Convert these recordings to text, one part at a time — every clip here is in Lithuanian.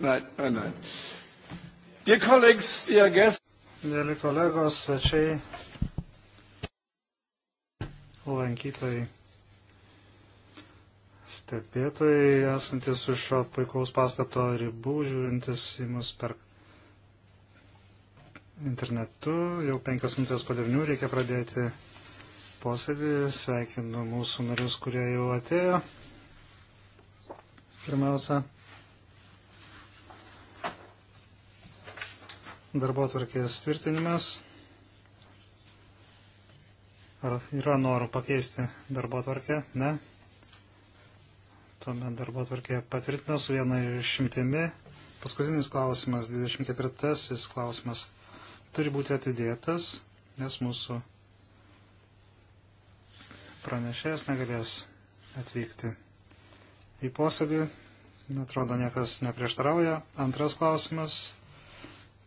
nein, nein, nein. Dear colleagues, dear guests. Mėly kolegos, svečiai, lankytojai, stebėtojai, esantis už šio puikaus pastato ribų, žiūrintis į mus per internetu. Jau penkias minutės po devinių reikia pradėti posėdį. Sveikinu mūsų narius, kurie jau atėjo. Pirmiausia, Darbo atvarkės tvirtinimas. Ar yra norų pakeisti darbo atvarkę? Ne. Tuomet darbo atvarkė patvirtina su viena išimtimi. Paskutinis klausimas, 24 klausimas, turi būti atidėtas, nes mūsų pranešėjas negalės atvykti į posėdį. Atrodo, niekas neprieštarauja. Antras klausimas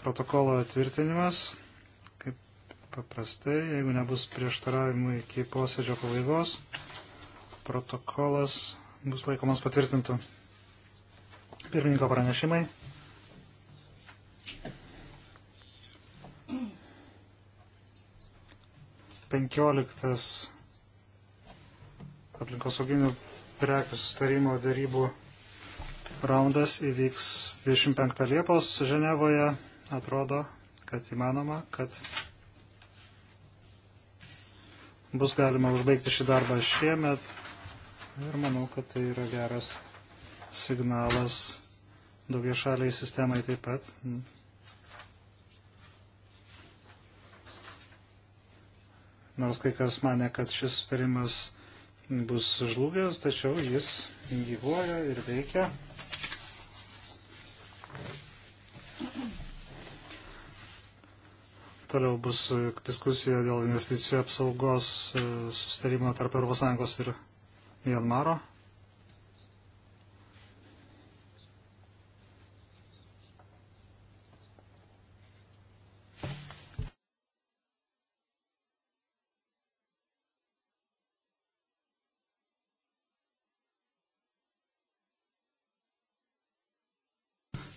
protokolo tvirtinimas, kaip paprastai, jeigu nebus prieštaravimų iki posėdžio pabaigos, protokolas bus laikomas patvirtintų. Pirmininko pranešimai. Penkioliktas aplinkosauginių prekių sustarimo darybų raundas įvyks 25 Liepos Ženevoje atrodo, kad įmanoma, kad bus galima užbaigti šį darbą šiemet ir manau, kad tai yra geras signalas daugia šaliai sistemai taip pat. Nors kai kas mane, kad šis sutarimas bus žlugęs, tačiau jis gyvuoja ir veikia. toliau bus e, diskusija dėl investicijų apsaugos e, sustarimo tarp ES ir Mianmaro.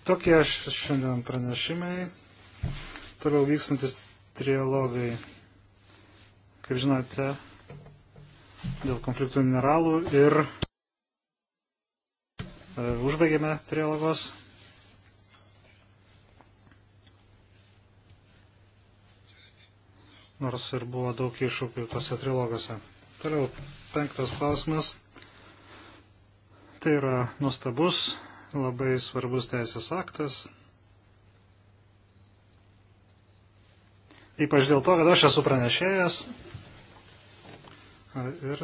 Tokie šiandien pranešimai. Toliau vykstantis trilogai, kaip žinote, dėl konfliktų mineralų ir e, užbaigėme trilogos. Nors ir buvo daug iššūkių tose trilogose. Toliau penktas klausimas. Tai yra nuostabus, labai svarbus teisės aktas, Ypač dėl to, kad aš esu pranešėjas. Ir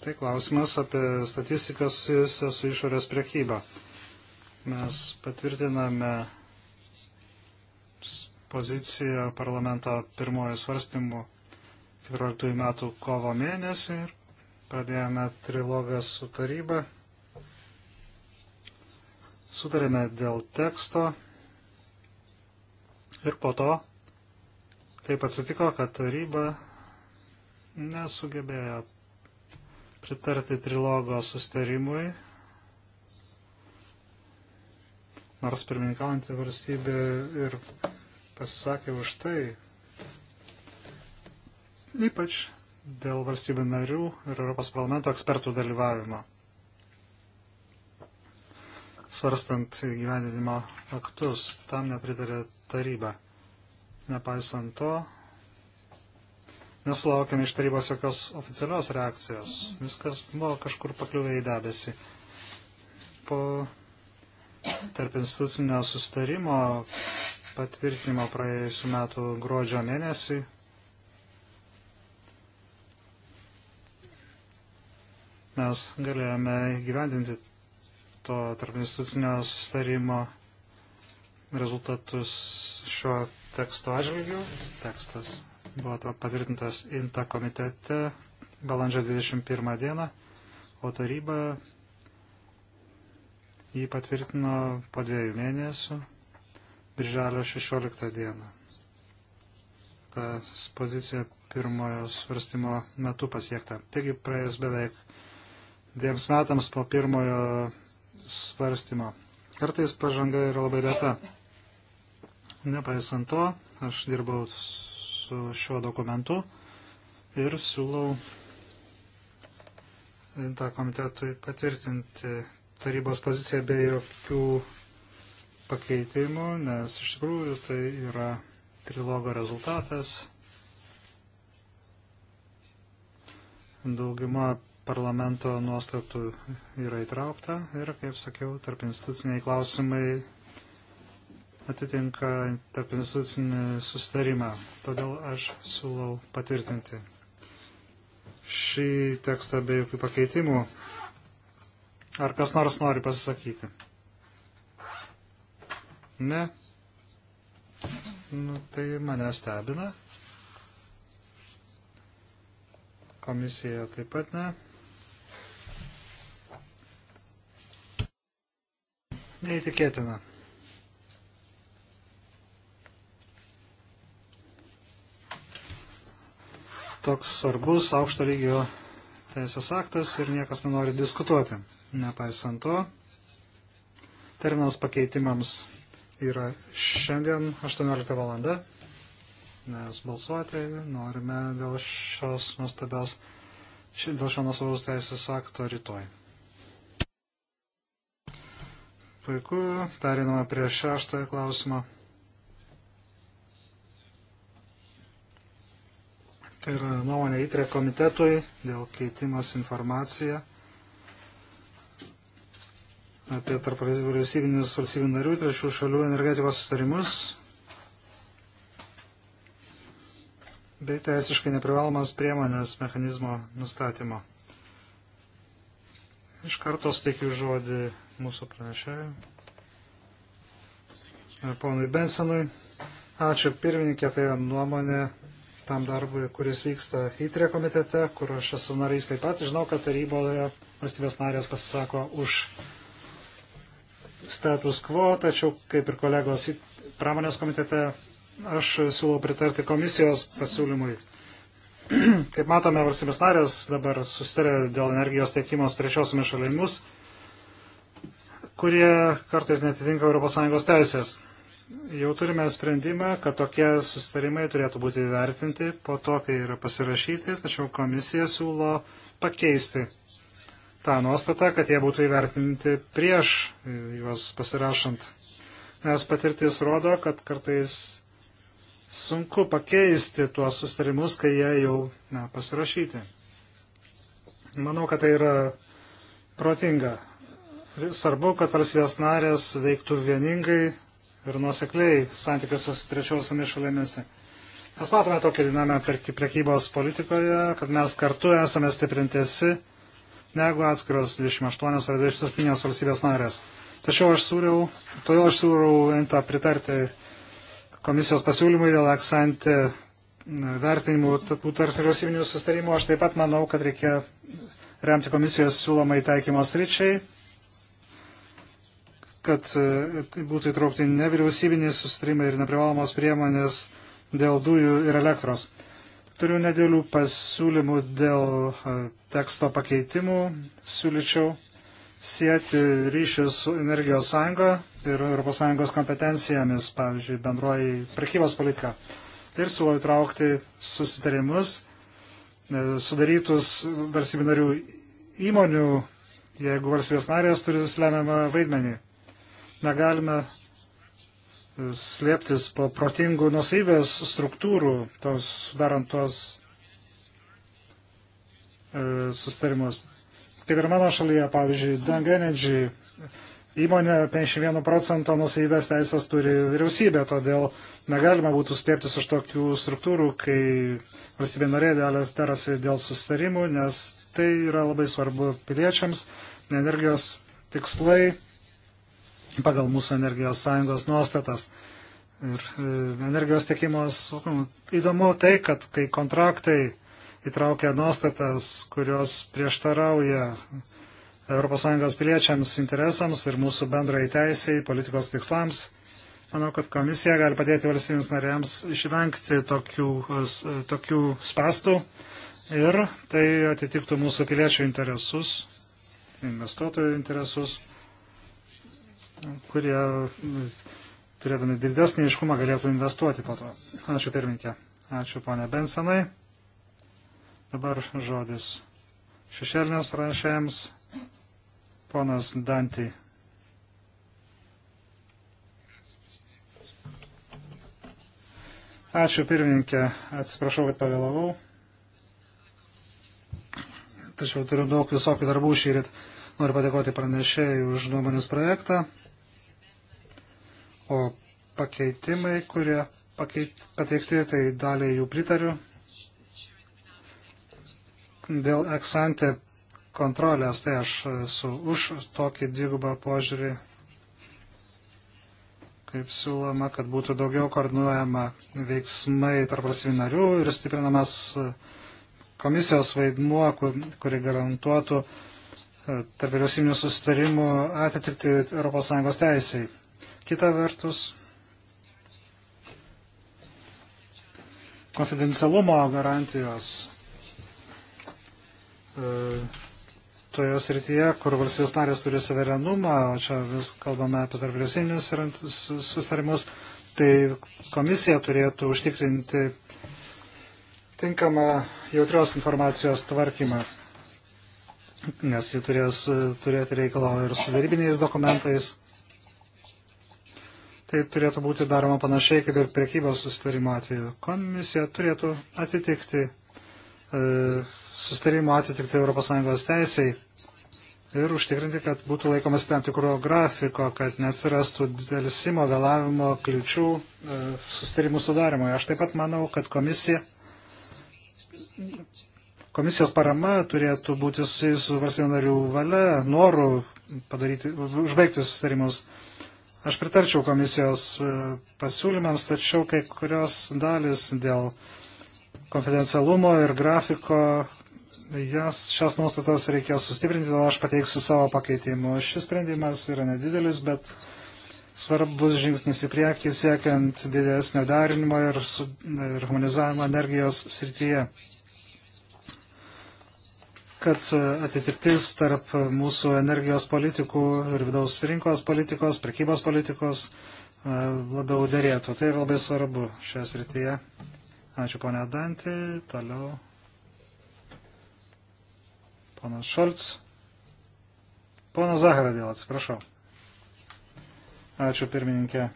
tai klausimas apie statistiką susijusią su išorės priekyba. Mes patvirtiname poziciją parlamento pirmojo svarstymų 14 metų kovo mėnesį ir pradėjome trilogą su taryba. Sutarėme dėl teksto ir po to taip atsitiko, kad taryba nesugebėjo pritarti trilogo sustarimui, nors pirmininkaujantį valstybę ir pasisakė už tai, ypač dėl valstybių narių ir Europos parlamento ekspertų dalyvavimo, svarstant gyvenimo aktus, tam nepritarė taryba. Nepaisant to, nesulaukėme iš tarybos jokios oficialios reakcijos. Viskas buvo kažkur pakliuvę į debesį. Po tarp institucinio sustarimo patvirtinimo praėjusiu metu gruodžio mėnesį mes galėjome gyvendinti to tarp institucinio sustarimo rezultatus šiuo teksto atžvilgių. Tekstas buvo patvirtintas INTA komitete balandžio 21 dieną, o taryba jį patvirtino po dviejų mėnesių, birželio 16 dieną. Tas pozicija pirmojo svarstymo metu pasiekta. Taigi praėjus beveik dviems metams po pirmojo svarstymo. Kartais pažanga yra labai reta. Nepaisant to, aš dirbau su šiuo dokumentu ir siūlau tą komitetui patvirtinti tarybos poziciją be jokių pakeitimų, nes iš tikrųjų tai yra trilogo rezultatas. Dauguma parlamento nuostatų yra įtraukta ir, kaip sakiau, tarp instituciniai klausimai atitinka tarp institucinį sustarimą. Todėl aš siūlau patvirtinti šį tekstą be jokių pakeitimų. Ar kas nors nori pasisakyti? Ne? Nu, tai mane stebina. Komisija taip pat ne. Neįtikėtina. toks svarbus aukšto lygio teisės aktas ir niekas nenori diskutuoti. Nepaisant to, terminas pakeitimams yra šiandien 18 valanda, nes balsuoti norime dėl šios nuostabios, dėl šio nuostabaus teisės akto rytoj. Puiku, periname prie šeštąją klausimą. ir e, nuomonė įtrė komitetui dėl keitimas informacija apie tarp vyriausybinius valstybių narių trečių šalių energetikos sutarimus bei teisiškai neprivalomas priemonės mechanizmo nustatymo. Iš karto steikiu žodį mūsų pranešėjui. E, ponui Bensonui. Ačiū pirmininkė, tai nuomonė tam darbui, kuris vyksta įtrė komitete, kur aš esu narys taip pat. Žinau, kad taryboje valstybės narės pasisako už status quo, tačiau kaip ir kolegos pramonės komitete, aš siūlau pritarti komisijos pasiūlymui. kaip matome, valstybės narės dabar susitarė dėl energijos tiekimo su trečiosiomis šalimis kurie kartais netitinka ES teisės jau turime sprendimą, kad tokie susitarimai turėtų būti vertinti po to, kai yra pasirašyti, tačiau komisija siūlo pakeisti tą nuostatą, kad jie būtų įvertinti prieš juos pasirašant. Nes patirtis rodo, kad kartais sunku pakeisti tuos sustarimus, kai jie jau na, pasirašyti. Manau, kad tai yra protinga. Svarbu, kad valstybės narės veiktų vieningai ir nuosekliai santykiuose su trečiosiomis šalėmis. Mes matome tokią dinamiką prekybos politikoje, kad mes kartu esame stiprintesi negu atskiros 28 ar 27 valstybės narės. Tačiau aš siūliau, todėl aš siūliau entą pritarti komisijos pasiūlymui dėl aksantį vertinimų tų tarptautinių sustarimų. Aš taip pat manau, kad reikia remti komisijos siūlomai taikymos ryčiai kad e, tai būtų įtraukti nevyriausybiniai sustrimai ir neprivalomos priemonės dėl dujų ir elektros. Turiu nedėlių pasiūlymų dėl e, teksto pakeitimų. Siūlyčiau sieti ryšį su energijos sąjunga ir ES kompetencijomis, pavyzdžiui, bendroji prekybos politika. Ir siūlau įtraukti susitarimus e, sudarytus valstybių narių įmonių, jeigu valstybės narės turi lemiamą vaidmenį. Negalime slėptis po protingų nusavybės struktūrų, tos, darant tuos e, sustarimus. Kaip ir mano šalyje, pavyzdžiui, Dang Energy įmonė 51 procento nusavybės teisės turi vyriausybė, todėl negalima būtų slėptis už tokių struktūrų, kai valstybė norė derasi dėl sustarimų, nes tai yra labai svarbu piliečiams, energijos tikslai pagal mūsų energijos sąjungos nuostatas. Ir e, energijos tiekimas, nu, įdomu tai, kad kai kontraktai įtraukia nuostatas, kurios prieštarauja ES piliečiams interesams ir mūsų bendrai teisiai, politikos tikslams, manau, kad komisija gali padėti valstybėms narėms išvengti tokių, e, tokių spastų ir tai atitiktų mūsų piliečių interesus, investuotojų interesus kurie mm, turėdami didesnį iškumą galėtų investuoti po to. Ačiū pirminkė. Ačiū ponė Bensenai. Dabar žodis šešėlinės pranešėjams. Ponas Dantį. Ačiū pirmininkė, atsiprašau, kad pavėlavau. Tačiau turiu daug visokių darbų šį rytą. Noriu padėkoti pranešėjai už nuomonės projektą. O pakeitimai, kurie pakeit, pateikti, tai daliai jų pritariu. Dėl eksante kontrolės, tai aš esu už tokį dvigubą požiūrį, kaip siūloma, kad būtų daugiau koordinuojama veiksmai tarp valstybinarių ir stiprinamas komisijos vaidmuo, kuri garantuotų e, tarp vyriausybinių susitarimų atitikti ES teisėjai. Kita vertus, konfidencialumo garantijos e, toje srityje, kur valstybės narės turi suverenumą, o čia vis kalbame apie tarpvėsinius sustarimus, tai komisija turėtų užtikrinti tinkamą jautrios informacijos tvarkymą, nes ji turės turėti reikalo ir su darbiniais dokumentais tai turėtų būti daroma panašiai kaip ir priekybos sustarimo atveju. Komisija turėtų atitikti e, sustarimo atitikti ES teisiai ir užtikrinti, kad būtų laikomas tam tikro grafiko, kad neatsirastų dėlsimo, vėlavimo, kliučių e, sustarimų sudarimo. Aš taip pat manau, kad komisija, komisijos parama turėtų būti susijusi su valstybių narių valia, noru padaryti, užbaigti sustarimus. E, Aš pritarčiau komisijos e, pasiūlymams, tačiau kai kurios dalis dėl konfidencialumo ir grafiko, jas, šias nuostatas reikės sustiprinti, todėl aš pateiksiu savo pakeitimu. Šis sprendimas yra nedidelis, bet svarbus žingsnis į priekį siekiant didesnio darinimo ir, su, ir harmonizavimo energijos srityje kad atitiktis tarp mūsų energijos politikų ir vidaus rinkos politikos, prekybos politikos e, labiau dėrėtų. Tai yra labai svarbu šioje srityje. Ačiū ponia Dantį. Toliau. Ponas Šolts. Pono Zahradėl, atsiprašau. Ačiū pirmininkė.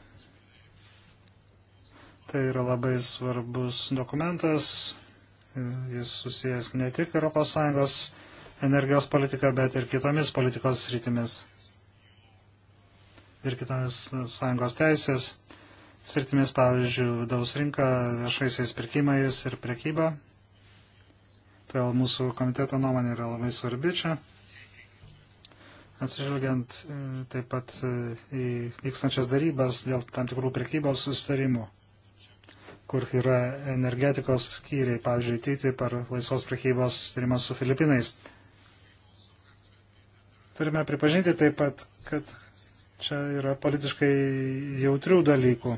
Tai yra labai svarbus dokumentas Jis susijęs ne tik ES energijos politika, bet ir kitomis politikos sritimis ir kitomis sąjungos teisės sritimis, pavyzdžiui, vidaus rinka, viešaisiais pirkimais ir prekyba. Todėl mūsų komiteto nuomonė yra labai svarbi čia. Atsižvelgiant e, taip pat e, į vykstančias darybas dėl tam tikrų prekybos sustarimų kur yra energetikos skyriai, pavyzdžiui, teiti per laisvos prekybos sustarimą su Filipinais. Turime pripažinti taip pat, kad čia yra politiškai jautrių dalykų.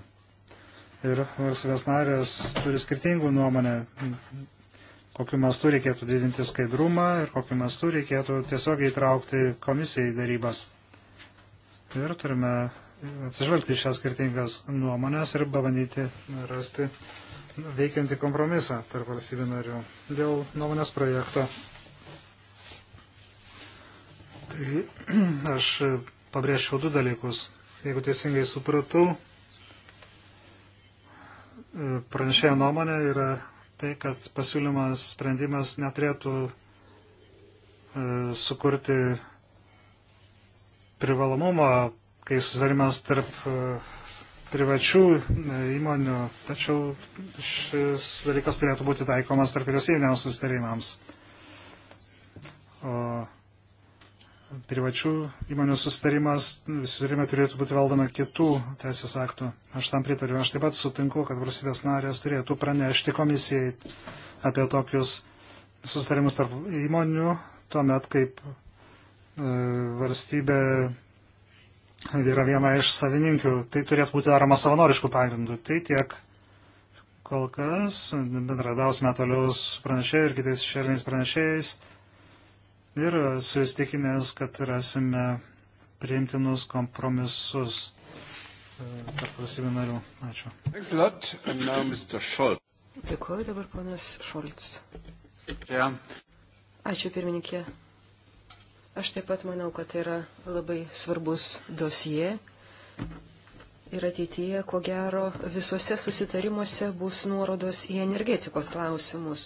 Ir valstybės narės turi skirtingų nuomonę, kokiu mastu reikėtų didinti skaidrumą ir kokiu mastu reikėtų tiesiog įtraukti komisijai darybas. Ir turime atsižvelgti šias skirtingas nuomonės ir bandyti rasti veikiantį kompromisą tarp valstybių narių dėl nuomonės projekto. Tai aš pabrėžčiau du dalykus. Jeigu teisingai supratau, pranešėjo nuomonė yra tai, kad pasiūlymas sprendimas neturėtų e, sukurti privalomumo kai susidarimas tarp e, privačių e, įmonių, tačiau šis dalykas turėtų būti taikomas tarp vyriausybiniams susitarimams. O privačių įmonių susitarimas, susitarimai turėtų būti valdoma kitų teisės aktų. Aš tam pritariu. Aš taip pat sutinku, kad valstybės narės turėtų pranešti komisijai apie tokius susitarimus tarp įmonių, tuomet kaip e, valstybė yra viena iš savininkių, tai turėtų būti daroma savanoriškų pagrindų. Tai tiek kol kas, bendradausime toliau su pranešėjai ir kitais šerniais pranešėjais ir su įstikinės, kad rasime priimtinus kompromisus e, tarp valstybių narių. Ačiū. Dėkuoju dabar ponas Šolts. Yeah. Ačiū pirmininkė. Aš taip pat manau, kad tai yra labai svarbus dosie. Ir ateityje, ko gero, visuose susitarimuose bus nuorodos į energetikos klausimus.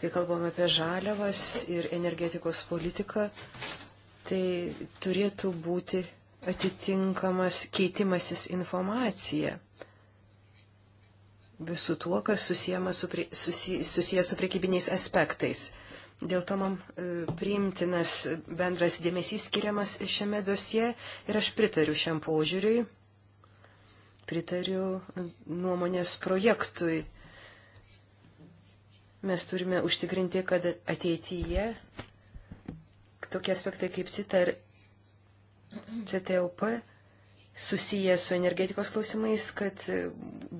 Kai kalbame apie žaliavas ir energetikos politiką, tai turėtų būti atitinkamas keitimasis informacija visų tuo, kas susijęs su, prie, susi, susijęs su priekybiniais aspektais. Dėl to man e, priimtinas bendras dėmesys skiriamas šiame dosie ir aš pritariu šiam požiūriui, pritariu e, nuomonės projektui. Mes turime užtikrinti, kad ateityje tokie aspektai kaip CITA ir CTOP susiję su energetikos klausimais, kad e,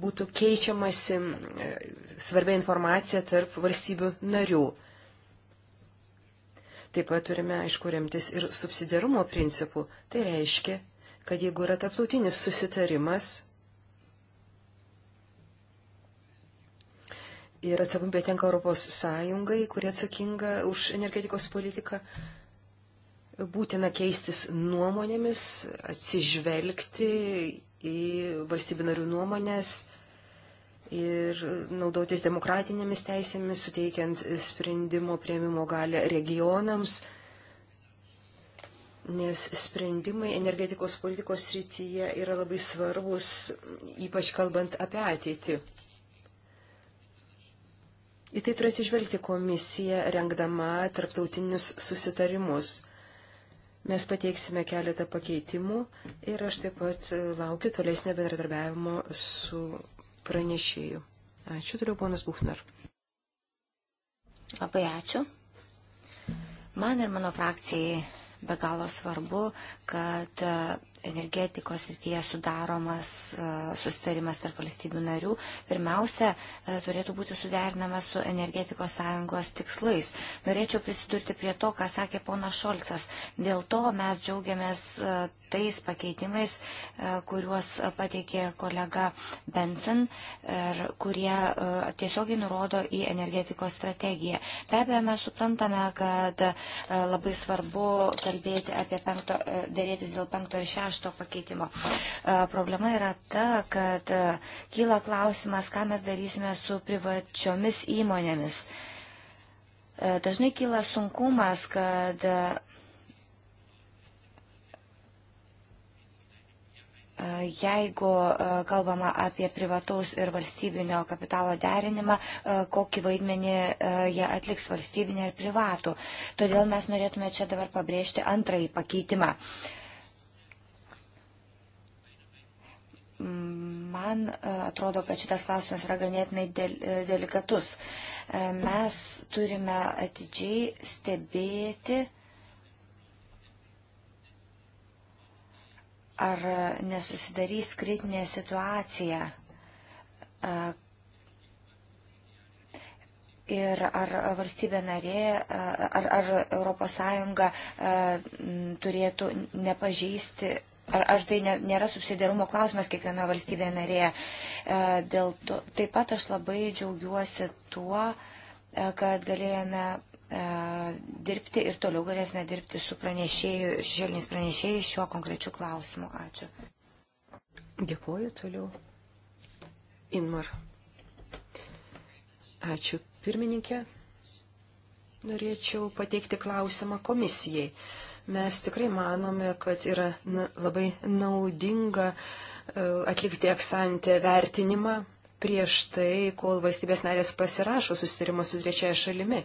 būtų keičiamasi svarbia informacija tarp valstybių narių. Taip pat turime, aišku, remtis ir subsidiarumo principų. Tai reiškia, kad jeigu yra tarptautinis susitarimas ir atsakomybė tenka Europos Sąjungai, kurie atsakinga už energetikos politiką, būtina keistis nuomonėmis, atsižvelgti į valstybių narių nuomonės ir naudotis demokratinėmis teisėmis, suteikiant sprendimo prieimimo galę regionams, nes sprendimai energetikos politikos srityje yra labai svarbus, ypač kalbant apie ateitį. Į tai turės išvelgti komisija, rengdama tarptautinius susitarimus. Mes pateiksime keletą pakeitimų ir aš taip pat laukiu tolesnio bendradarbiavimo su pranešėjų. Ačiū, turiu ponas Buchner. Labai ačiū. Man ir mano frakcijai be galo svarbu, kad energetikos srityje sudaromas e, susitarimas tarp valstybių narių pirmiausia e, turėtų būti suderinamas su energetikos sąjungos tikslais. Norėčiau prisidurti prie to, ką sakė pona Šolcas. Dėl to mes džiaugiamės e, tais pakeitimais, kuriuos pateikė kolega Benson ir kurie tiesiogiai nurodo į energetikos strategiją. Be abejo, mes suprantame, kad labai svarbu kalbėti apie penkto, dėrėtis dėl penkto ir šešto šešto pakeitimo. E, problema yra ta, kad e, kyla klausimas, ką mes darysime su privačiomis įmonėmis. E, dažnai kyla sunkumas, kad Jeigu kalbama apie privataus ir valstybinio kapitalo derinimą, kokį vaidmenį jie atliks valstybinį ir privatų. Todėl mes norėtume čia dabar pabrėžti antrąjį pakeitimą. Uh, Man e, atrodo, kad šitas klausimas yra ganėtinai e, delikatus. E, mes turime atidžiai stebėti, ar nesusidarys kritinė situacija ir ar valstybė narė, ar, ar ES turėtų nepažeisti Ar, ar tai ne, nėra subsidiarumo klausimas kiekvienoje valstybėje narėje? E, dėl to taip pat aš labai džiaugiuosi tuo, e, kad galėjome e, dirbti ir toliau galėsime dirbti su pranešėjų, šešėliniais pranešėjais šiuo konkrečiu klausimu. Ačiū. Dėkuoju toliau. Inmar. Ačiū pirmininkė. Norėčiau pateikti klausimą komisijai. Uh, Mes tikrai manome, kad yra labai naudinga e, atlikti eksantę vertinimą prieš tai, kol valstybės narės pasirašo susitarimą su trečiaja šalimi.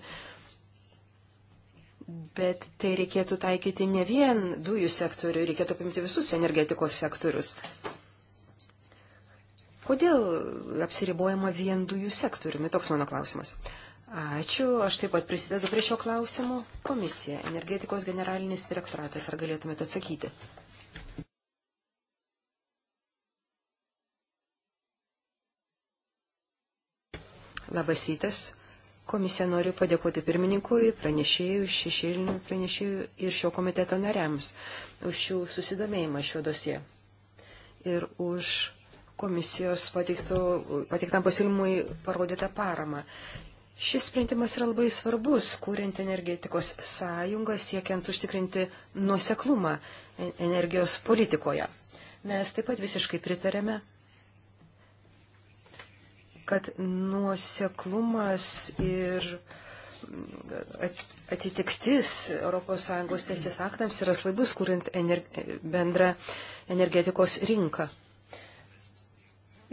Bet tai reikėtų taikyti ne vien dujų sektorių, reikėtų apimti visus energetikos sektorius. Kodėl apsiribojama vien dujų sektoriumi? Toks mano klausimas. Uh, Ačiū. Aš taip pat prisidedu prie šio klausimo. Komisija, energetikos generalinis direktoratas, ar galėtumėte atsakyti? Labas rytas. Komisija nori padėkoti pirmininkui, pranešėjų, šešėlinių pranešėjų ir šio komiteto nariams už jų susidomėjimą šio dosie ir už komisijos pateikto, pateiktam pasiūlymui parodytą paramą. Šis sprendimas yra labai svarbus, kuriant energetikos sąjungą, siekiant užtikrinti nuoseklumą e, energijos politikoje. Mes taip pat visiškai pritarėme, kad nuoseklumas ir atitiktis ES teisės aktams yra slaibus, kuriant ener bendrą energetikos rinką.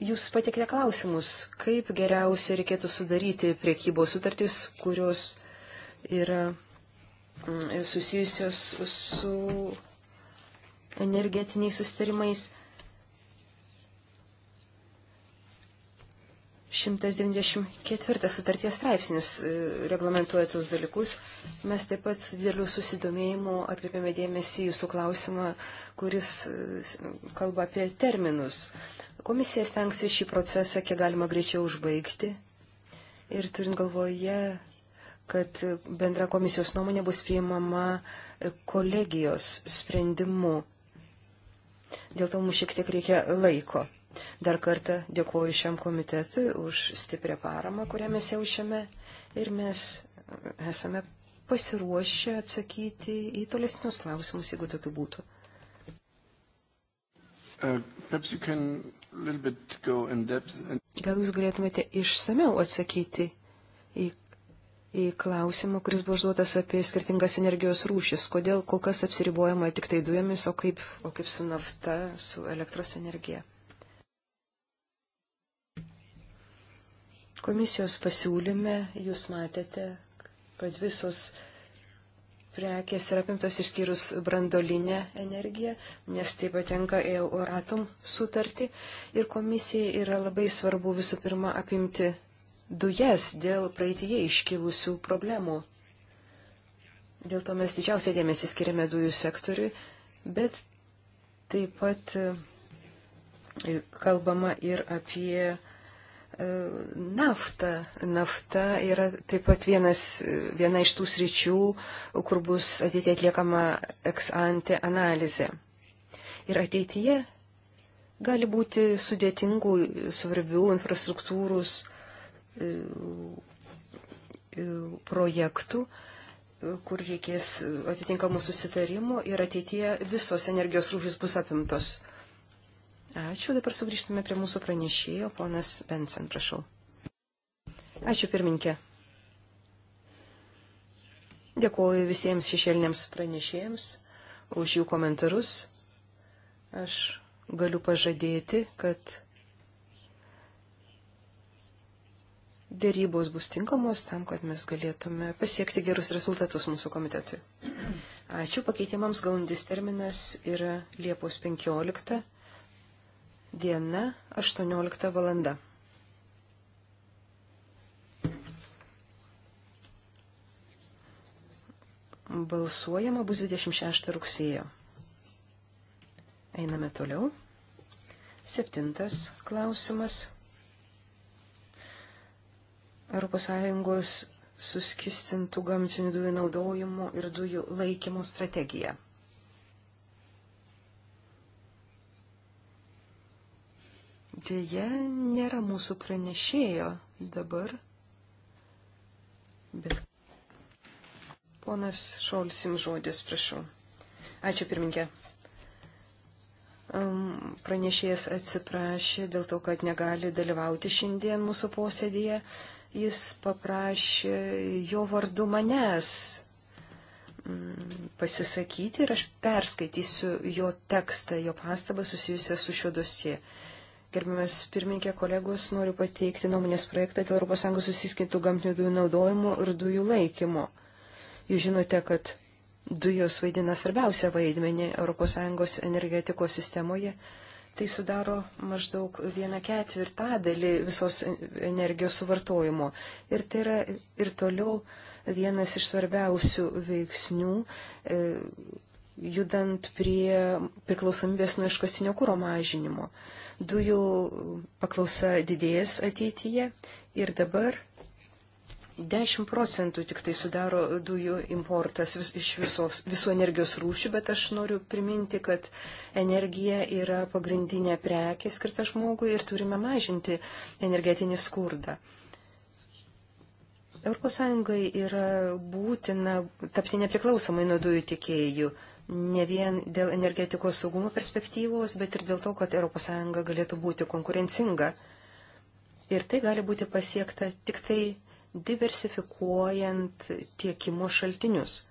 Jūs patikite klausimus, kaip geriausia reikėtų sudaryti priekybos sutartys, kurios yra mm, susijusios su energetiniais sustarimais. 194 sutarties straipsnis e, reglamentuoja tuos dalykus. Mes taip pat su dideliu susidomėjimu atkreipėme dėmesį jūsų klausimą, kuris e, kalba apie terminus. Komisija stengsis šį procesą kiek galima greičiau užbaigti ir turint galvoje, kad bendra komisijos nuomonė bus priimama kolegijos sprendimu. Dėl to mums šiek tiek reikia laiko. Dar kartą dėkuoju šiam komitetui už stiprią paramą, kurią mes jaučiame ir mes esame pasiruošę atsakyti į tolesnius klausimus, jeigu tokių būtų. Uh, Gal jūs galėtumėte išsameu atsakyti į, į klausimą, kuris buvo užduotas apie skirtingas energijos rūšis. Kodėl kol kas apsiribojama tik tai dujomis, o kaip, o kaip su nafta, su elektros energija? Komisijos pasiūlyme jūs matėte, kad visos prekės yra apimtos išskyrus brandolinę energiją, nes tai patenka į Euratom sutartį. Ir komisijai yra labai svarbu visų pirma apimti dujas dėl praeitie iškilusių problemų. Dėl to mes didžiausią dėmesį skiriame dujų sektoriui, bet taip pat e, kalbama ir apie E, nafta. Nafta yra taip pat vienas, viena iš tų sričių, kur bus ateitie atliekama ex-ante analizė. Ir ateityje gali būti sudėtingų, svarbių infrastruktūrus e, e, projektų, kur reikės atitinkamų susitarimų ir ateityje visos energijos rūšys bus apimtos. Ačiū, dabar sugrįžtume prie mūsų pranešėjo, ponas Bensen, prašau. Ačiū pirminkė. Dėkuoju visiems šešėliniams pranešėjams už jų komentarus. Aš galiu pažadėti, kad dėrybos bus tinkamos tam, kad mes galėtume pasiekti gerus rezultatus mūsų komitetui. Ačiū. Pakeitimams galantis terminas yra Liepos 15 diena 18 valanda. Balsuojama bus 26 rugsėjo. Einame toliau. Septintas klausimas. ES suskistintų gamtinių dujų naudojimo ir dujų laikymo strategija. Dėje nėra mūsų pranešėjo dabar. Bet. Ponas Šolsim žodis, prašau. Ačiū pirminkė. Pranešėjas atsiprašė dėl to, kad negali dalyvauti šiandien mūsų posėdėje. Jis paprašė jo vardu manęs mm, pasisakyti ir aš perskaitysiu jo tekstą, jo pastabą susijusią su šiuo dosie. Gerbiamas pirmininkė kolegos, noriu pateikti nuomonės projektą dėl ES susiskintų gamtinių dujų naudojimo ir dujų laikymo. Jūs žinote, kad dujos vaidina svarbiausią vaidmenį ES energetikos sistemoje. Tai sudaro maždaug vieną ketvirtadalį visos energijos suvartojimo. Ir tai yra ir toliau vienas iš svarbiausių veiksnių e, judant prie priklausomybės nuo iškastinio kūro mažinimo. E, dujų paklausa didės ateityje ir dabar 10 procentų tik tai sudaro dujų importas vis, iš visos, visų energijos rūšių, bet aš noriu priminti, kad energija yra pagrindinė prekė skirta žmogui ir turime mažinti energetinį skurdą. ES yra būtina tapti nepriklausomai nuo dujų tiekėjų ne vien dėl energetikos saugumo perspektyvos, bet ir dėl to, kad ES galėtų būti konkurencinga. Ir tai gali būti pasiekta tik tai diversifikuojant tiekimo šaltinius.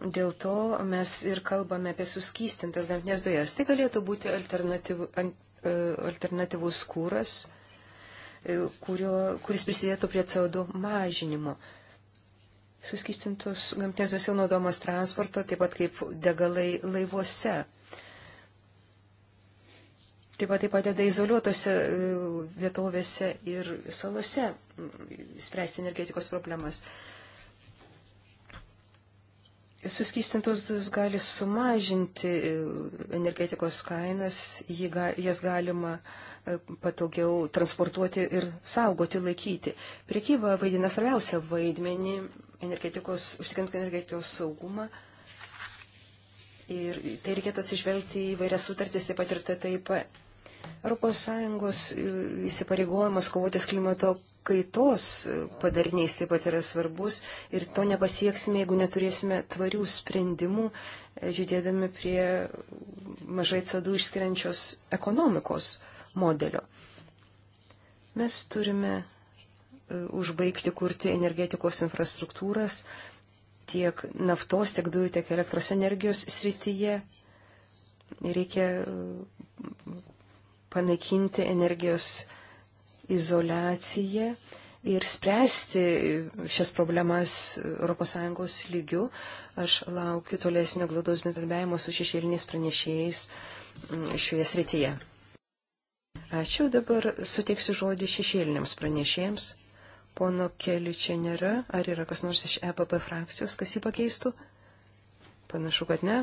Dėl to mes ir kalbame apie suskystintas gamtinės dujas. Tai galėtų būti alternatyv, e, alternatyvus kūras, e, kurio, kuris prisidėtų prie CO2 mažinimo suskistintos gamtinės dusiau naudojamos transporto, taip pat kaip degalai laivuose. Taip pat tai padeda izoliuotose e, vietovėse ir salose mm, spręsti energetikos problemas. Suskistintos dujos gali sumažinti e, energetikos kainas, jas galima e, patogiau transportuoti ir saugoti, laikyti. Priekyba vaidina svarbiausią vaidmenį energetikos, užtikrint energetikos saugumą. Ir tai reikėtų atsižvelgti į vairias sutartis, taip pat ir TTIP. ES e, įsipareigojimas kovotis klimato kaitos e, padariniais taip pat yra svarbus ir to nepasieksime, jeigu neturėsime tvarių sprendimų, e, judėdami prie mažai CO2 išskiriančios ekonomikos modelio. Mes turime užbaigti kurti energetikos infrastruktūras tiek naftos, tiek dujų, tiek elektros energijos srityje. Reikia e, panaikinti energijos izolaciją ir spręsti šias problemas ES lygių. Aš laukiu tolesnio glaudos bendradarbiavimo su šešėliniais pranešėjais šioje srityje. Ačiū, dabar suteiksiu žodį šešėliniams pranešėjams. Pono kelių čia nėra. Ar yra kas nors iš EPP frakcijos, kas jį pakeistų? Panašu, kad ne.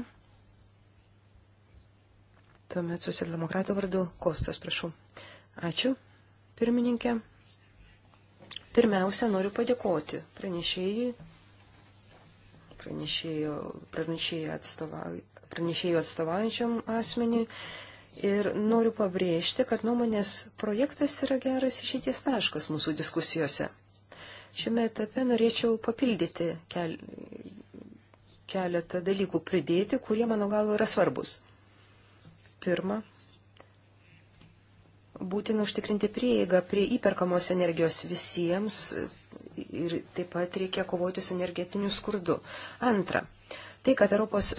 Tuomet socialdemokratų vardu Kostas, prašau. Ačiū, pirmininkė. Pirmiausia, noriu padėkoti pranešėjai, pranešėjo, pranešėjo, atstova, pranešėjo atstovaujančiam asmeniui ir noriu pabrėžti, kad nuomonės projektas yra geras išeities taškas mūsų diskusijose. Šiame etape norėčiau papildyti kel, keletą dalykų, pridėti, kurie mano galvo yra svarbus. Pirma, būtina užtikrinti prieigą prie įperkamos energijos visiems ir taip pat reikia kovoti su energetiniu skurdu. Antra, tai, kad ES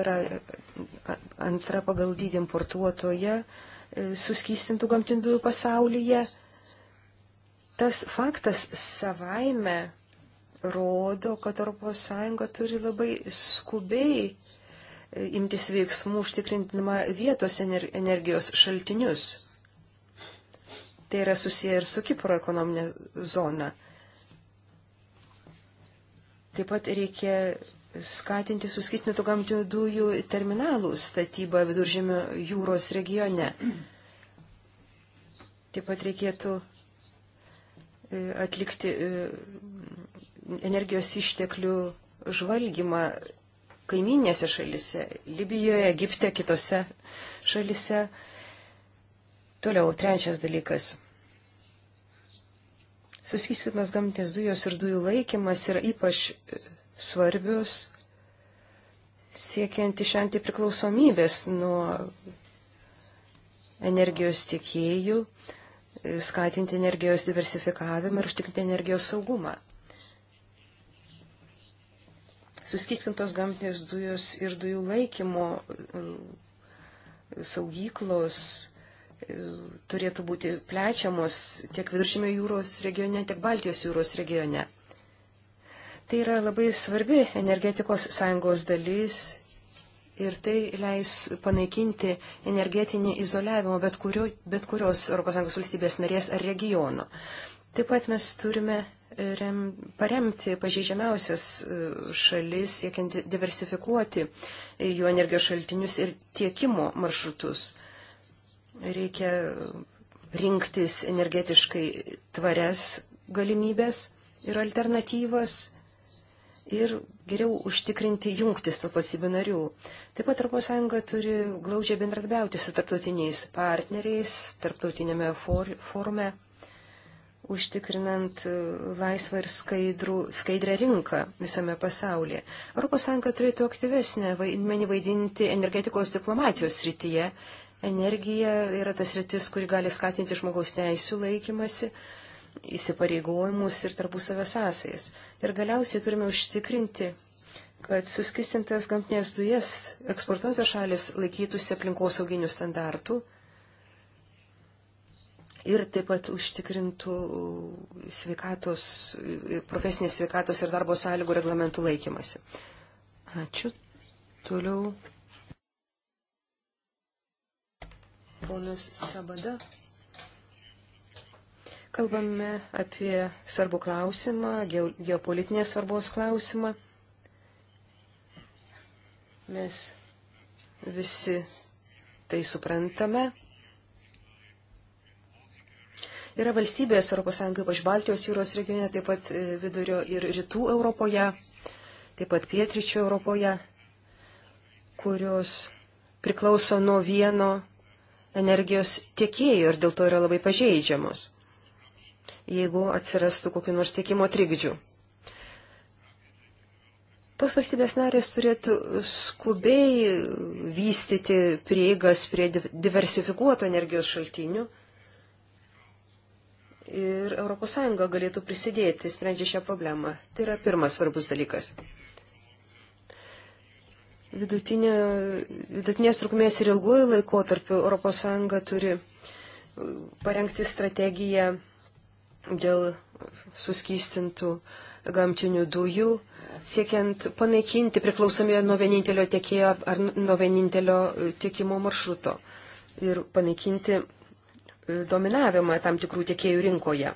yra antra pagal dydį importuotoje suskystintų gamtinių dujų pasaulyje, Tas faktas savaime rodo, kad ES turi labai skubiai e, imtis veiksmų užtikrintama vietos energijos šaltinius. Tai yra susiję ir su Kipro ekonominė zona. Taip pat reikia skatinti suskitinių gamtinių dujų terminalų statybą viduržėmio jūros regione. Taip pat reikėtų E, atlikti e, energijos išteklių žvalgymą kaiminėse šalise - Libijoje, Egipte, kitose šalise. Toliau, trečias dalykas. Suskiskytinas gamtinės dujos ir dujų laikymas yra ypač e, svarbius siekiant išvengti priklausomybės nuo energijos tiekėjų, skatinti energijos diversifikavimą ir užtikrinti energijos saugumą. Suskistintos gamtinės dujos ir dujų laikymo mm, saugyklos mm, turėtų būti plečiamos tiek viduržymio jūros regione, tiek Baltijos jūros regione. Tai yra labai svarbi energetikos sąjungos dalis ir tai leis panaikinti energetinį izoliavimą bet, kurio, bet kurios ES valstybės narės ar regiono. Taip pat mes turime e, rem, paremti pažeidžiamiausias e, šalis, siekiant diversifikuoti e, jų energijos šaltinius ir tiekimo maršrutus. Reikia rinktis energetiškai tvarias galimybės ir alternatyvas ir geriau užtikrinti jungtis tarp valstybių narių. Taip pat ES turi glaudžiai bendradarbiauti su tarptautiniais partneriais, tarptautinėme for, forume, užtikrinant e, laisvą ir skaidrų, skaidrę rinką visame pasaulyje. ES turėtų aktyvesnę vaidmenį vaidinti energetikos diplomatijos srityje. Energija yra tas rytis, kuri gali skatinti žmogaus teisų laikymasi, įsipareigojimus ir tarpusavio sąsajas. Ir galiausiai turime užtikrinti, kad suskistintas gamtinės dujas eksportuojančios šalis laikytųsi aplinkosauginių standartų ir taip pat užtikrintų sveikatos, profesinės sveikatos ir darbo sąlygų reglamentų laikymasi. Ačiū. Toliau. Ponas Sabada. Kalbame apie svarbų klausimą, geopolitinės svarbos klausimą. Mes visi tai suprantame. Yra valstybės ES, ypač Baltijos jūros regione, taip pat e, vidurio ir rytų Europoje, taip pat pietričio Europoje, kurios priklauso nuo vieno energijos tiekėjo ir dėl to yra labai pažeidžiamos jeigu atsirastų kokiu nors tiekimo trikdžių. Tos valstybės narės turėtų skubiai vystyti prieigas prie diversifikuotų energijos šaltinių ir ES galėtų prisidėti, sprendžia šią problemą. Tai yra pirmas svarbus dalykas. Vidutinė, vidutinės trukmės ir ilguoju laikotarpiu ES turi parengti strategiją dėl suskystintų gamtinių dujų, siekiant panaikinti priklausomybę nuo vienintelio tiekėjo ar nuo vienintelio tiekimo maršruto ir panaikinti e, dominavimą tam tikrų tiekėjų rinkoje.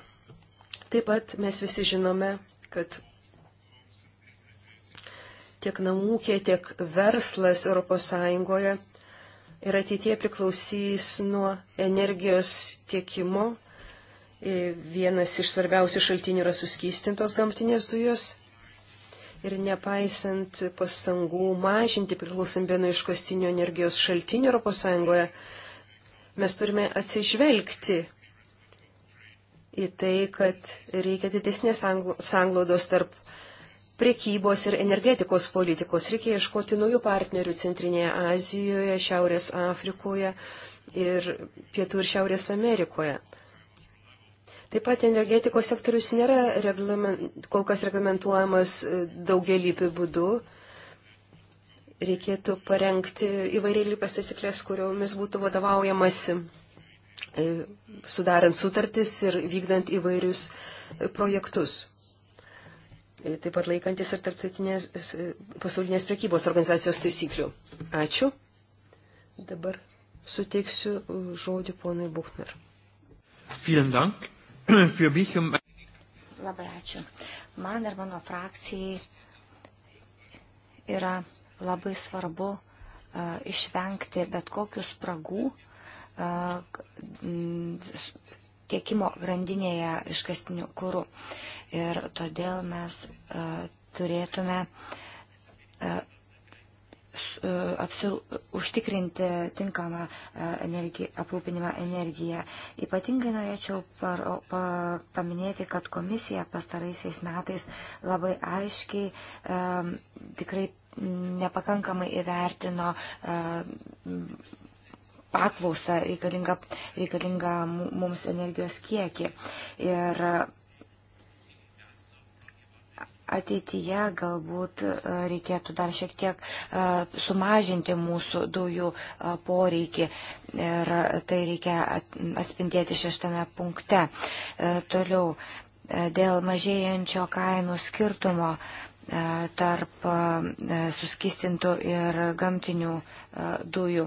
Taip pat mes visi žinome, kad tiek namūkė, tiek verslas ES ir ateitie priklausys nuo energijos tiekimo E, vienas iš svarbiausių šaltinių yra suskystintos gamtinės dujos. Ir nepaisant pastangų mažinti priklausomybę nuo iškastinio energijos šaltinių ES, mes turime atsižvelgti į tai, kad reikia didesnės sanglaudos tarp priekybos ir energetikos politikos. Reikia ieškoti naujų partnerių Centrinėje Azijoje, Šiaurės Afrikoje ir Pietų ir Šiaurės Amerikoje. Taip pat energetikos sektorius nėra reglament, kol kas reglamentuojamas e, daugelįpių būdų. Reikėtų parengti įvairiai lypės taisyklės, kuriomis būtų vadovaujamasi, e, sudarant sutartis ir vykdant įvairius e, projektus. Taip pat laikantis ir tarptautinės pasaulinės prekybos organizacijos taisyklių. Ačiū. Dabar suteiksiu žodį ponui Buchner. Vielen Dank. Labai ačiū. Man ir mano frakcijai yra labai svarbu uh, išvengti bet kokius spragų uh, tiekimo grandinėje iškastinių kūrų. Ir todėl mes uh, turėtume uh, E, apsil, užtikrinti tinkamą e, energiją, aprūpinimą energiją. Ypatingai norėčiau par, pa, paminėti, kad komisija pastaraisiais metais labai aiškiai e, tikrai nepakankamai įvertino e, paklausą reikalingą, reikalingą mums energijos kiekį. Ir e, ateityje galbūt e, reikėtų dar šiek tiek e, sumažinti mūsų dujų e, poreikį ir tai reikia atspindėti šeštame punkte. Toliau, dėl mažėjančio kainų skirtumo tarp suskistintų ir gamtinių dujų.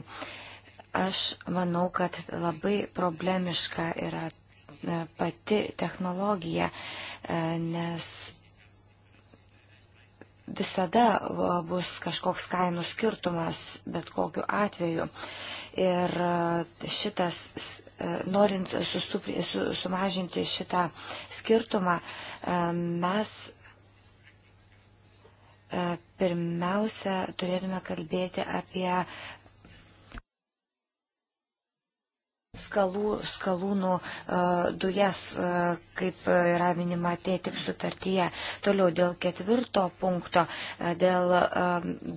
Aš manau, kad labai problemiška yra pati technologija, nes visada bus kažkoks kainų skirtumas bet kokiu atveju. Ir e, šitas, e, norint sustupri, su, sumažinti šitą skirtumą, e, mes pirmiausia turėtume kalbėti apie skalų, skalūnų e, dujas, e, kaip yra minima TTIP sutartyje. Toliau dėl ketvirto punkto, e, dėl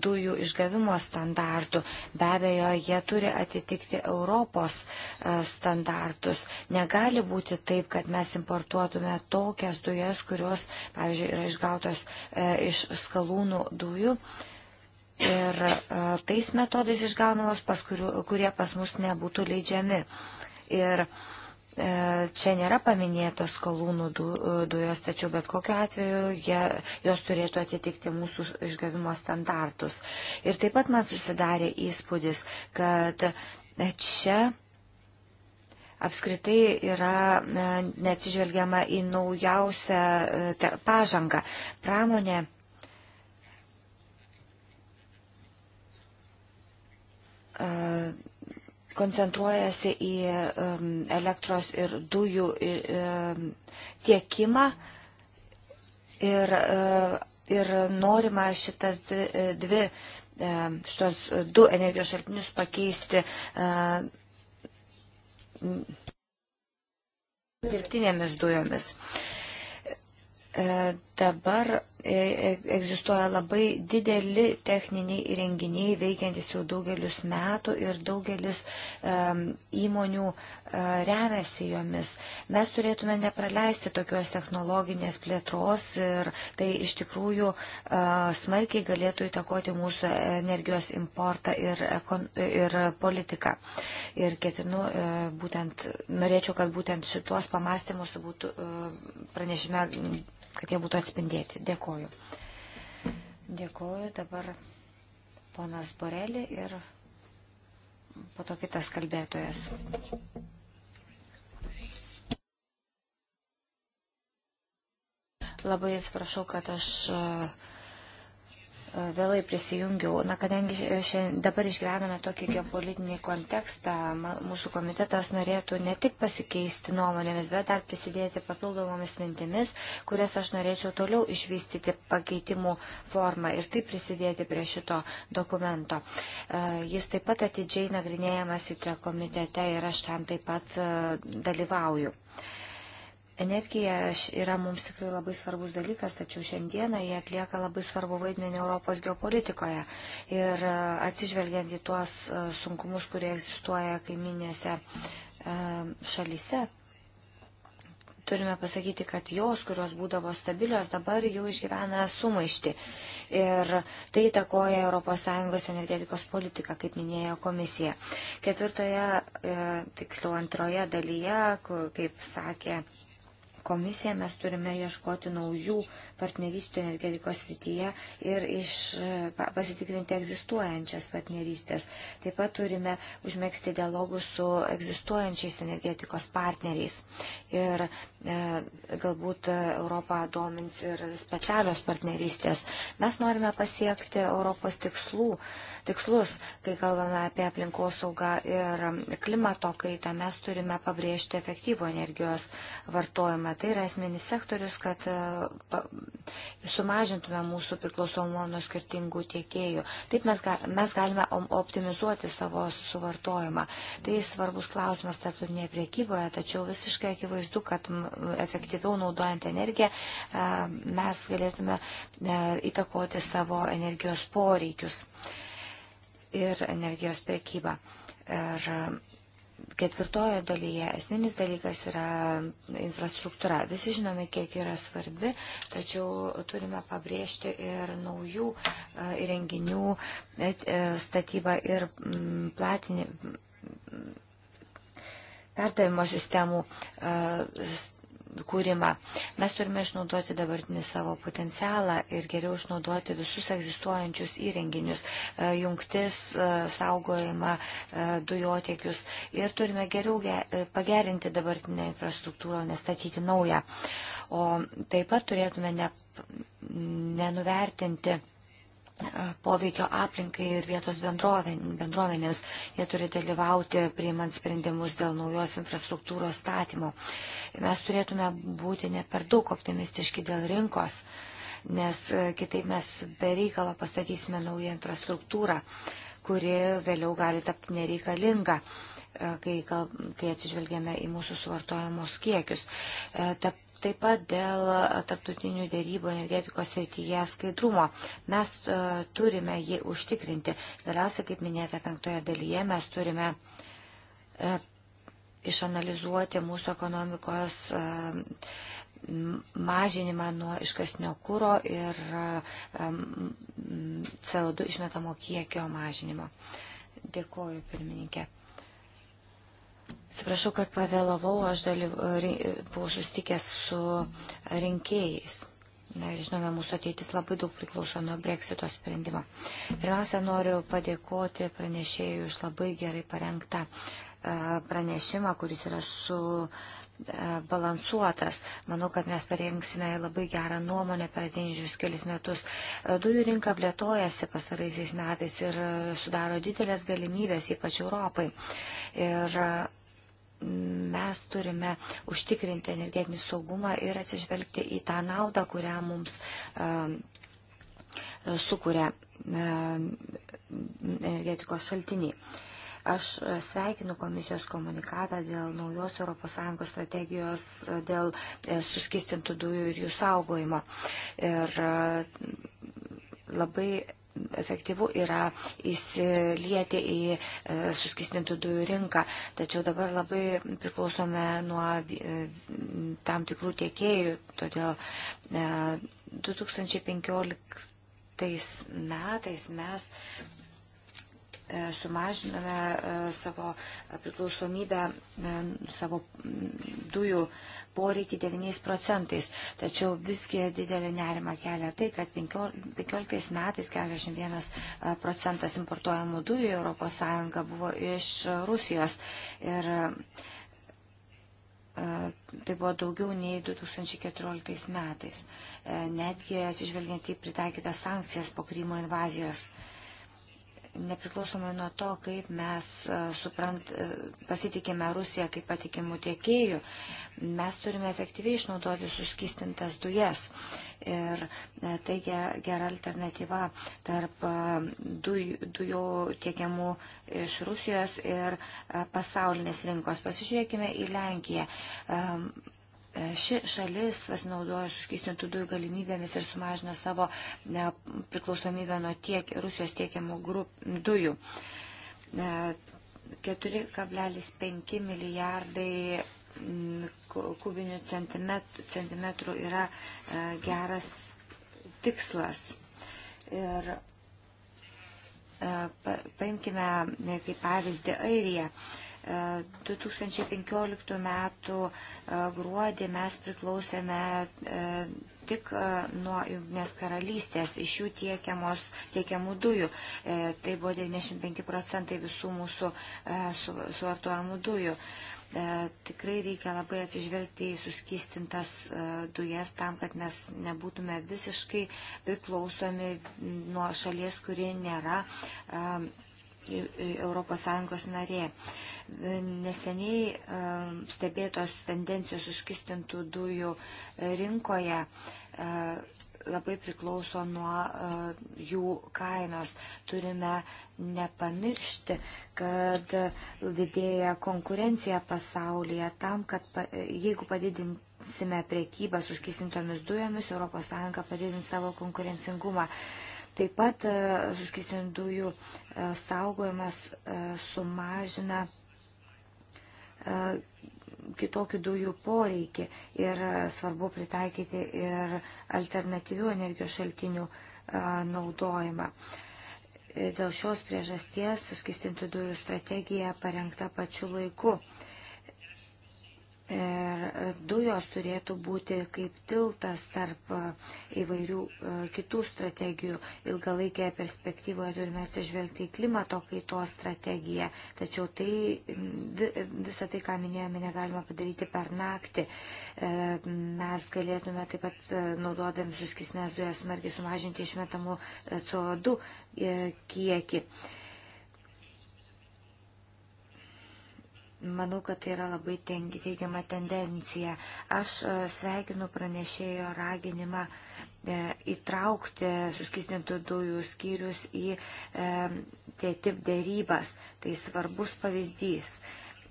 dujų išgavimo standartų. Be abejo, jie turi atitikti Europos standartus. Negali būti taip, kad mes importuotume tokias dujas, kurios, pavyzdžiui, yra išgautos iš skalūnų dujų. Uh, ir e, tais metodais išgaunamos, pas kurių, kurie pas mus nebūtų leidžiami. Ir e, čia nėra paminėtos skalūnų du, e, dujos, tačiau bet kokiu atveju jie, jos turėtų atitikti mūsų išgavimo standartus. Ir taip pat man susidarė įspūdis, kad čia apskritai yra neatsižvelgiama į naujausią pažangą. Pramonė koncentruojasi į elektros ir dujų tiekimą ir, e, ir norima šitas e, dvi, e, šitos du energijos šaltinius pakeisti dirbtinėmis dujomis. Dabar E, e, egzistuoja labai dideli techniniai įrenginiai veikiantis jau daugelius metų ir daugelis um, įmonių uh, remiasi jomis. Mes turėtume nepraleisti tokios technologinės plėtros ir tai iš tikrųjų uh, smarkiai galėtų įtakoti mūsų energijos importą ir, ir politiką. Ir ketinu, uh, būtent, norėčiau, kad būtent šitos pamastymus būtų uh, pranešime kad jie būtų atspindėti. Dėkoju. Dėkoju dabar ponas Borelį ir po to kitas kalbėtojas. Labai atsiprašau, kad aš uh, E, vėlai prisijungiau. Na, kadangi šiandien, dabar išgyvename tokį geopolitinį kontekstą, mūsų komitetas norėtų ne tik pasikeisti nuomonėmis, bet dar prisidėti papildomomis mintimis, kurias aš norėčiau toliau išvystyti pakeitimų formą ir taip prisidėti prie šito dokumento. E, jis taip pat atidžiai nagrinėjamas į komitete ir aš ten taip pat e, dalyvauju. Energija yra mums tikrai labai svarbus dalykas, tačiau šiandieną jie atlieka labai svarbu vaidmenį Europos geopolitikoje. Ir e, atsižvelgiant į tuos e, sunkumus, kurie egzistuoja kaiminėse e, šalyse, turime pasakyti, kad jos, kurios būdavo stabilios, dabar jau išgyvena sumaišti. Ir tai įtakoja ES energetikos politiką, kaip minėjo komisija. Ketvirtoje, tiksliau antroje dalyje, kaip sakė komisija mes turime ieškoti naujų partnerystų energetikos srityje ir iš, e, pasitikrinti egzistuojančias partnerystės. Taip pat turime užmėgsti dialogų su egzistuojančiais energetikos partneriais. Ir E, galbūt e, Europą domins ir specialios partnerystės. Mes norime pasiekti Europos tikslų, tikslus, kai kalbame apie aplinkosaugą ir klimato kaitą, mes turime pabrėžti efektyvų energijos vartojimą. Tai yra esminis sektorius, kad e, sumažintume mūsų priklausomumą nuo skirtingų tiekėjų. Taip mes, ga, mes galime optimizuoti savo suvartojimą. Tai svarbus klausimas tarptautinėje priekyboje, tačiau visiškai akivaizdu, kad efektyviau naudojant energiją, e, mes galėtume e, įtakoti savo energijos poreikius ir energijos prekybą. Ir ketvirtojo dalyje esminis dalykas yra infrastruktūra. Visi žinome, kiek yra svarbi, tačiau turime pabrėžti ir naujų e, įrenginių statybą ir mm, platinį mm, perdavimo sistemų kūrimą. Mes turime išnaudoti dabartinį savo potencialą ir geriau išnaudoti visus egzistuojančius įrenginius, e, jungtis, e, saugojimą, e, dujotiekius ir turime geriau pagerinti dabartinę infrastruktūrą, nestatyti naują. O taip pat turėtume ne, nenuvertinti poveikio aplinkai ir vietos bendruomenės. Jie turi dalyvauti priimant sprendimus dėl naujos infrastruktūros statymo. Mes turėtume būti ne per daug optimistiški dėl rinkos, nes e, kitaip mes be reikalo pastatysime naują infrastruktūrą, kuri vėliau gali tapti nereikalinga, e, kai, kai atsižvelgėme į mūsų suvartojamus kiekius. E, ta Taip pat dėl tarptautinių dėrybų energetikos srityje skaidrumo. Mes turime jį užtikrinti. Galiausiai, kaip minėta penktoje dalyje, mes turime išanalizuoti mūsų ekonomikos mažinimą nuo iškasnio kūro ir CO2 išmetamo kiekio mažinimo. Dėkoju, pirmininkė. Atsiprašau, kad pavėlavau, aš dalyv... buvau susitikęs su rinkėjais. Na ir žinome, mūsų ateitis labai daug priklauso nuo breksito sprendimo. Pirmiausia, noriu padėkoti pranešėjui už labai gerai parengtą e, pranešimą, kuris yra su e, balansuotas. Manau, kad mes parengsime labai gerą nuomonę per ateinančius kelias metus. E, dujų rinka plėtojasi pasaraisiais metais ir sudaro didelės galimybės, ypač Europai. Ir mes turime užtikrinti energetinį saugumą ir atsižvelgti į tą naudą, kurią mums sukuria energetikos šaltiniai. Aš sveikinu komisijos komunikatą dėl naujos ES strategijos dėl e, suskistintų dujų ir jų saugojimo. Ir e, labai efektyvu yra įsilieti į e, suskistintų dujų rinką. Tačiau dabar labai priklausome nuo e, tam tikrų tiekėjų, todėl e, 2015 metais mes e, sumažiname e, savo priklausomybę e, savo dujų poreikį 9 procentais. Tačiau visgi didelį nerimą kelia tai, kad 15 metais 41 procentas importuojamų dujų ES buvo iš Rusijos. Ir tai buvo daugiau nei 2014 metais, e, netgi atsižvelgiant į pritaikytas sankcijas po Krymo invazijos nepriklausomai nuo to, kaip mes e, suprant, e, pasitikime Rusiją kaip patikimų tiekėjų, mes turime efektyviai išnaudoti suskistintas dujas. Ir e, tai gera alternatyva tarp dujų, dujų tiekiamų iš Rusijos ir pasaulinės rinkos. Pasižiūrėkime į Lenkiją. E, ši šalis pasinaudojo suskistintų dujų galimybėmis ir sumažino savo ne, priklausomybę nuo tiek Rusijos tiekiamų grup, dujų. 4,5 e, milijardai kubinių centimetrų, centimetrų yra e, geras tikslas. Ir paimkime kaip pavyzdį Airiją. 2015 metų e, gruodį mes priklausėme e, tik e, nuo Junknės karalystės iš jų tiekiamos, tiekiamų dujų. Tai buvo 95 procentai visų mūsų suvartojamų dujų tikrai reikia labai atsižvelgti į suskystintas dujas tam, kad mes nebūtume visiškai priklausomi nuo šalies, kuri nėra ES narė. Neseniai stebėtos tendencijos suskistintų dujų rinkoje e, labai priklauso nuo e, jų kainos. Turime nepamiršti, kad didėja konkurencija pasaulyje tam, kad jeigu padidinsime priekybą suskisintomis dujomis, ES padidins savo konkurencingumą. Taip pat suskysinių e, dujų e, saugojimas e, sumažina kitokių dujų poreikį ir svarbu pritaikyti ir alternatyvių energijos šaltinių naudojimą. Dėl šios priežasties suskistintų dujų strategija parengta pačiu laiku. Ir dujos turėtų būti kaip tiltas tarp e, įvairių e, kitų strategijų. Ilgalaikėje perspektyvoje turime atsižvelgti į klimato kaitos strategiją, tačiau tai, visą tai, ką minėjome, negalima padaryti per naktį. E, mes galėtume taip pat, naudodami suskisnės dujas, smarkiai sumažinti išmetamų CO2 kiekį. Manau, kad tai yra labai teigiama tendencija. Aš e, sveikinu pranešėjo raginimą e, įtraukti suskistintų dujų skyrius į e, TTIP dėrybas. Tai svarbus pavyzdys.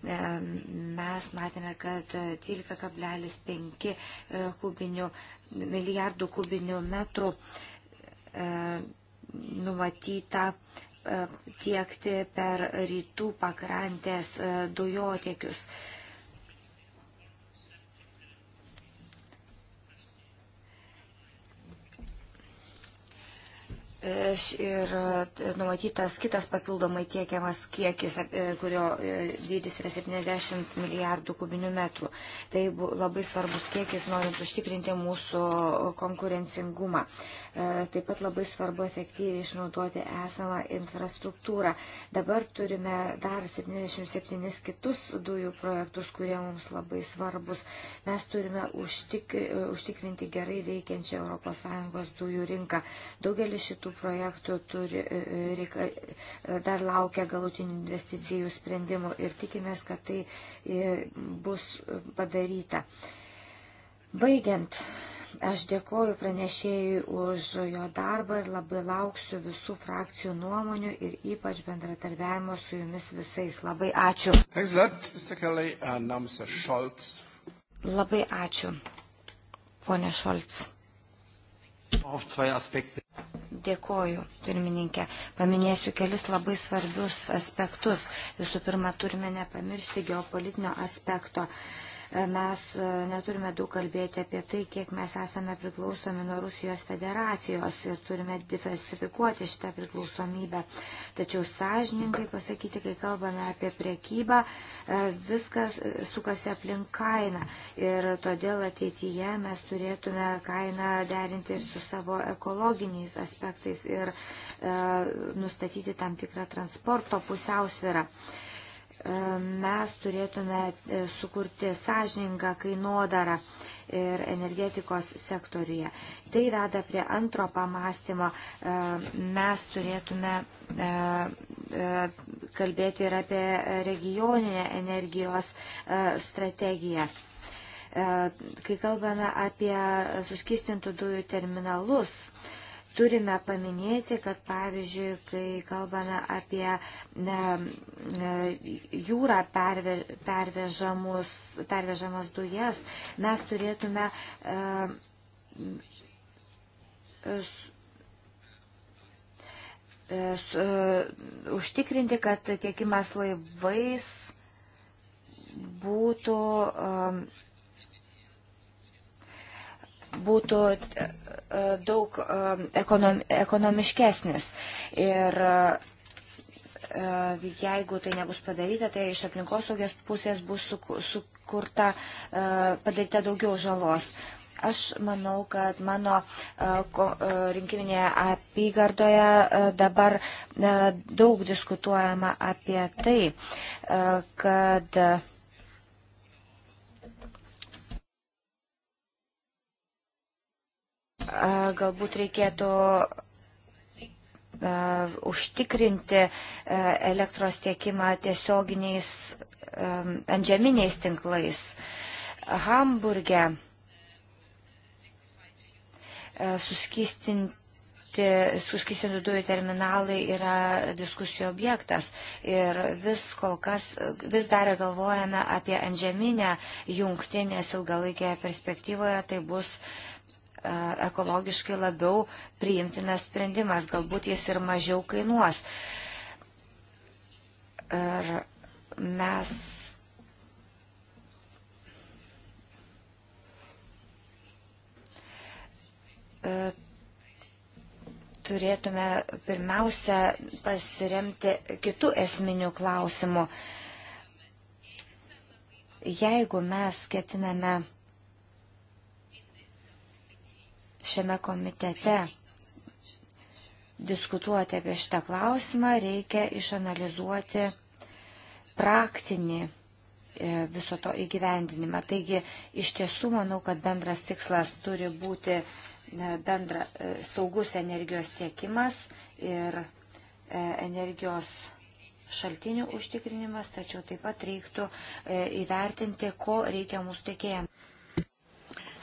Mes matėme, kad 12,5 kubinių, milijardų kubinių metrų numatyta tiekti per rytų pakrantės e, dujotiekius. Ir e, numatytas kitas papildomai tiekiamas kiekis, e, kurio e, dydis yra 70 milijardų kubinių metrų. Tai labai svarbus kiekis, norint užtikrinti mūsų konkurencingumą. Taip pat labai svarbu efektyviai išnaudoti esamą infrastruktūrą. Dabar turime dar 77 kitus dujų projektus, kurie mums labai svarbus. Mes turime užtikrinti gerai veikiančią ES dujų rinką. Daugelis šitų tų projektų turi, e, e, reika, e, dar laukia galutinių investicijų sprendimų ir tikimės, kad tai bus padaryta. Baigiant, aš dėkoju pranešėjui už jo darbą ir labai lauksiu visų frakcijų nuomonių ir ypač bendratarbiavimo su jumis visais. Labai ačiū. Labai ačiū, ponė Šolts. Auf zwei Aspekte. Dėkoju, pirmininkė. Paminėsiu kelis labai svarbius aspektus. Visų pirma, turime nepamiršti geopolitinio aspekto. Uh, E, mes e, neturime daug kalbėti apie tai, kiek mes esame priklausomi nuo Rusijos federacijos ir turime diversifikuoti šitą priklausomybę. Tačiau sąžininkai pasakyti, kai kalbame apie priekybą, e, viskas sukasi aplink kainą ir todėl ateityje mes turėtume kainą derinti ir su savo ekologiniais aspektais ir e, nustatyti tam tikrą transporto pusiausvyrą. E, E, mes turėtume e, sukurti sąžiningą kainodarą ir energetikos sektoriuje. Tai veda prie antro pamastymo. E, mes turėtume kalbėti ir apie regioninę energijos strategiją. Kai kalbame apie suskistintų dujų terminalus, turime paminėti, kad pavyzdžiui, kai kalbame apie ne, jūrą perve, pervežamas dujas, mes turėtume e, su, e, su, e, užtikrinti, kad tiekimas laivais būtų e, būtų e, e, daug e, ekonomiškesnis. Ir jeigu tai nebus padaryta, tai iš aplinkosaugės pusės bus sukurta, padaryta daugiau žalos. Aš manau, kad mano rinkiminėje apygardoje dabar daug diskutuojama apie tai, kad Galbūt reikėtų užtikrinti elektros tiekimą tiesioginiais antžeminiais tinklais. Hamburge suskistinti, suskistinti dujų terminalai yra diskusijų objektas ir vis kol kas, vis dar galvojame apie antžeminę jungtinės ilgalaikėje perspektyvoje, tai bus uh, ekologiškai labiau priimtinas sprendimas, galbūt jis ir mažiau kainuos. Ir mes e, turėtume pirmiausia pasiremti kitų esminių klausimų. Jeigu mes ketiname šiame komitete diskutuoti apie šitą klausimą, reikia išanalizuoti praktinį e, viso to įgyvendinimą. Taigi, iš tiesų, manau, kad bendras tikslas turi būti bendra, e, saugus energijos tiekimas ir e, energijos šaltinių užtikrinimas, tačiau taip pat reiktų įvertinti, ko reikia mūsų tiekėjams.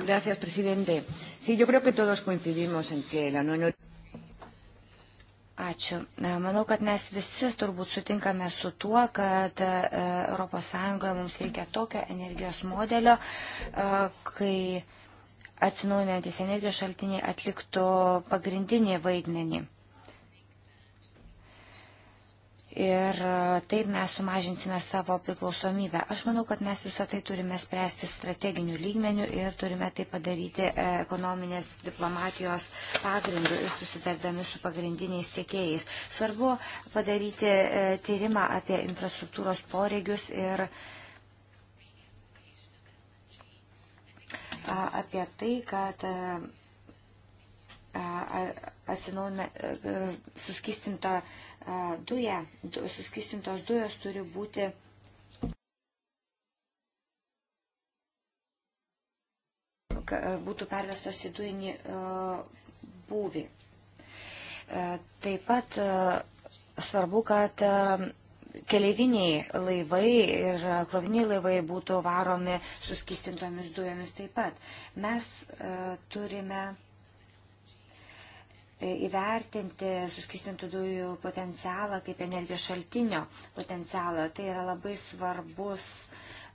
Gracias, presidente. Sí, yo creo que todos coincidimos en que la Unión Europea. Ačiū. Manau, kad mes visi turbūt sutinkame su tuo, kad ES mums reikia tokio energijos modelio, e, kai atsinaujinantis energijos šaltiniai atliktų pagrindinį vaidmenį ir e, taip mes sumažinsime savo priklausomybę. Aš manau, kad mes visą tai turime spręsti strateginių lygmenių ir turime tai padaryti e, ekonominės diplomatijos pagrindu ir susidardami su pagrindiniais tiekėjais. Svarbu padaryti e, tyrimą apie infrastruktūros poreigius ir apie tai, kad atsinaujina suskistinta duja, du, suskistintos dujos turi būti e, būtų pervestos į dujinį e, būvį. E, taip pat svarbu, kad keleiviniai laivai ir kroviniai laivai būtų varomi suskistintomis dujomis taip pat. Mes turime E, įvertinti suskistintų dujų potencialą kaip energijos šaltinio potencialą. Tai yra labai svarbus,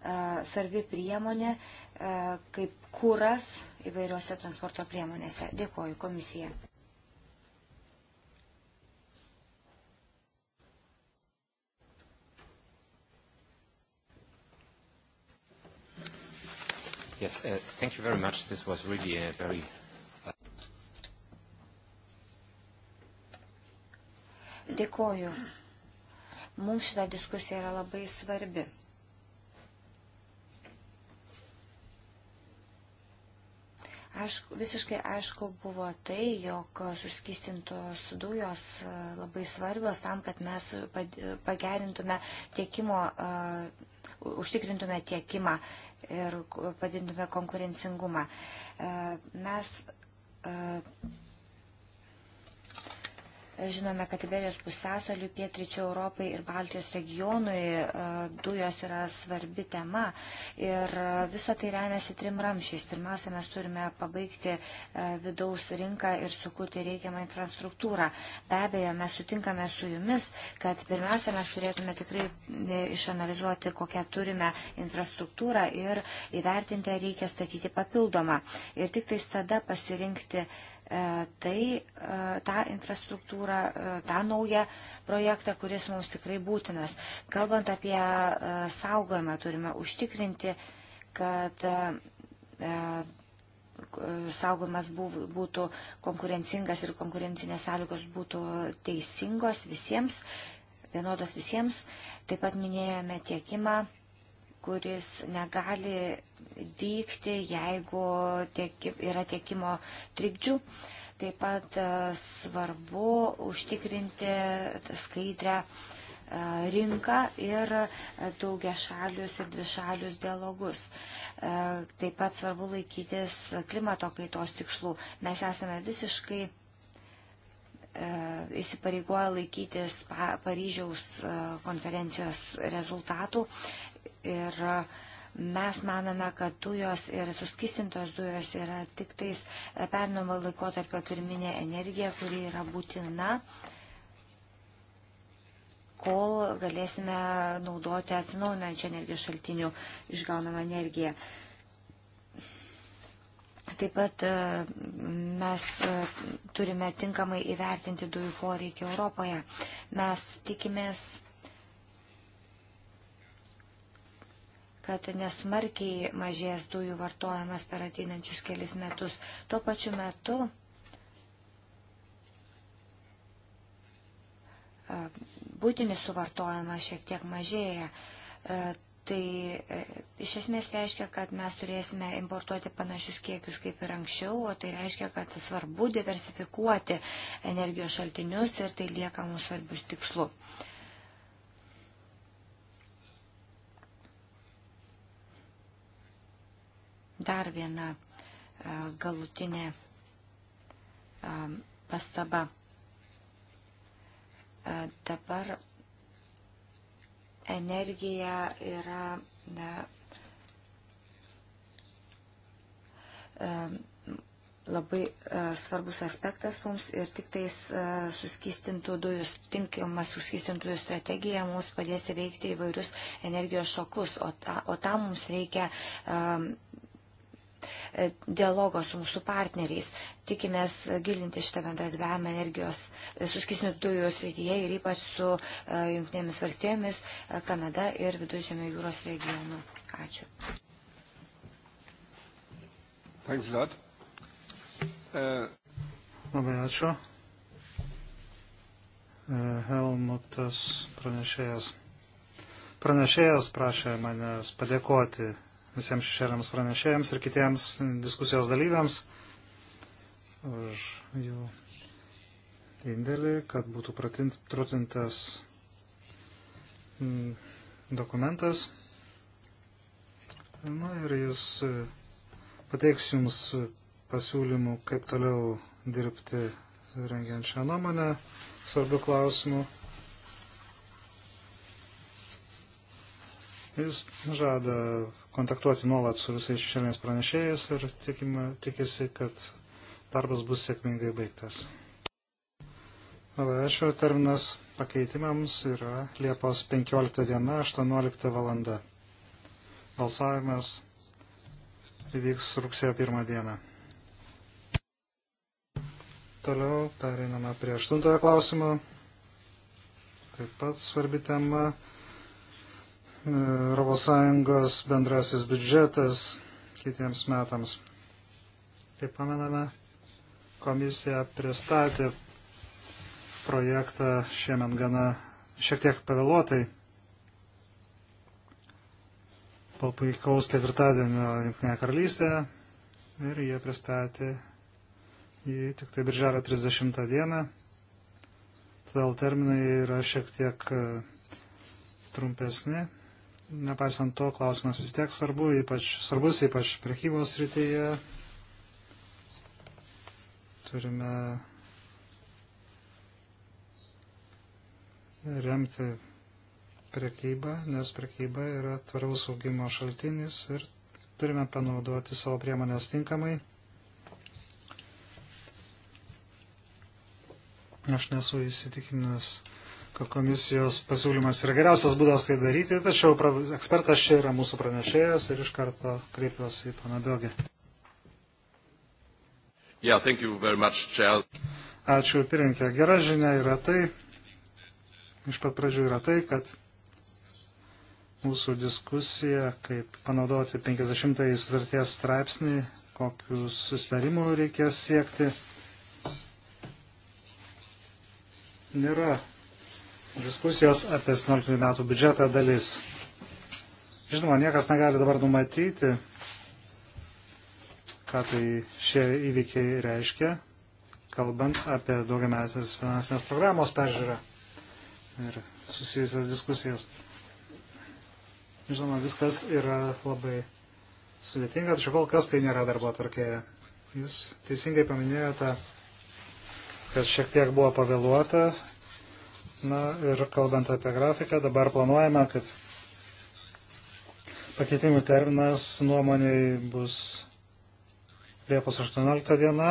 e, svarbi priemonė e, kaip kuras įvairiuose transporto priemonėse. Dėkoju komisija. Yes, uh, thank you very much. This was really a very Dėkoju. Mums šita diskusija yra labai svarbi. Aišku, visiškai aišku buvo tai, jog suskistintos dujos e, labai svarbios tam, kad mes pagerintume tiekimo, uh, užtikrintume tiekimą ir padidintume konkurencingumą. Uh, mes uh, Žinome, kad Iberijos pusėsalių pietričių Europai ir Baltijos regionui e, dujos yra svarbi tema. Ir e, visa tai remiasi trim ramšiais. Pirmiausia, mes turime pabaigti e, vidaus rinką ir sukurti reikiamą infrastruktūrą. Be abejo, mes sutinkame su jumis, kad pirmiausia, mes turėtume tikrai išanalizuoti, kokią turime infrastruktūrą ir įvertinti, ar reikia statyti papildomą. Ir tik tais tada pasirinkti E, tai, e, tą infrastruktūrą, e, tą naują projektą, kuris mums tikrai būtinas. Kalbant apie saugojimą, turime užtikrinti, kad saugomas būtų konkurencingas ir konkurencinės sąlygos būtų teisingos visiems, vienodos visiems. Taip pat minėjome tiekimą kuris negali vykti, jeigu tiek, yra tiekimo trikdžių. Taip pat e, svarbu užtikrinti skaidrę e, rinką ir e, daugia šalius ir dvišalius dialogus. Taip pat svarbu laikytis klimato kaitos tikslų. Mes esame visiškai įsipareigoja laikytis Paryžiaus konferencijos rezultatų Ir e, mes manome, kad dujos ir suskistintos dujos yra tik tais e, pernamo laikotarpio pirminė energija, kuri yra būtina kol galėsime naudoti atsinaujinančią energijos šaltinių išgaunamą energiją. Taip pat e, mes turime tinkamai įvertinti dujų poreikį Europoje. Mes tikimės kad nesmarkiai mažės dujų vartojimas per ateinančius kelis metus. Tuo pačiu metu e, būtinis suvartojimas šiek tiek mažėja. E, tai e, iš esmės reiškia, kad mes turėsime importuoti panašius kiekius kaip ir anksčiau, o tai reiškia, kad svarbu diversifikuoti energijos šaltinius ir tai lieka mūsų svarbius tikslu. Uh, Dar viena e, galutinė e, pastaba. E, dabar energija yra ne, labai svarbus aspektas mums ir tik tais suskistintų dujų, tinkamas suskistintų dujų strategija mums padės įveikti įvairius energijos šokus, o, ta, o tam mums reikia E, dialogo su mūsų partneriais. Tikimės gilinti šitą bendradarbiavimą energijos e, suskisnių dujų srityje ir ypač su e, Junktinėmis valstybėmis, Kanada ir Vidužėmio jūros regionu. Ačiū. Thanks a lot. Uh... Labai ačiū. Helmutas pranešėjas. Pranešėjas prašė manęs padėkoti visiems šešėliams pranešėjams ir kitiems diskusijos dalyviams už jų indėlį, kad būtų pratintas mm, dokumentas. Na ir jis e, pateiks jums pasiūlymų, kaip toliau dirbti rengiant šią nuomonę, svarbių klausimų. Jis žada kontaktuoti nuolat su visais šešėliniais pranešėjais ir tikime, tikisi, kad darbas bus sėkmingai baigtas. Labai ačiū. Terminas pakeitimams yra Liepos 15 diena, 18 valanda. Balsavimas įvyks rugsėjo 1 dieną. Toliau pereiname prie aštuntojo klausimo. Taip pat svarbi tema ES bendrasis biudžetas kitiems metams. Kaip pamename, komisija pristatė projektą šiemet gana šiek tiek pavėluotai po puikaus ketvirtadienio Junktinėje karalystėje ir jie pristatė jį tik tai birželio 30 dieną. Todėl terminai yra šiek tiek e, trumpesni nepaisant to, klausimas vis tiek svarbu, ypač, svarbus, ypač prekybos rytyje. Turime remti prekybą, nes prekyba yra tvaraus augimo šaltinis ir turime panaudoti savo priemonės tinkamai. Aš nesu įsitikinęs kad komisijos pasiūlymas yra geriausias būdas tai daryti, tačiau ekspertas čia yra mūsų pranešėjas ir iš karto kreipiuosi į pana Biogį. Yeah, much, Chair. Ačiū pirinkė. Gera žinia yra tai, iš pat pradžių yra tai, kad mūsų diskusija, kaip panaudoti 50-ąjį sutarties straipsnį, kokius susitarimų reikės siekti, nėra diskusijos apie 17 metų biudžetą dalis. Žinoma, niekas negali dabar numatyti, ką tai šie įvykiai reiškia, kalbant apie daugiametės finansinės programos peržiūrą ir susijusias diskusijas. Žinoma, viskas yra labai sudėtinga, tačiau kol kas tai nėra darbo atvarkėje. Jūs teisingai paminėjote, kad šiek tiek buvo pavėluota Na ir kalbant apie grafiką, dabar planuojame, kad pakeitimų terminas nuomoniai bus Liepos 18 diena.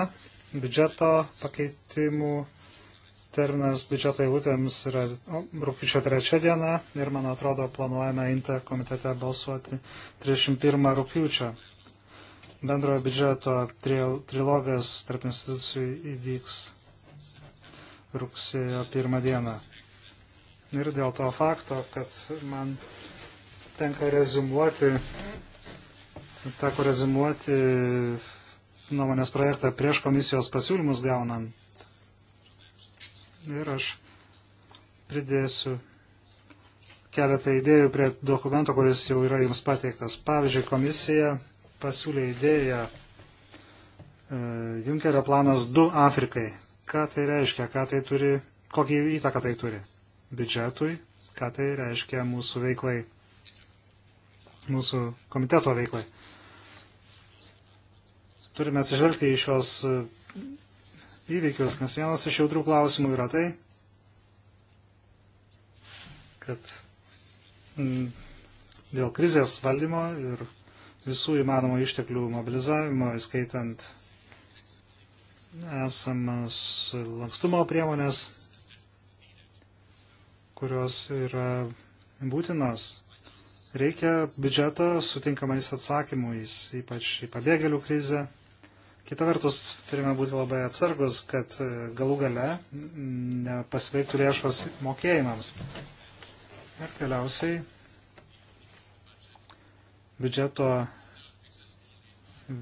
Biudžeto pakeitimų terminas biudžeto eilutėms yra rūpiučio 3 diena ir, man atrodo, planuojame INTE komitete balsuoti 31 rūpiučio. Bendrojo biudžeto trilogas tarp institucijų įvyks rugsėjo 1 dieną ir dėl to fakto, kad man tenka rezumuoti, teko rezumuoti nuomonės projektą prieš komisijos pasiūlymus gaunant. Ir aš pridėsiu keletą idėjų prie dokumento, kuris jau yra jums pateiktas. Pavyzdžiui, komisija pasiūlė idėją e, Junkerio planas 2 Afrikai. Ką tai reiškia, ką tai turi, kokį įtaką tai turi biudžetui, ką tai reiškia mūsų veiklai, mūsų komiteto veiklai. Turime atsižvelgti į šios e, įvykius, nes vienas iš jautrių klausimų yra tai, kad mm, dėl krizės valdymo ir visų įmanomų išteklių mobilizavimo, įskaitant esamas lankstumo priemonės, kurios yra būtinos. Reikia biudžeto sutinkamais atsakymais, ypač į pabėgėlių krizę. Kita vertus, turime būti labai atsargus, kad e, galų gale nepasveiktų lėšos mokėjimams. Ir galiausiai biudžeto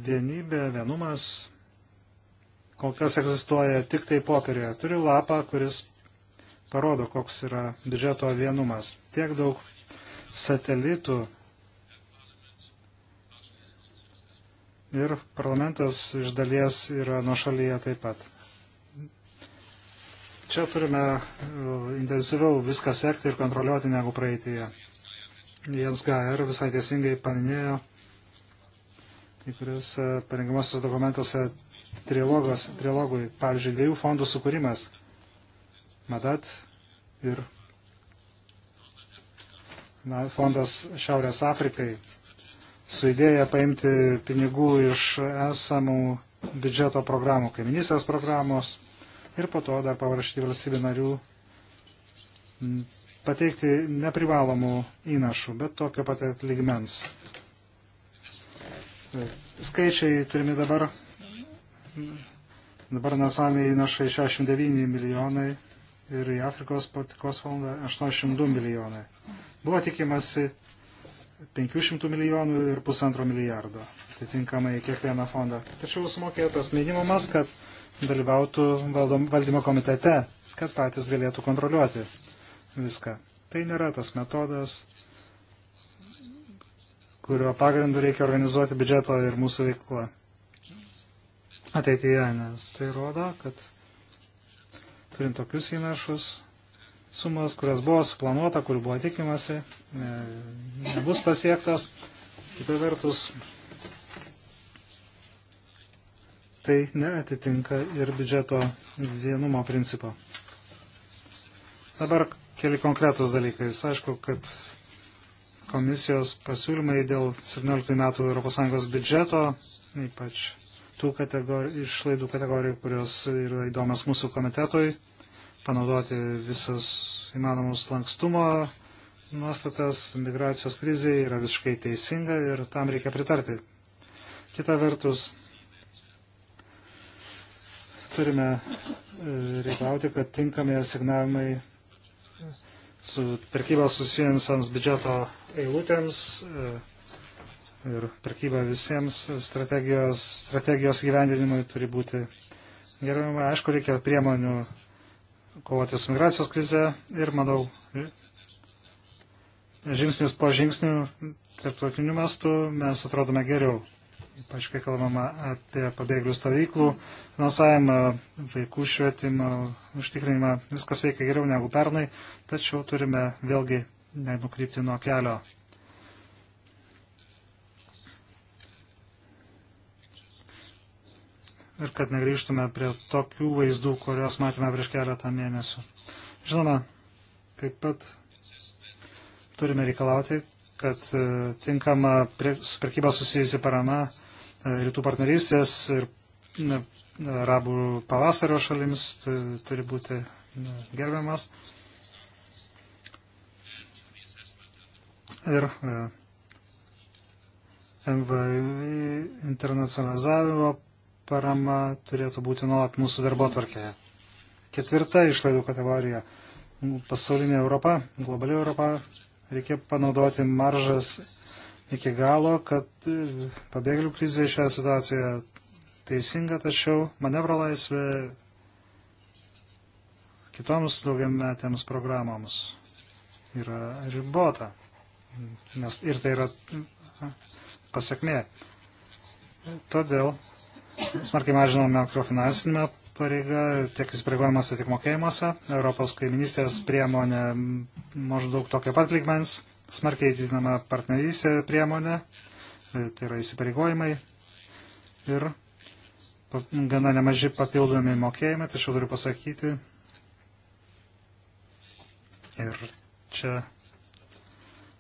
vienybė, vienumas kol kas egzistuoja tik tai popierioje. Turiu lapą, kuris parodo, koks yra biudžeto vienumas. Tiek daug satelitų ir parlamentas iš dalies yra nuošalyje taip pat. Čia turime e, intensyviau viską sekti ir kontroliuoti negu praeitėje. Jens Gaer visai teisingai paminėjo kai kuriuose parengimuosios dokumentuose trilogos, trilogui, pavyzdžiui, dviejų fondų sukūrimas. Madat ir na, fondas Šiaurės Afrikai su idėja paimti pinigų iš esamų biudžeto programų, kaiminysės programos ir po to dar pavaršyti valstybių narių pateikti neprivalomų įnašų, bet tokio pat lygmens. E, skaičiai turime dabar. Dabar nacionaliniai įnašai 69 milijonai ir į Afrikos politikos fondą 82 milijonai. Buvo tikimasi 500 milijonų ir pusantro milijardo, atitinkamai kiekvieną fondą. Tačiau sumokėtas minimumas, kad dalyvautų valdom, valdymo komitete, kad patys galėtų kontroliuoti viską. Tai nėra tas metodas, kurio pagrindu reikia organizuoti biudžetą ir mūsų veiklą ateityje, nes tai rodo, kad turint tokius įnašus, sumas, kurios buvo suplanuota, kur buvo tikimasi, ne, nebus pasiektos. Kita vertus, tai neatitinka ir biudžeto vienumo principo. Dabar keli konkretūs dalykai. Aišku, kad komisijos pasiūlymai dėl 17 metų ES biudžeto, ypač tų kategori, išlaidų kategorijų, kurios yra įdomios mūsų komitetui, panaudoti visus įmanomus lankstumo nuostatas migracijos krizėje yra visiškai teisinga ir tam reikia pritarti. Kita vertus, turime e, reikalauti, kad tinkami asignavimai su prekyba susijusiams biudžeto eilutėms e, ir prekyba visiems strategijos, strategijos gyvendinimui turi būti gerbiama. Aišku, reikia priemonių kovoti su migracijos krize ir, manau, žingsnis po žingsnių tarptautiniu mastu mes atrodome geriau. Ypač kai kalbama apie pabėgėlių stovyklų finansavimą, vaikų švietimą, užtikrinimą, viskas veikia geriau negu pernai, tačiau turime vėlgi nenukrypti nuo kelio. ir kad negrįžtume prie tokių vaizdų, kuriuos matėme prieš keletą mėnesių. Žinoma, taip pat turime reikalauti, kad e, tinkama su prekyba susijusi parama e, rytų partnerystės ir arabų pavasario šalims turi būti gerbiamas. Ir MVI e, internacionalizavimo parama turėtų būti nuolat mūsų darbo tvarkėje. Ketvirta išlaidų kategorija - pasaulinė Europa, globali Europa. Reikia panaudoti maržas iki galo, kad pabėgėlių krizė šioje situacijoje teisinga, tačiau manevro laisvė kitoms daugiametėms programoms yra ribota. Nes ir tai yra pasiekmė. Todėl smarkiai mažinome mikrofinansinimą pareigą tiek įsipareigojimuose, tiek mokėjimuose. Europos kaiminystės priemonė maždaug tokio pat lygmens, smarkiai didinama partnerystė priemonė, e, tai yra įsipareigojimai ir gana nemaži papildomi mokėjimai, tačiau turiu pasakyti. Ir čia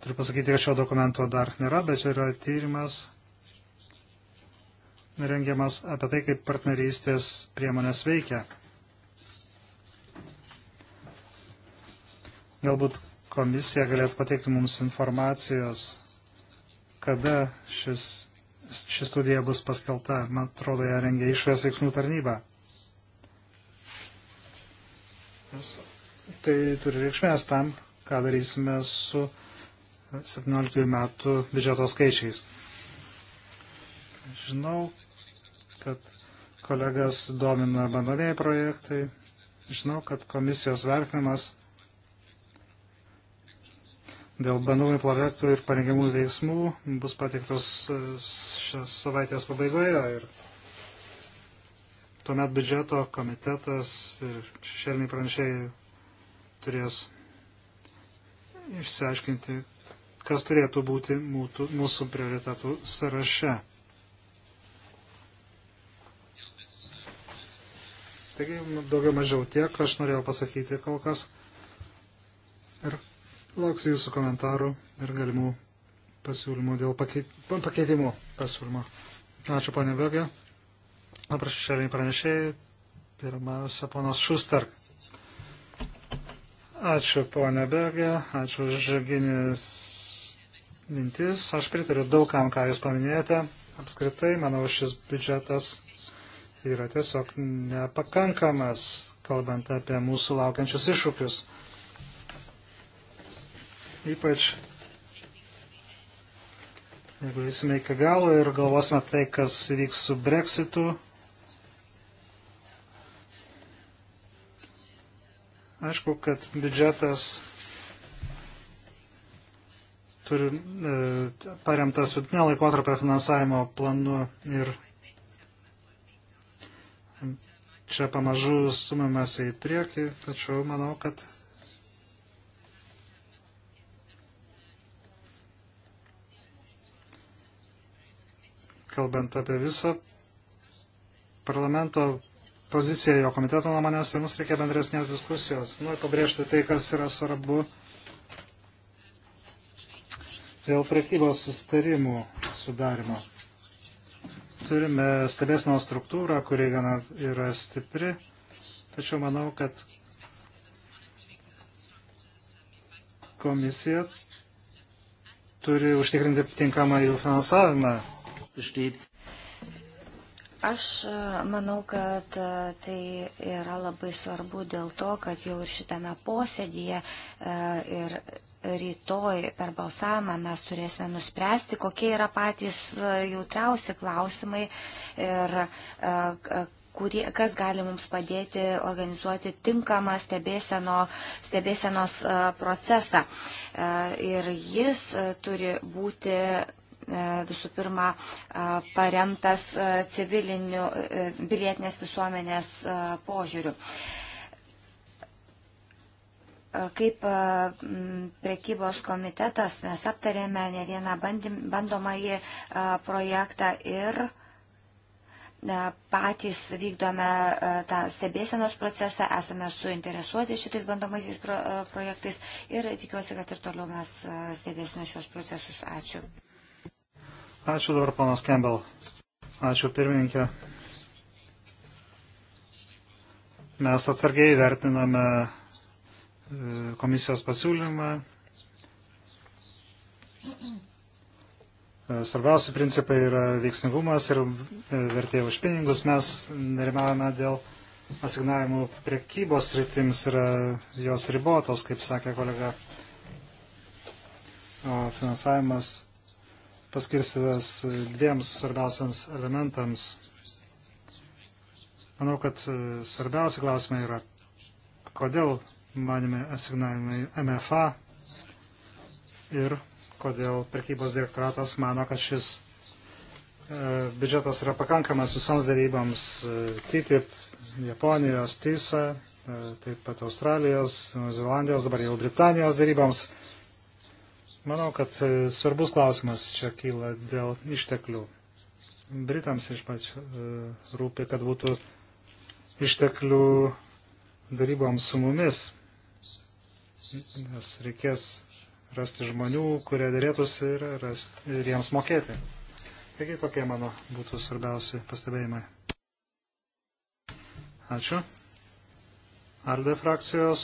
turiu pasakyti, kad šio dokumento dar nėra, bet čia yra tyrimas rengiamas apie tai, kaip partnerystės priemonės veikia. Galbūt komisija galėtų pateikti mums informacijos, kada šis, ši studija bus paskelta. Man atrodo, ją rengia išvės veiksmų tarnyba. Tai turi reikšmės tam, ką darysime su 17 metų biudžeto skaičiais. Žinau, kad kolegas domina bandomieji projektai. Žinau, kad komisijos vertinimas dėl bandomųjų projektų ir parengiamų veiksmų bus pateiktos e, šios savaitės pabaigoje. Ir tuomet biudžeto komitetas ir šešėliniai pranešėjai turės išsiaiškinti, kas turėtų būti mūtų, mūsų prioritetų sąraše. Taigi nu, daugiau mažiau tiek, aš norėjau pasakyti kol kas. Ir lauksiu jūsų komentarų ir galimų pasiūlymų dėl pakeitimų pasiūlymo. Ačiū, ponė Vėgė. Dabar šešėliniai pranešėjai. Pirmiausia, ponas Šuster. Ačiū, ponė Vėgė. Ačiū už žaginis mintis. Aš pritariu daugam, ką jūs paminėjote. Apskritai, manau, šis biudžetas yra tiesiog nepakankamas, kalbant apie mūsų laukiančius iššūkius. Ypač jeigu eisime iki galo ir galvosime tai, kas vyks su breksitu. Aišku, kad biudžetas turi e, paremtas vidutinio laikotarpio finansavimo planu ir čia pamažu stumiamas į priekį, tačiau manau, kad kalbant apie visą parlamento poziciją, jo komiteto nuomonės, tai mums reikia bendresnės diskusijos. Noriu pabrėžti tai, kas yra svarbu dėl prekybos sustarimų sudarimo turime stebėsino struktūrą, kuri gana yra stipri, tačiau manau, kad komisija turi užtikrinti tinkamą jų finansavimą. Aš e, manau, kad e, tai yra labai svarbu dėl to, kad jau ir šitame posėdėje e, ir rytoj per balsavimą mes turėsime nuspręsti, kokie yra patys e, jautriausi klausimai ir e, kurie, kas gali mums padėti organizuoti tinkamą stebėseno, stebėsenos e, procesą. Ir jis turi būti visų pirma paremtas civilinių, bilietinės visuomenės požiūrių. E, kaip e, prekybos komitetas mes aptarėme ne vieną bandym, bandomąjį e, projektą ir patys vykdome tą stebėsenos procesą, esame suinteresuoti šitais bandomaisiais pro, projektais ir tikiuosi, kad ir toliau mes stebėsime šios procesus. Ačiū. Ačiū dabar, panas Campbell. Ačiū pirmininkė. Mes atsargiai vertiname komisijos pasiūlymą. E, svarbiausi principai yra veiksmingumas ir e, vertė už pinigus. Mes nerimavome dėl asignavimų priekybos rytims yra e, jos ribotos, kaip sakė kolega. O finansavimas paskirstytas dviems svarbiausiams elementams. Manau, kad svarbiausi klausimai yra, kodėl manime asignavimai MFA ir kodėl prekybos direktoratas mano, kad šis e, biudžetas yra pakankamas visoms daryboms e, TTIP, Japonijos, TISA, e, taip pat Australijos, Zelandijos, dabar jau Britanijos daryboms. Manau, kad e, svarbus klausimas čia kyla dėl išteklių. Britams iš pač e, rūpi, kad būtų išteklių daryboms su mumis nes reikės rasti žmonių, kurie dėrėtųsi ir, rasti, ir jiems mokėti. Taigi tokie mano būtų svarbiausi pastebėjimai. Ačiū. Alde frakcijos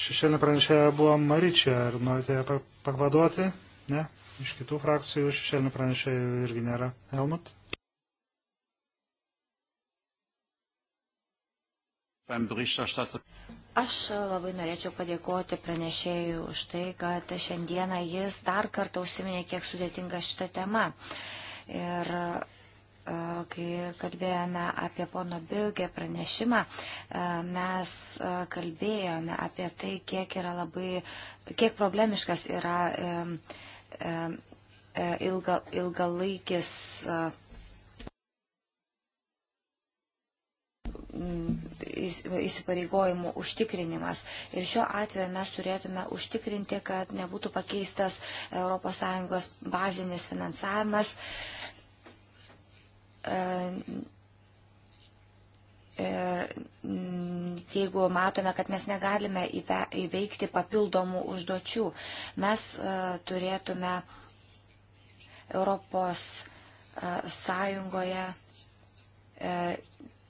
šešėlinė pranešėja buvo Maryčia. Ar norite ją pavaduoti? Ne. Iš kitų frakcijų šešėlinė pranešėja irgi nėra. Helmut? Aš labai norėčiau padėkoti pranešėjui už tai, kad šiandieną jis dar kartą užsiminė, kiek sudėtinga šita tema. Ir e, kai kalbėjome apie pono Biugė pranešimą, e, mes e, kalbėjome apie tai, kiek, yra labai, kiek problemiškas yra ilga, ilgalaikis. Ilga Mm, įsipareigojimų užtikrinimas. Ir šiuo atveju mes turėtume užtikrinti, kad nebūtų pakeistas ES bazinis finansavimas. E, ir mm, jeigu matome, kad mes negalime įveikti papildomų užduočių, mes e, turėtume Europos e, Sąjungoje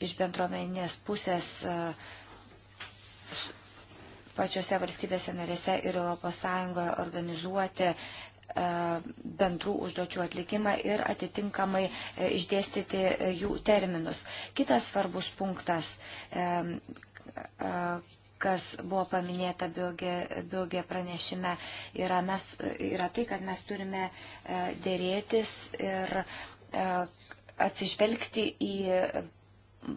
iš bendruomeninės pusės e, pačiose valstybėse narėse ir ES organizuoti e, bendrų užduočių atlikimą ir atitinkamai e, išdėstyti jų terminus. Kitas svarbus punktas, kas buvo paminėta biogė pranešime, yra, mes, yra tai, kad mes turime dėrėtis ir atsižvelgti į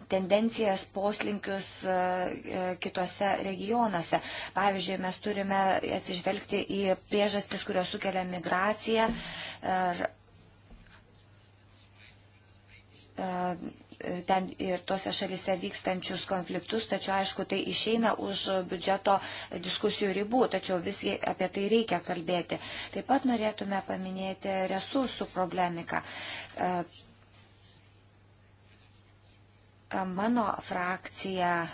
tendencijas, poslinkius e, e, kitose regionuose. Pavyzdžiui, mes turime atsižvelgti į priežastis, kurios sukelia migraciją. Ir, e, ten ir tose šalise vykstančius konfliktus, tačiau aišku, tai išeina už biudžeto diskusijų ribų, tačiau visgi apie tai reikia kalbėti. Taip pat norėtume paminėti resursų problemiką. Mano frakcija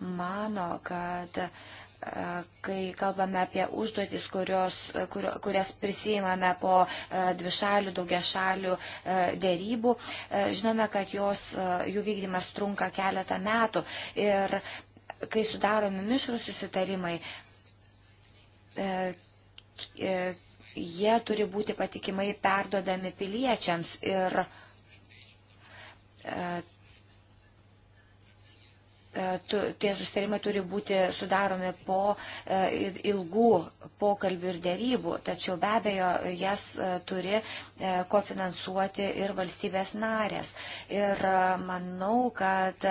mano, kad e, kai kalbame apie užduotis, kurios, kur, kurias prisijimame po e, dvišalių, daugiašalių e, dėrybų. Žinome, kad jos, jų vykdymas trunka keletą metų ir kai sudaromi mišrų susitarimai, jie turi būti patikimai perdodami piliečiams ir E, tie susitarimai turi būti sudaromi po e, ilgų pokalbių ir dėrybų, tačiau be abejo jas e, turi kofinansuoti ir valstybės narės. Ir manau, kad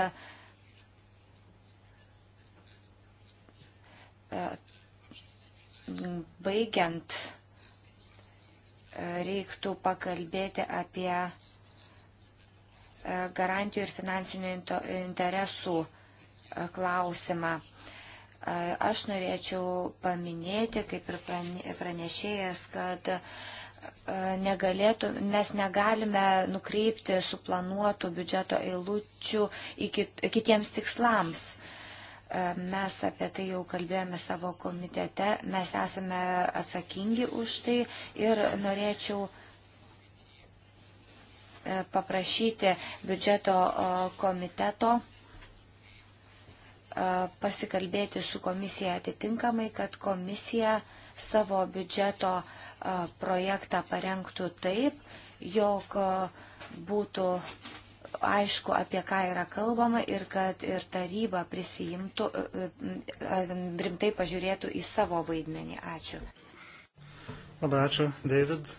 baigiant reiktų pakalbėti apie garantijų ir finansinių interesų klausimą. Aš norėčiau paminėti, kaip ir pranešėjas, kad e, negalėtų, mes negalime nukreipti suplanuotų biudžeto eilučių kitiems tikslams. E, mes apie tai jau kalbėjome savo komitete, mes esame atsakingi už tai ir norėčiau e, paprašyti biudžeto komiteto pasikalbėti su komisija atitinkamai, kad komisija savo biudžeto projektą parengtų taip, jog būtų aišku, apie ką yra kalbama ir kad ir taryba prisijimtų, rimtai pažiūrėtų į savo vaidmenį. Ačiū. Labai ačiū, David.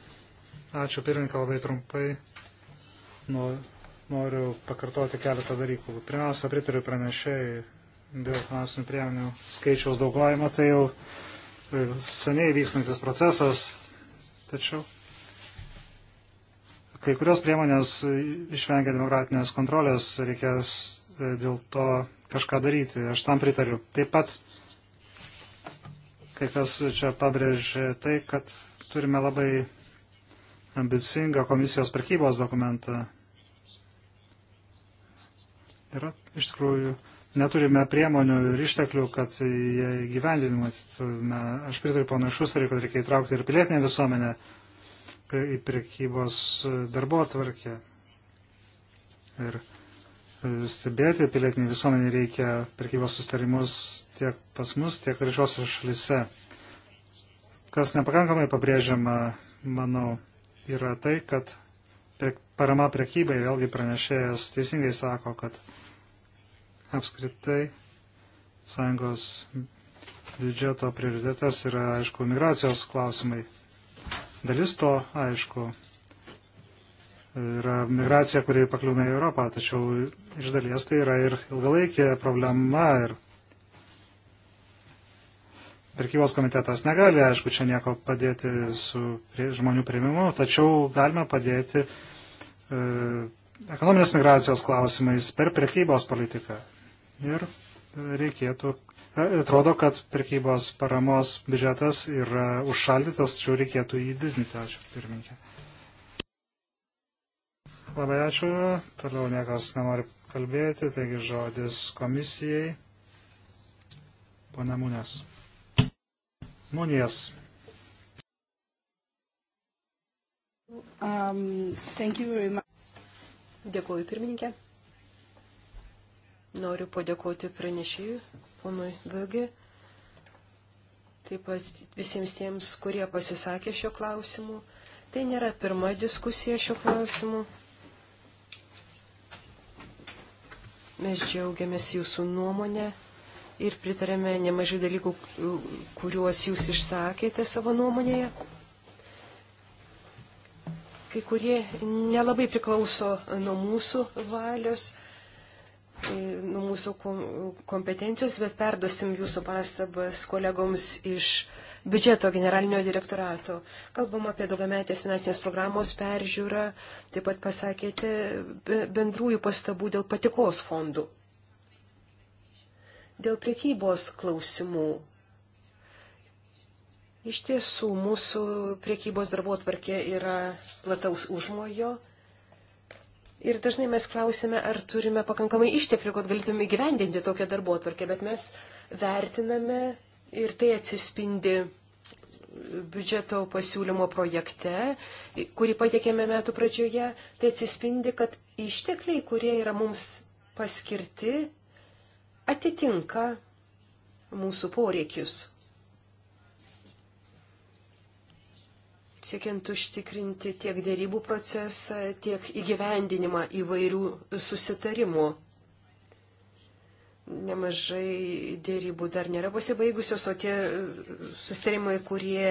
Ačiū, pirmininkai, labai trumpai. Noriu pakartoti keletą dalykų. Pirmiausia, pritariu pranešėjai biofinansinių priemonių skaičiaus daugojimo, tai, tai jau seniai vykstantis procesas, tačiau kai kurios priemonės išvengia demokratinės kontrolės, reikės e, dėl to kažką daryti, aš tam pritariu. Taip pat kai kas čia pabrėžė tai, kad turime labai ambicingą komisijos prekybos dokumentą. Yra iš tikrųjų neturime priemonių ir išteklių, kad jie gyvendinimą. Aš pritariu ponui Šusteriui, kad reikia įtraukti ir pilietinę visuomenę į priekybos darbo atvarkę. Ir e, stebėti pilietinį visuomenį reikia priekybos sustarimus tiek pas mus, tiek ir šios šalise. Kas nepakankamai pabrėžiama, manau, yra tai, kad parama priekybai, vėlgi pranešėjas teisingai sako, kad apskritai sąjungos biudžeto prioritetas yra, aišku, migracijos klausimai. Dalis to, aišku, yra migracija, kuri pakliūna į Europą, tačiau iš dalies tai yra ir ilgalaikė problema ir Pirkybos komitetas negali, aišku, čia nieko padėti su prie, žmonių prieimimu, tačiau galime padėti e, ekonominės migracijos klausimais per prekybos politiką. Ir reikėtų, atrodo, kad prekybos paramos biudžetas yra užšaldytas, tačiau reikėtų jį didinti. Ačiū, pirmininkė. Labai ačiū. Toliau niekas nenori kalbėti, taigi žodis komisijai. Pone Munės. Munės. Um, Dėkuoju, pirmininkė. Noriu padėkoti pranešėjui, ponui Vėgi, taip pat visiems tiems, kurie pasisakė šio klausimu. Tai nėra pirma diskusija šio klausimu. Mes džiaugiamės jūsų nuomonę ir pritarėme nemažai dalykų, kuriuos jūs išsakėte savo nuomonėje. Kai kurie nelabai priklauso nuo mūsų valios, nuo mūsų kompetencijos, bet perduosim jūsų pastabas kolegoms iš biudžeto generalinio direktorato. Kalbam apie daugiametės finansinės programos peržiūrą, taip pat pasakėte bendrųjų pastabų dėl patikos fondų. Dėl priekybos klausimų. Iš tiesų, mūsų priekybos darbo atvarkė yra plataus užmojo Ir dažnai mes klausime, ar turime pakankamai išteklių, kad galėtume įgyvendinti tokią darbo atvarkę, bet mes vertiname ir tai atsispindi biudžeto pasiūlymo projekte, kurį patikėme metų pradžioje, tai atsispindi, kad ištekliai, kurie yra mums paskirti, atitinka mūsų poreikius. siekiant užtikrinti tiek dėrybų procesą, tiek įgyvendinimą įvairių susitarimų. Nemažai dėrybų dar nėra pasibaigusios, o tie susitarimai, kurie,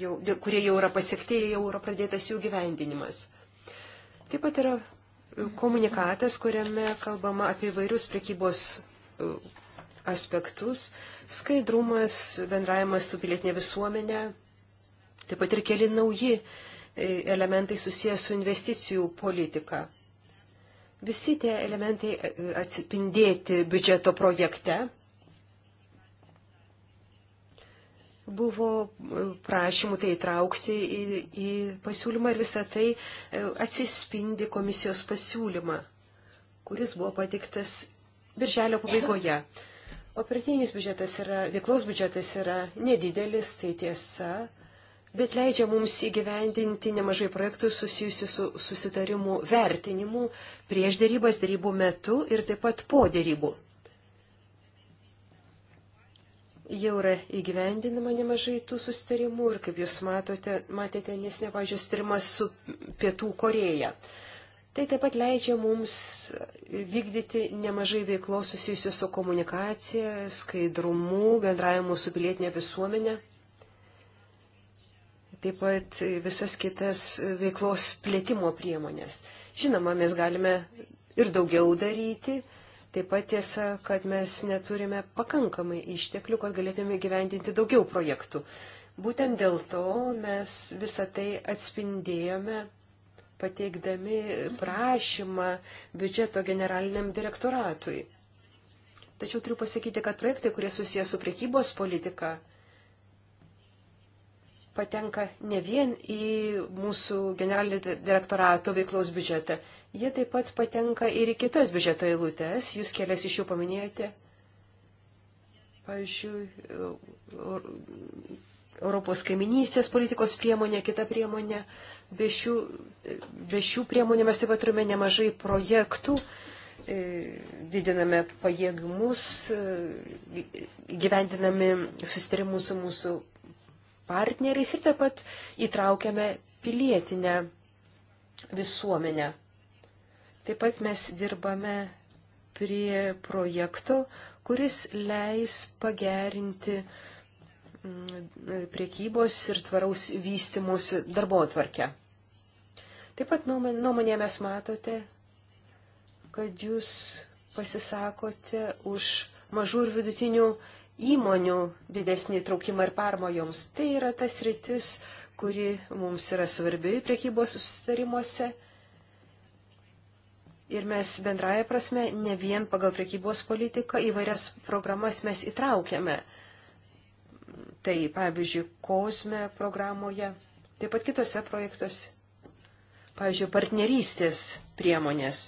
jau, kurie jau yra pasiekti, jau yra pradėtas jų gyvendinimas. Taip pat yra komunikatas, kuriame kalbama apie vairius prekybos e, aspektus - skaidrumas, bendravimas su pilietinė visuomenė, Taip pat ir keli nauji e, elementai susijęs su investicijų politika. Visi tie elementai e, atspindėti biudžeto projekte buvo e, prašymų tai įtraukti į, į pasiūlymą ir visą tai atsispindi komisijos pasiūlymą, kuris buvo patiktas birželio pabaigoje. Operatinis biudžetas yra, veiklos biudžetas yra nedidelis, tai tiesa, bet leidžia mums įgyvendinti nemažai projektų susijusių su susitarimu vertinimu prieš dėrybas dėrybų metu ir taip pat po dėrybų. Jau yra įgyvendinama nemažai tų susitarimų ir, kaip jūs matote, matėte, nes nepažiūrės tyrimas su Pietų Koreja. Tai taip pat leidžia mums vykdyti nemažai veiklos susijusios su komunikacija, skaidrumu, bendravimu su pilietinė visuomenė taip pat visas kitas veiklos plėtimo priemonės. Žinoma, mes galime ir daugiau daryti. Taip pat tiesa, kad mes neturime pakankamai išteklių, kad galėtume gyvendinti daugiau projektų. Būtent dėl to mes visą tai atspindėjome pateikdami prašymą biudžeto generaliniam direktoratui. Tačiau turiu pasakyti, kad projektai, kurie susijęs su priekybos politika, patenka ne vien į mūsų generalinio direktorato veiklos biudžetą, jie taip pat patenka ir į kitas biudžeto eilutes, jūs kelias iš jų paminėjote. Pavyzdžiui, Europos kaiminystės politikos priemonė, kita priemonė. Be šių, be šių priemonių mes taip pat turime nemažai projektų, e, didiname pajėgumus, e, gyvendinami susitarimus su mūsų partneriais ir taip pat įtraukiame pilietinę visuomenę. Taip pat mes dirbame prie projekto, kuris leis pagerinti mm, priekybos ir tvaraus vystimus darbo atvarkę. Taip pat nuomonė mes matote, kad jūs pasisakote už mažų ir vidutinių įmonių didesnį traukimą ir parmo joms. Tai yra tas rytis, kuri mums yra svarbi priekybos susitarimuose. Ir mes bendraja prasme, ne vien pagal priekybos politiką, įvairias programas mes įtraukiame. Tai pavyzdžiui, kosme programoje, taip pat kitose projektuose. Pavyzdžiui, partnerystės priemonės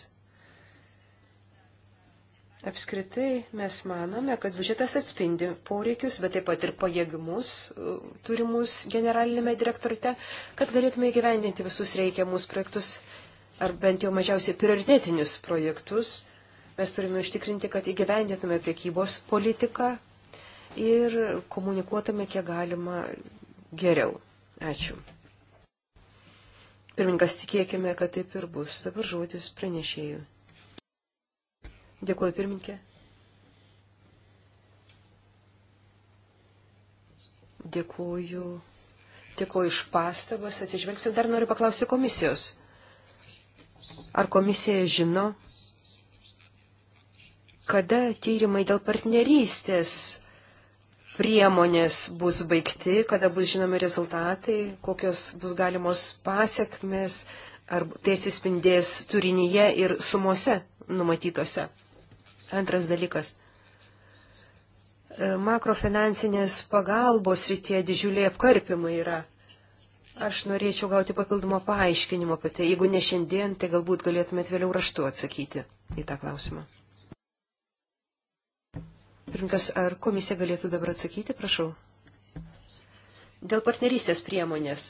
Apskritai mes manome, kad biudžetas atspindi poreikius, bet taip pat ir pajėgimus e, turimus generalinėme direktorite, kad galėtume įgyvendinti visus reikiamus projektus, ar bent jau mažiausiai prioritetinius projektus. Mes turime užtikrinti, kad įgyvendintume priekybos politiką ir komunikuotume kiek galima geriau. Ačiū. Pirmininkas tikėkime, kad taip ir bus. Dabar žodis pranešėjui. Dėkuoju, pirminkė. Dėkuoju. Dėkuoju iš pastabas. Atsižvelgsiu. Dar noriu paklausti komisijos. Ar komisija žino, kada tyrimai dėl partnerystės priemonės bus baigti, kada bus žinomi rezultatai, kokios bus galimos pasiekmes, ar tai atsispindės turinyje ir sumose numatytose? Antras dalykas. E, makrofinansinės pagalbos rytie didžiuliai apkarpimai yra. Aš norėčiau gauti papildomą paaiškinimą apie tai. Jeigu ne šiandien, tai galbūt galėtumėt vėliau raštu atsakyti į tą klausimą. Pirmkas, ar komisija galėtų dabar atsakyti, prašau? Dėl partnerystės priemonės.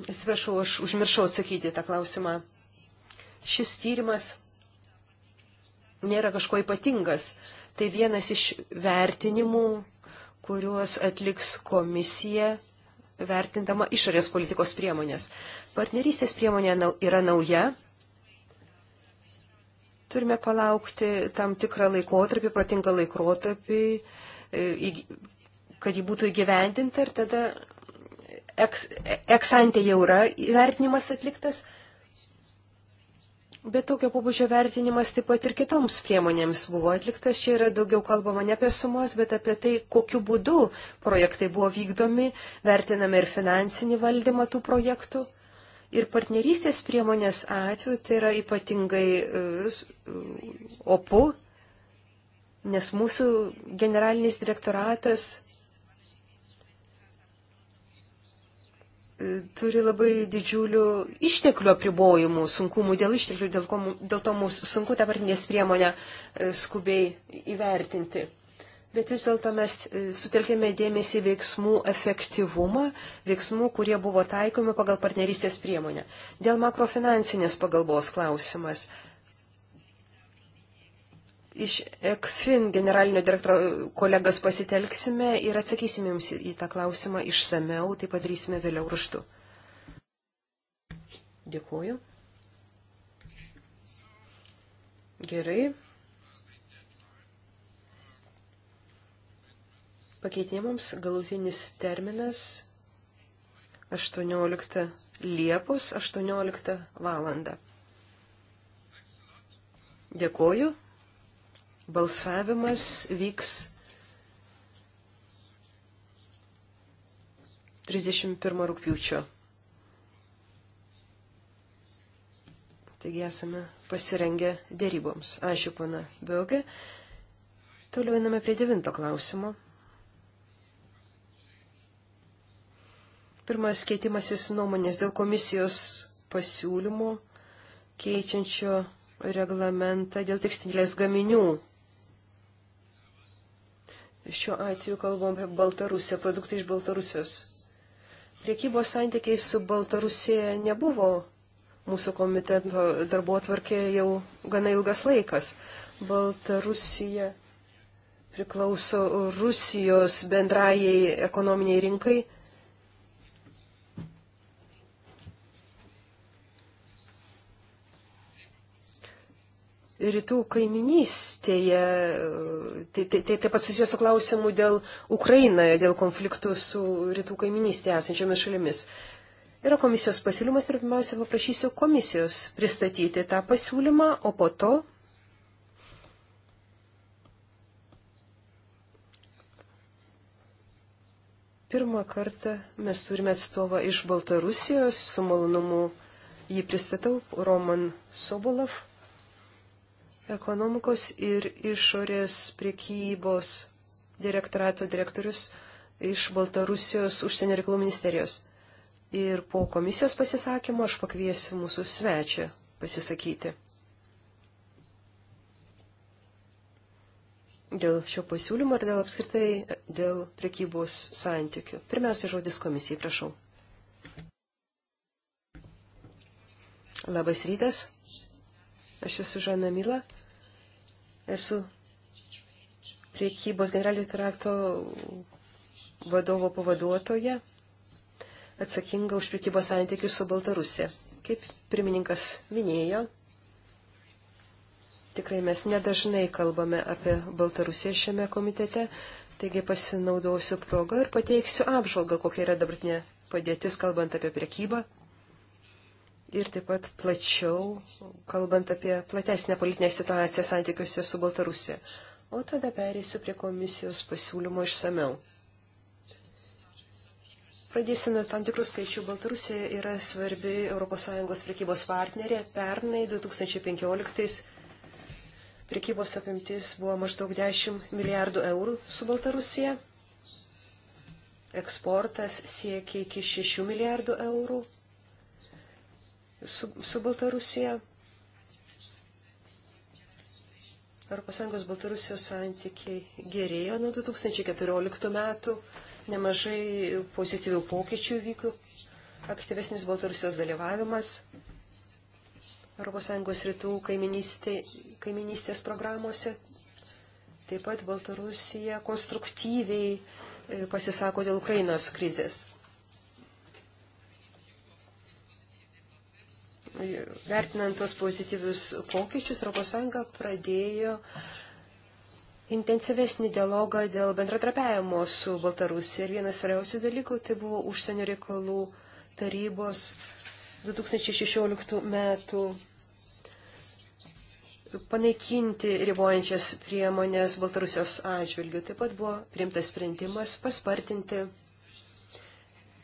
Atsiprašau, aš užmiršau atsakyti tą klausimą. Šis tyrimas nėra kažko ypatingas. Tai vienas iš vertinimų, kuriuos atliks komisija vertindama išorės politikos priemonės. Partnerystės priemonė yra nauja. Turime palaukti tam tikrą laikotarpį, pratingą laikotarpį, e, kad jį būtų įgyvendinta ir tada e, eksantė eks jau yra vertinimas atliktas, Bet tokio pobūdžio vertinimas taip pat ir kitoms priemonėms buvo atliktas. Čia yra daugiau kalbama ne apie sumas, bet apie tai, kokiu būdu projektai buvo vykdomi, vertiname ir finansinį valdymą tų projektų. Ir partnerystės priemonės atveju tai yra ypatingai e, e, opu, nes mūsų generalinis direktoratas turi labai didžiulių išteklių apribojimų, sunkumų dėl išteklių, dėl, ko, dėl to mums sunku dabartinės priemonę e, skubiai įvertinti. Bet vis dėlto mes e, sutelkėme dėmesį veiksmų efektyvumą, veiksmų, kurie buvo taikomi pagal partnerystės priemonę. Dėl makrofinansinės pagalbos klausimas iš ECFIN generalinio direktoro kolegas pasitelksime ir atsakysime jums į tą klausimą išsameu, tai padarysime vėliau raštu. Dėkuoju. Gerai. Pakeitimams galutinis terminas 18 Liepos 18 valandą. Dėkuoju. Balsavimas vyks 31 rūpiučio. Taigi esame pasirengę dėryboms. Ačiū, pana Biogė. Toliau einame prie devinto klausimo. Pirmas keitimasis nuomonės dėl komisijos pasiūlymų keičiančio reglamentą dėl tekstilės gaminių Šiuo atveju kalbam apie Baltarusiją, produktai iš Baltarusijos. Priekybos santykiai su Baltarusija nebuvo mūsų komiteto darbo atvarkė jau gana ilgas laikas. Baltarusija priklauso Rusijos bendrajai ekonominiai rinkai rytų kaiminystėje. Tai taip tai, tai pat susijęs su klausimu dėl Ukrainoje, dėl konfliktų su rytų kaiminystėje esančiomis šalimis. Yra komisijos pasiūlymas ir pirmiausia paprašysiu komisijos pristatyti tą pasiūlymą, o po to. Pirmą kartą mes turime atstovą iš Baltarusijos, su malonumu jį pristatau, Roman Sobolov ekonomikos ir išorės priekybos direktorato direktorius iš Baltarusijos užsienio reikalų ministerijos. Ir po komisijos pasisakymo aš pakviesiu mūsų svečią pasisakyti. Dėl šio pasiūlymo ir dėl apskritai dėl prekybos santykių. Pirmiausia, žodis komisijai, prašau. Labas rytas. Aš esu Žana Mila, esu priekybos generalinio trakto vadovo pavaduotoja, atsakinga už priekybos santykius su Baltarusija. Kaip pirmininkas minėjo, tikrai mes nedažnai kalbame apie Baltarusiją šiame komitete, taigi pasinaudosiu progą ir pateiksiu apžvalgą, kokia yra dabartinė padėtis, kalbant apie priekybą ir taip pat plačiau, kalbant apie platesnę politinę situaciją santykiuose su Baltarusija. O tada perėsiu prie komisijos pasiūlymo išsameu. Pradėsiu nuo tam tikrų skaičių. Baltarusija yra svarbi ES prekybos partnerė. Pernai 2015 prekybos apimtis buvo maždaug 10 milijardų eurų su Baltarusija. Eksportas siekia iki 6 milijardų eurų su, su Baltarusija. ES Baltarusijos santykiai gerėjo nuo 2014 metų, nemažai pozityvių pokyčių vyko, aktyvesnis Baltarusijos dalyvavimas ES rytų kaiminystė, kaiminystės programuose. Taip pat Baltarusija konstruktyviai e, pasisako dėl Ukrainos krizės. vertinant tos pozityvius pokyčius, ES pradėjo intensyvesnį dialogą dėl bendratrapiavimo su Baltarusija. Ir vienas svarbiausių dalykų tai buvo užsienio reikalų tarybos 2016 metų panaikinti ribojančias priemonės Baltarusijos atžvilgių. Taip pat buvo priimtas sprendimas paspartinti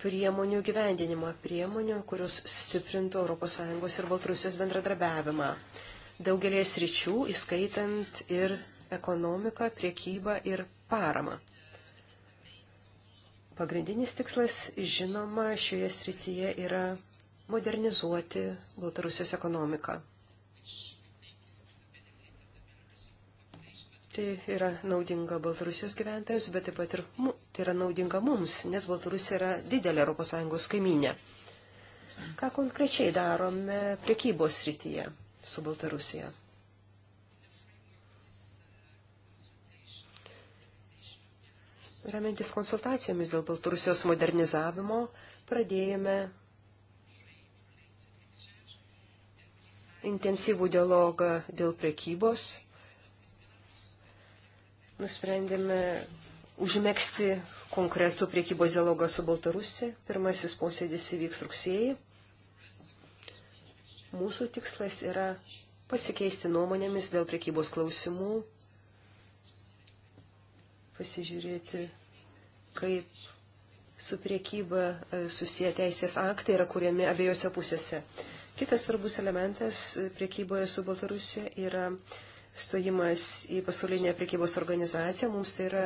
priemonių gyvendinimą, priemonių, kurios stiprintų ES ir Baltarusijos bendradarbiavimą. Daugelės ryčių, įskaitant ir ekonomiką, priekybą ir paramą. Pagrindinis tikslas, žinoma, šioje srityje yra modernizuoti Baltarusijos ekonomiką. Tai yra naudinga Baltarusijos gyventojams, bet taip pat ir tai yra naudinga mums, nes Baltarusija yra didelė ES kaiminė. Ką konkrečiai darome priekybos srityje su Baltarusija? Remiantis konsultacijomis dėl Baltarusijos modernizavimo, pradėjome intensyvų dialogą dėl priekybos nusprendėme užmėgsti konkretų priekybos dialogą su Baltarusija. Pirmasis posėdis įvyks rugsėjai. Mūsų tikslas yra pasikeisti nuomonėmis dėl priekybos klausimų, pasižiūrėti, kaip su priekyba e, susiję teisės aktai yra kuriami abiejose pusėse. Kitas svarbus elementas e, priekyboje su Baltarusija yra uh, stojimas į pasaulinę prekybos organizaciją mums tai yra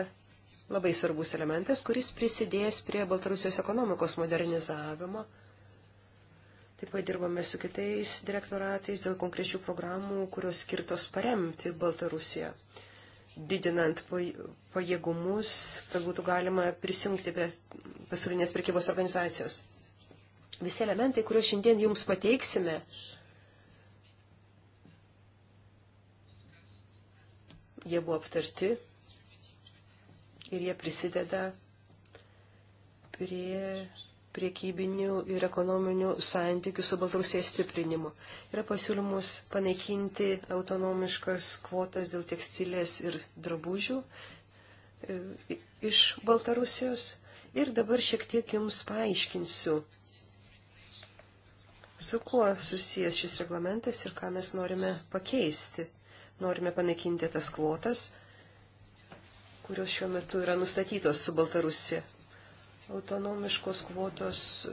labai svarbus elementas, kuris prisidės prie Baltarusijos ekonomikos modernizavimo. Taip pat dirbame su kitais direktoratais dėl konkrečių programų, kurios skirtos paremti Baltarusiją, didinant pajėgumus, kad būtų galima prisijungti prie pasaulinės prekybos organizacijos. Visi elementai, kuriuos šiandien jums pateiksime, jie buvo aptarti ir jie prisideda prie priekybinių ir ekonominių santykių su Baltarusija stiprinimu. Yra pasiūlymus panaikinti autonomiškas kvotas dėl tekstilės ir drabužių e, iš Baltarusijos. Ir dabar šiek tiek jums paaiškinsiu, su kuo susijęs šis reglamentas ir ką mes norime pakeisti norime panaikinti tas kvotas, kurios šiuo metu yra nustatytos su Baltarusija. Autonomiškos kvotos e,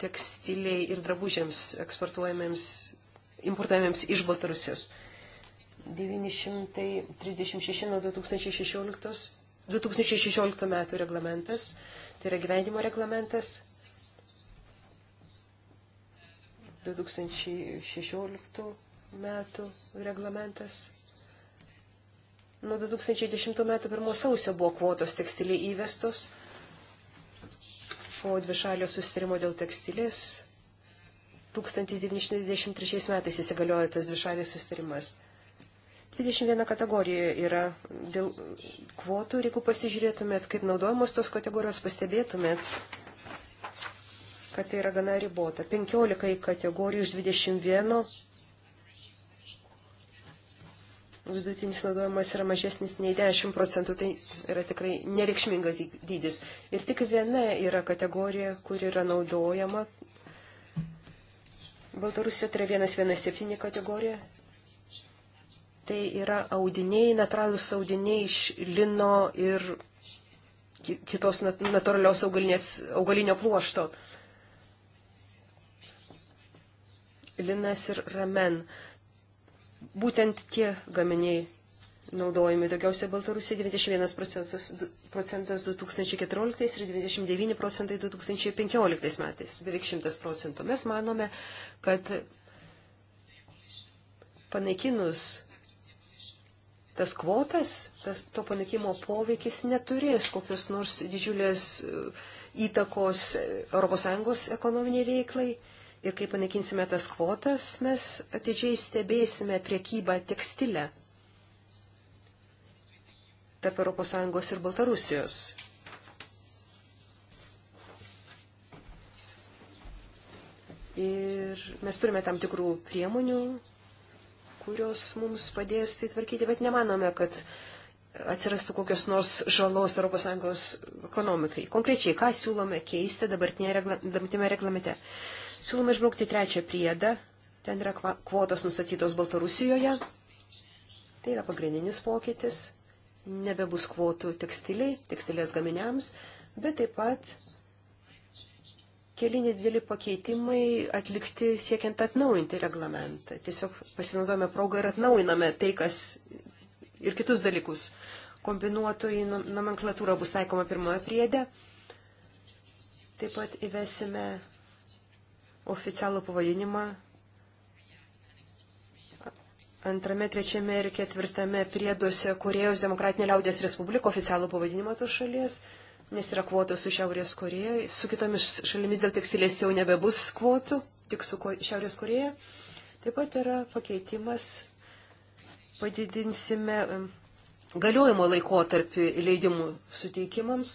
tekstiliai ir drabužiams eksportuojamiems, importuojamiems iš Baltarusijos. 936 nuo 2016, 2016 metų reglamentas, tai yra gyvenimo reglamentas, 2016 metų reglamentas. Nuo 2010 metų 1 sausio buvo kvotos tekstiliai įvestos po dvišalio susitarimo dėl tekstilės. 1993 metais įsigaliojo tas dvišalis susitarimas. 21 kategorija yra dėl kvotų ir jeigu pasižiūrėtumėt, kaip naudojamos tos kategorijos, pastebėtumėt, kad tai yra gana ribota. 15 kategorijų iš 21 vidutinis naudojimas yra mažesnis nei 10 procentų, tai yra tikrai nereikšmingas dydis. Ir tik viena yra kategorija, kur yra naudojama. Baltarusija tai yra 117 kategorija. Tai yra audiniai, natūralūs audiniai iš lino ir kitos natūralios augalinės, augalinio pluošto. Linas ir ramen. Uh, būtent tie gaminiai naudojami daugiausia Baltarusija 91 procentas, procentas 2014 ir 29 procentai 2015 metais, beveik 100 procentų. Mes manome, kad panaikinus tas kvotas, tas, to panaikimo poveikis neturės kokios nors didžiulės uh, įtakos uh, ES ekonominiai veiklai ir kai panaikinsime tas kvotas, mes atidžiai stebėsime priekybą tekstilę tarp ES ir Baltarusijos. Ir mes turime tam tikrų priemonių, kurios mums padės tai tvarkyti, bet nemanome, kad atsirastų kokios nors žalos ES ekonomikai. Konkrečiai, ką siūlome keisti dabartinėme reglamente? Siūloma išbraukti trečią priedą. Ten yra kvotos nustatytos Baltarusijoje. Tai yra pagrindinis pokytis. Nebebus kvotų tekstiliai, tekstilės gaminiams, bet taip pat keli nedideli pakeitimai atlikti siekiant atnaujinti reglamentą. Tiesiog pasinaudojame progą ir atnaujiname tai, kas ir kitus dalykus. Kombinuotoji nomenklatūra bus taikoma pirmoje priedė. Taip pat įvesime oficialų pavadinimą antrame, trečiame ir ketvirtame prieduose Korejos Demokratinė liaudės Respublika oficialų pavadinimą tos šalies, nes yra kvotos su Šiaurės Koreja, su kitomis šalimis dėl tekstilės jau nebebus kvotų, tik su Šiaurės Koreja. Taip pat yra pakeitimas, padidinsime galiojimo laikotarpį leidimų suteikimams,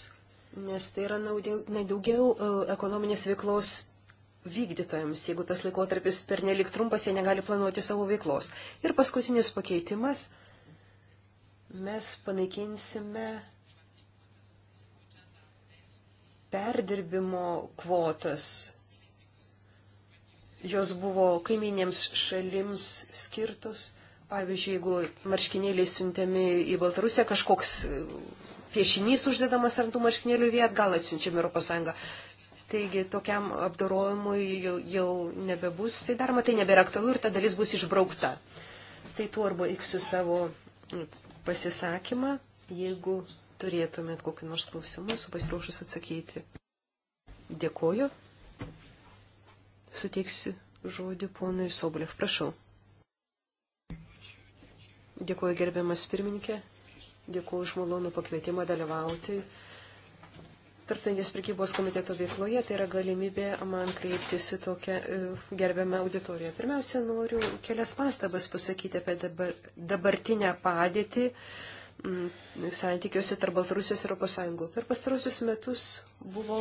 nes tai yra nedaugiau e, ekonominės veiklos vykdytojams, jeigu tas laikotarpis per nelik trumpas, jie negali planuoti savo veiklos. Ir paskutinis pakeitimas. Mes panaikinsime perdirbimo kvotas. Jos buvo kaiminėms šalims skirtos. Pavyzdžiui, jeigu marškinėliai siuntiami į Baltarusiją, kažkoks piešinys uždedamas ant tų marškinėlių ir jie atgal atsiunčiami Europos Sąjungą. Taigi tokiam apdorojimui jau, jau nebebus įdaroma, tai, tai nebėra aktualu ir ta dalis bus išbraukta. Tai tuo arba iksiu savo pasisakymą, jeigu turėtumėt kokį nors klausimą, su pasiruošus atsakyti. Dėkoju. Suteiksiu žodį ponui Sobolev. Prašau. Dėkuoju gerbiamas pirmininkė, dėkuoju už malonų pakvietimą dalyvauti tarptautinės prekybos komiteto veikloje, tai yra galimybė man kreiptis į tokią e, gerbiamą auditoriją. Pirmiausia, noriu kelias pastabas pasakyti apie dabar, dabartinę padėtį mm, santykiuose tarp Baltarusijos ir ES. Per pastarusius metus buvo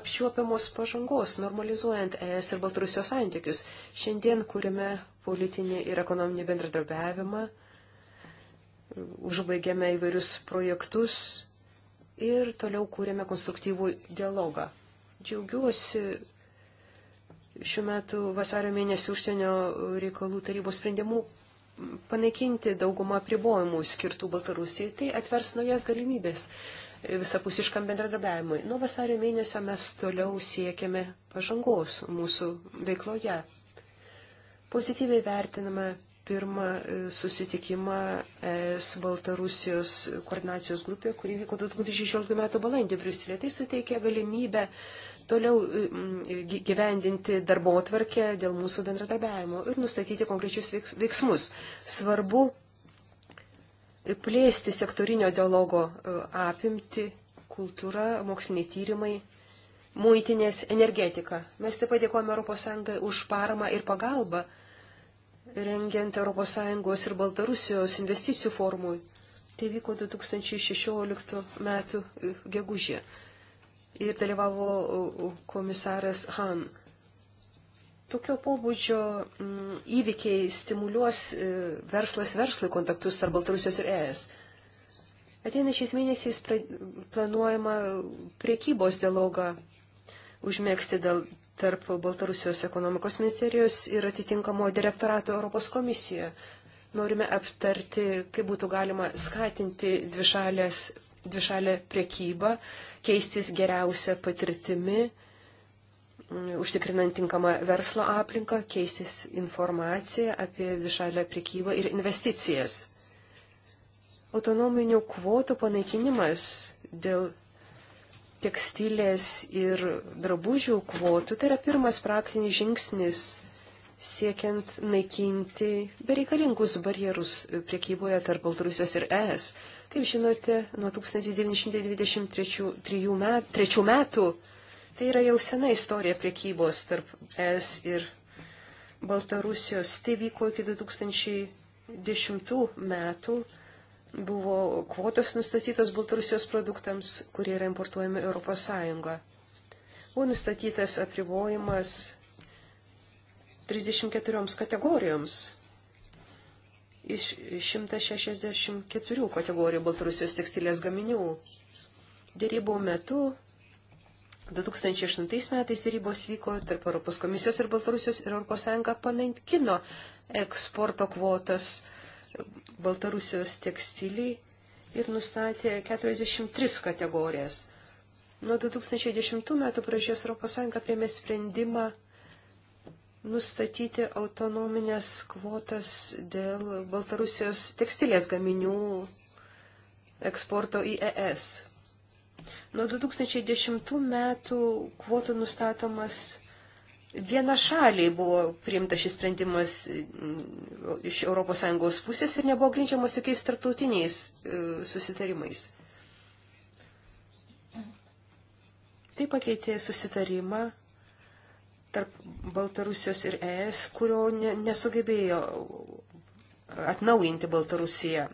apčiuopiamos pažangos, normalizuojant ES ir Baltarusijos santykius. Šiandien kūrime politinį ir ekonominį bendradarbiavimą, užbaigėme įvairius projektus ir toliau kūrėme konstruktyvų dialogą. Džiaugiuosi šiuo metu vasario mėnesį užsienio reikalų tarybos sprendimu panaikinti daugumą pribojimų skirtų Baltarusijai. Tai atvers naujas galimybės visapusiškam bendradarbiavimui. Nuo vasario mėnesio mes toliau siekiame pažangos mūsų veikloje. Pozityviai vertiname pirmą e, susitikimą ES Baltarusijos koordinacijos grupė, kuri vyko 2016 m. balandį Briuselėje. Tai suteikė galimybę toliau e, e, gyvendinti darbo atvarkę dėl mūsų bendradarbiavimo ir nustatyti konkrečius veiksmus. Svarbu plėsti sektorinio dialogo apimti, kultūra, moksliniai tyrimai, muitinės energetika. Mes taip pat dėkojame ES už paramą ir pagalbą rengiant ES ir Baltarusijos investicijų formui. Tai vyko 2016 m. E, gegužė. Ir dalyvavo e, komisaras Han. Tokio pobūdžio mm, įvykiai stimuliuos e, verslas verslui kontaktus tarp Baltarusijos ir ES. Ateinačiais mėnesiais planuojama priekybos dialogą užmėgsti dėl tarp Baltarusijos ekonomikos ministerijos ir atitinkamo direktorato Europos komisijoje. Norime aptarti, kaip būtų galima skatinti dvišalės, dvišalę priekybą, keistis geriausią patirtimi, mm, užtikrinant tinkamą verslo aplinką, keistis informaciją apie dvišalę priekybą ir investicijas autonominių kvotų panaikinimas dėl tekstilės ir drabužių kvotų, tai yra pirmas praktinis žingsnis siekiant naikinti bereikalingus barjerus priekyboje tarp Baltarusijos ir ES. Kaip žinote, nuo 1923 met, metų tai yra jau sena istorija priekybos tarp ES ir Baltarusijos. Tai vyko iki 2010 metų buvo kvotos nustatytos Baltarusijos produktams, kurie yra importuojami ES. Buvo nustatytas apribojimas 34 kategorijoms iš 164 kategorijų Baltarusijos tekstilės gaminių. Dėrybų metu 2008 metais dėrybos vyko tarp Europos komisijos ir Baltarusijos ir ES panaikino eksporto kvotas Baltarusijos tekstiliai ir nustatė 43 kategorijas. Nuo 2010 metų pražios ES priėmė sprendimą nustatyti autonominės kvotas dėl Baltarusijos tekstilės gaminių eksporto į ES. Nuo 2010 metų kvotų nustatomas Viena šaliai buvo priimta šis sprendimas mm, iš ES pusės ir nebuvo grindžiamas jokiais tarptautiniais e, susitarimais. Tai pakeitė susitarimą tarp Baltarusijos ir ES, kurio ne, nesugebėjo atnaujinti Baltarusiją.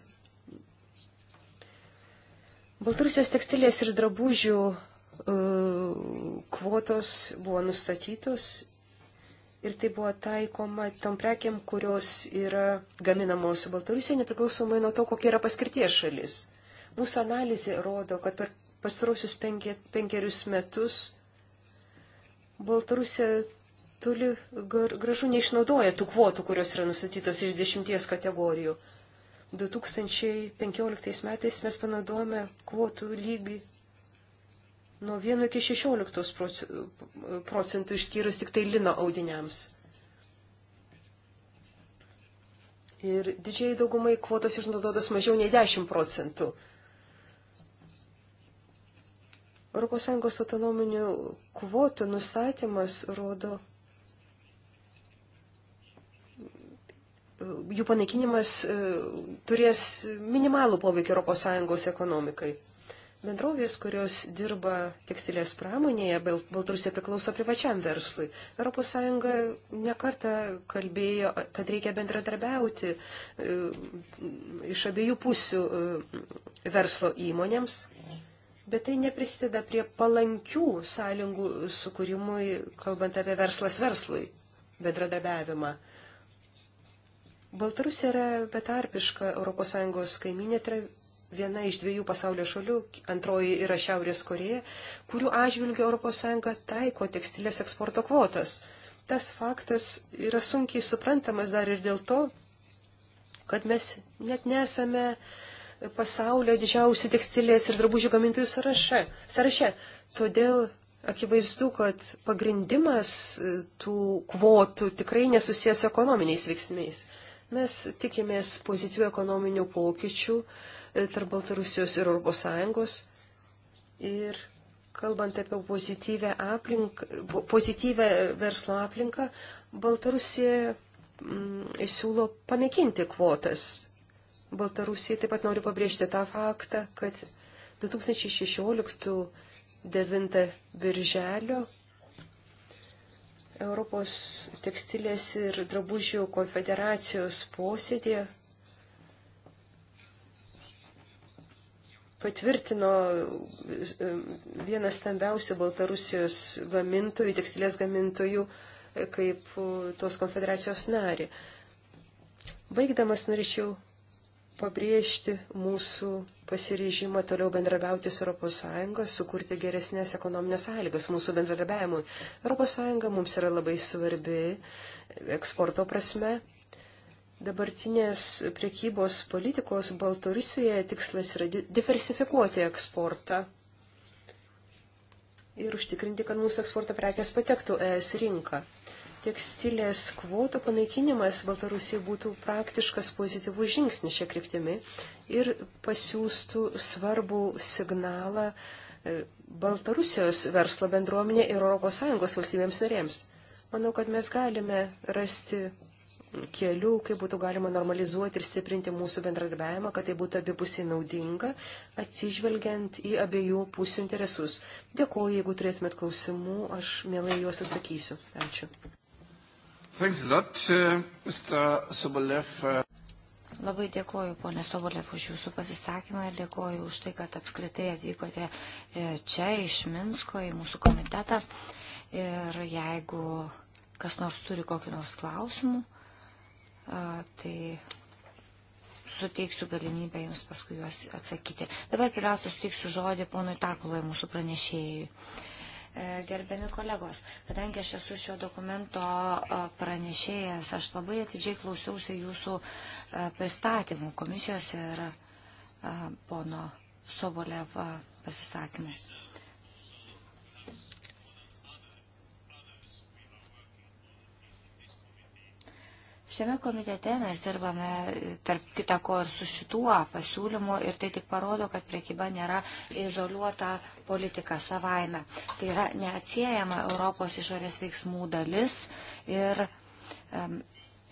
Baltarusijos tekstilės ir drabužių e, kvotos buvo nustatytos Ir tai buvo taikoma tom prekiam, kurios yra gaminamos Baltarusijoje, nepriklausomai nuo to, kokia yra paskirties šalis. Mūsų analizė rodo, kad per pasirausius penkerius metus Baltarusija toli gražu neišnaudoja tų kvotų, kurios yra nustatytos iš dešimties kategorijų. 2015 metais mes panaudojame kvotų lygį nuo 1 iki 16 procentų išskyrus tik tai lino audiniams. Ir didžiai daugumai kvotos išnaudotos mažiau nei 10 procentų. ES autonominių kvotų nustatymas rodo, jų panaikinimas e, turės minimalų poveikį ES ekonomikai. Bendrovės, kurios dirba tekstilės pramonėje, Baltarusija priklauso privačiam verslui. ES nekarta kalbėjo, kad reikia bendradarbiauti e, iš abiejų pusių e, verslo įmonėms, bet tai neprisideda prie palankių sąlygų sukūrimui, kalbant apie verslas verslui bendradarbiavimą. Baltarusija yra betarpiška ES kaiminė viena iš dviejų pasaulio šalių, antroji yra Šiaurės Koreja, kurių atžvilgių ES taiko tekstilės eksporto kvotas. Tas faktas yra sunkiai suprantamas dar ir dėl to, kad mes net nesame pasaulio didžiausių tekstilės ir drabužių gamintojų sąraše. sąraše. Todėl akivaizdu, kad pagrindimas e, tų kvotų tikrai nesusijęs su ekonominiais veiksmiais. Mes tikimės pozityvių ekonominių pokyčių, uh, E, tarp Baltarusijos ir ES. Ir kalbant apie pozityvę, aplinką, pozityvę verslo aplinką, Baltarusija mm, siūlo panaikinti kvotas. Baltarusija taip pat nori pabrėžti tą faktą, kad 2016 9 birželio Europos tekstilės ir drabužių konfederacijos posėdėje patvirtino e, vienas stambiausių Baltarusijos gamintojų, tekstilės gamintojų, e, kaip e, tos konfederacijos nari. Baigdamas norėčiau pabrėžti mūsų pasiryžimą toliau bendrabiauti su ES, sukurti geresnės ekonominės sąlygas mūsų bendradarbiavimui. ES mums yra labai svarbi eksporto prasme, Dabartinės priekybos politikos Baltarusijoje tikslas yra diversifikuoti eksportą ir užtikrinti, kad mūsų eksporto prekės patektų ES rinką. Tekstilės kvotų panaikinimas Baltarusijai būtų praktiškas pozityvus žingsnis šia kryptimi ir pasiūstų svarbų signalą e, Baltarusijos verslo bendruomenė ir ES valstybėms narėms. Manau, kad mes galime rasti kelių, kaip būtų galima normalizuoti ir stiprinti mūsų bendradarbiavimą, kad tai būtų abipusiai naudinga, atsižvelgiant į abiejų pusių interesus. Dėkuoju, jeigu turėtumėt klausimų, aš mielai juos atsakysiu. Ačiū. Lot, uh, uh. Labai dėkoju, ponė Sobolev, už jūsų pasisakymą ir dėkoju už tai, kad apskritai atvykote e, čia iš Minsko į mūsų komitetą. Ir jeigu kas nors turi kokį nors klausimų, tai suteiksiu galimybę jums paskui juos atsakyti. Dabar pirmiausia suteiksiu žodį ponui Takulai, mūsų pranešėjui e, gerbiami kolegos, kadangi aš esu šio dokumento pranešėjas, aš labai atidžiai klausiausi jūsų pristatymų komisijos ir pono Sobolev pasisakymus. Šiame komitete mes dirbame tarp kita ko ir su šituo pasiūlymu ir tai tik parodo, kad priekyba nėra izoliuota politika savaime. Tai yra neatsiejama Europos išorės veiksmų dalis ir um,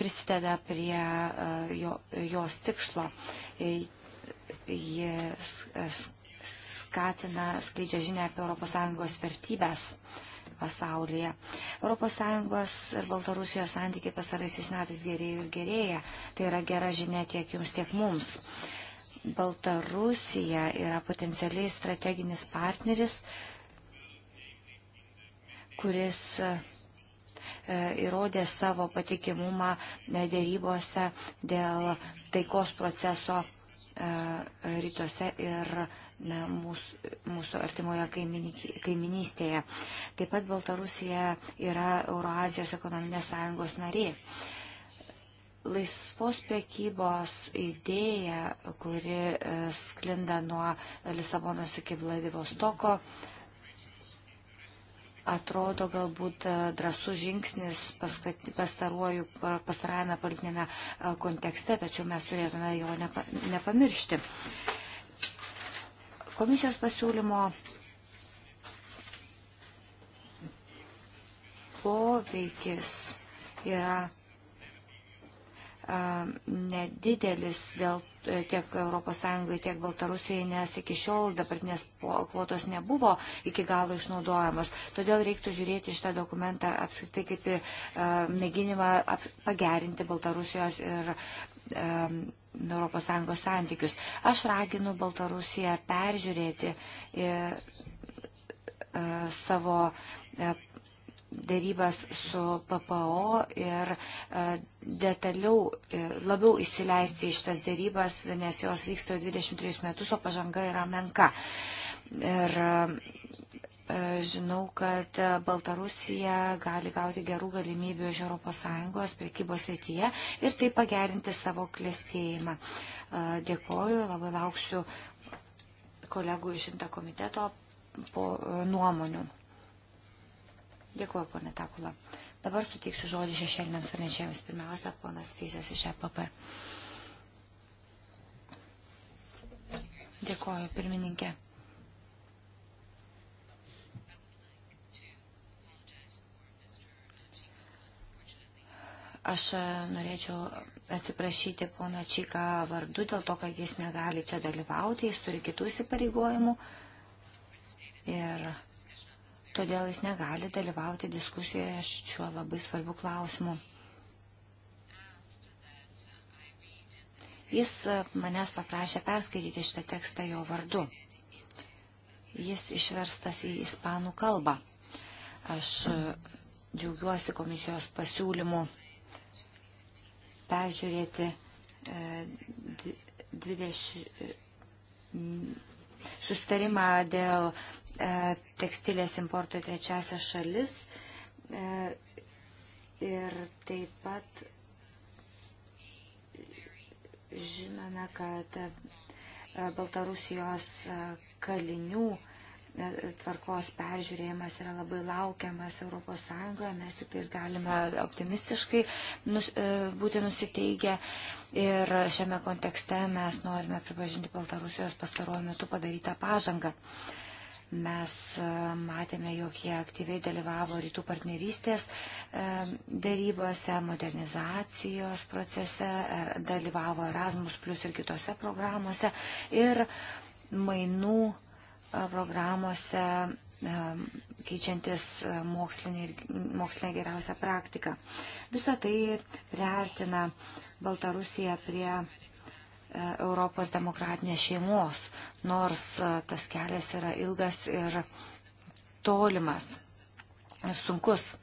prisideda prie uh, jo, jos tikslo. E, Jis e, skatina, skleidžia žinę apie ES vertybės. Uh, pasaulyje. ES ir Baltarusijos santykiai pasaraisiais metais gerėja ir gerėja. Tai yra gera žinia tiek jums, tiek mums. Baltarusija yra potencialiai strateginis partneris, kuris e, įrodė savo patikimumą e, dėrybose dėl taikos proceso e, rytuose ir na, mūsų, mūsų artimoje kaiminystėje. Taip pat Baltarusija yra Euroazijos ekonominės sąjungos narė. Laisvos priekybos idėja, kuri e, sklinda nuo Lisabonos iki Vladivostoko, atrodo galbūt e, drasus žingsnis pastarajame politinėme e, kontekste, tačiau mes turėtume jo nepamiršti komisijos pasiūlymo poveikis yra um, nedidelis dėl e, tiek ES, tiek Baltarusijai, nes iki šiol dabartinės kvotos nebuvo iki galo išnaudojamos. Todėl reiktų žiūrėti šitą dokumentą apskritai kaip į e, mėginimą pagerinti Baltarusijos ir e, ES santykius. Aš raginu Baltarusiją peržiūrėti e, e, savo e, dėrybas su PPO ir detaliau, labiau įsileisti į šitas dėrybas, nes jos vyksta jau 23 metus, o pažanga yra menka. Ir E, žinau, kad Baltarusija gali gauti gerų galimybių iš ES prekybos rytyje ir tai pagerinti savo klėstėjimą. E, dėkoju, labai lauksiu kolegų iš šimtą komiteto po e, nuomonių. Dėkuoju, ponė Takula. Dabar suteiksiu žodį šešėliniams pranešėjams. Pirmiausia, ponas Fizės iš EPP. Dėkuoju, pirmininkė. Aš e, norėčiau atsiprašyti pono Čika vardu dėl to, kad jis negali čia dalyvauti, jis turi kitų įsipareigojimų ir todėl jis negali dalyvauti diskusijoje šiuo labai svarbiu klausimu. Jis e, manęs paprašė perskaityti šitą tekstą jo vardu. Jis išverstas į ispanų kalbą. Aš e, džiaugiuosi komisijos pasiūlymu peržiūrėti 20, e, sustarimą dėl e, tekstilės importo į trečiasią šalis e, ir taip pat žinome, kad Baltarusijos kalinių tvarkos peržiūrėjimas yra labai laukiamas ES, mes tik tais galime optimistiškai nus, e, būti nusiteigę ir šiame kontekste mes norime pripažinti Baltarusijos pastaruoju metu padarytą pažangą. Mes e, matėme, jog jie aktyviai dalyvavo rytų partnerystės e, darybose, modernizacijos procese, dalyvavo Erasmus Plus ir kitose programuose ir mainų programuose e, keičiantis mokslinę geriausią praktiką. Visą tai priartina Baltarusiją prie e, Europos demokratinės šeimos, nors e, tas kelias yra ilgas ir tolimas, sunkus.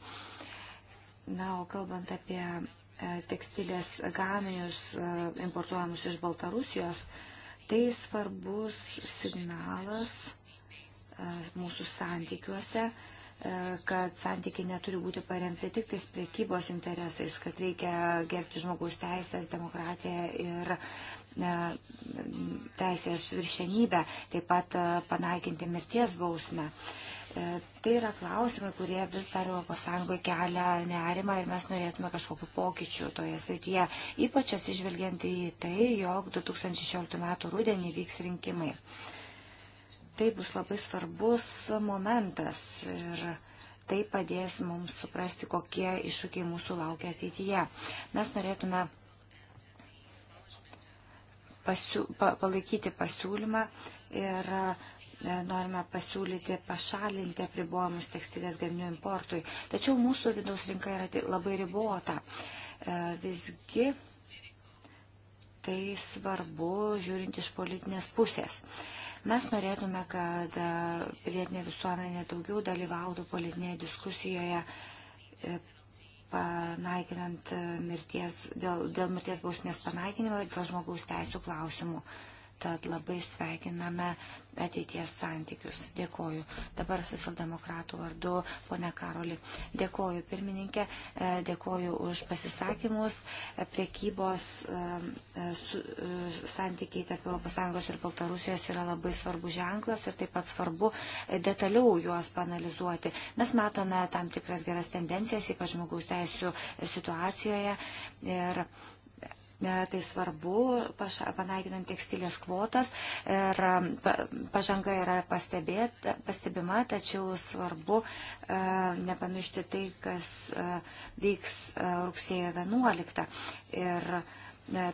Na, o kalbant apie tekstilės gaminius importuojamus iš Baltarusijos, tai svarbus signalas mūsų santykiuose kad santykiai neturi būti paremti tik tais priekybos interesais, kad reikia gerbti žmogaus teisės, demokratiją ir teisės viršenybę, taip pat panaikinti mirties bausmę. E, tai yra klausimai, kurie vis dar ES kelia nerimą ir mes norėtume kažkokiu pokyčiu toje srityje, ypač atsižvelgiant į tai, jog 2016 m. rudenį vyks rinkimai tai bus labai svarbus momentas ir tai padės mums suprasti, kokie iššūkiai mūsų laukia ateityje. Mes norėtume pasiū, pa, palaikyti pasiūlymą ir e, norime pasiūlyti pašalinti apribojimus tekstilės gaminių importui. Tačiau mūsų vidaus rinka yra labai ribota. E, visgi tai svarbu žiūrint iš politinės pusės. Mes norėtume, kad e, pilietinė visuomenė daugiau dalyvautų politinėje diskusijoje e, panaikinant e, mirties, dėl, dėl mirties bausmės panaikinimo ir dėl žmogaus teisų klausimų. Tad labai sveikiname ateities santykius. Dėkoju. Dabar socialdemokratų vardu, ponia Karoli. Dėkoju pirmininkė, e, dėkoju už pasisakymus. E, priekybos e, su, santykiai tarp ES ir Baltarusijos yra labai svarbu ženklas ir taip pat svarbu detaliau juos panalizuoti. Mes matome tam tikras geras tendencijas, ypač žmogaus teisų situacijoje. Ir, uh, E, tai svarbu, panaikinant tekstilės kvotas ir pažanga yra pastebėt, pastebima, tačiau svarbu e, nepamiršti tai, kas e, vyks rugsėjo 11. Ir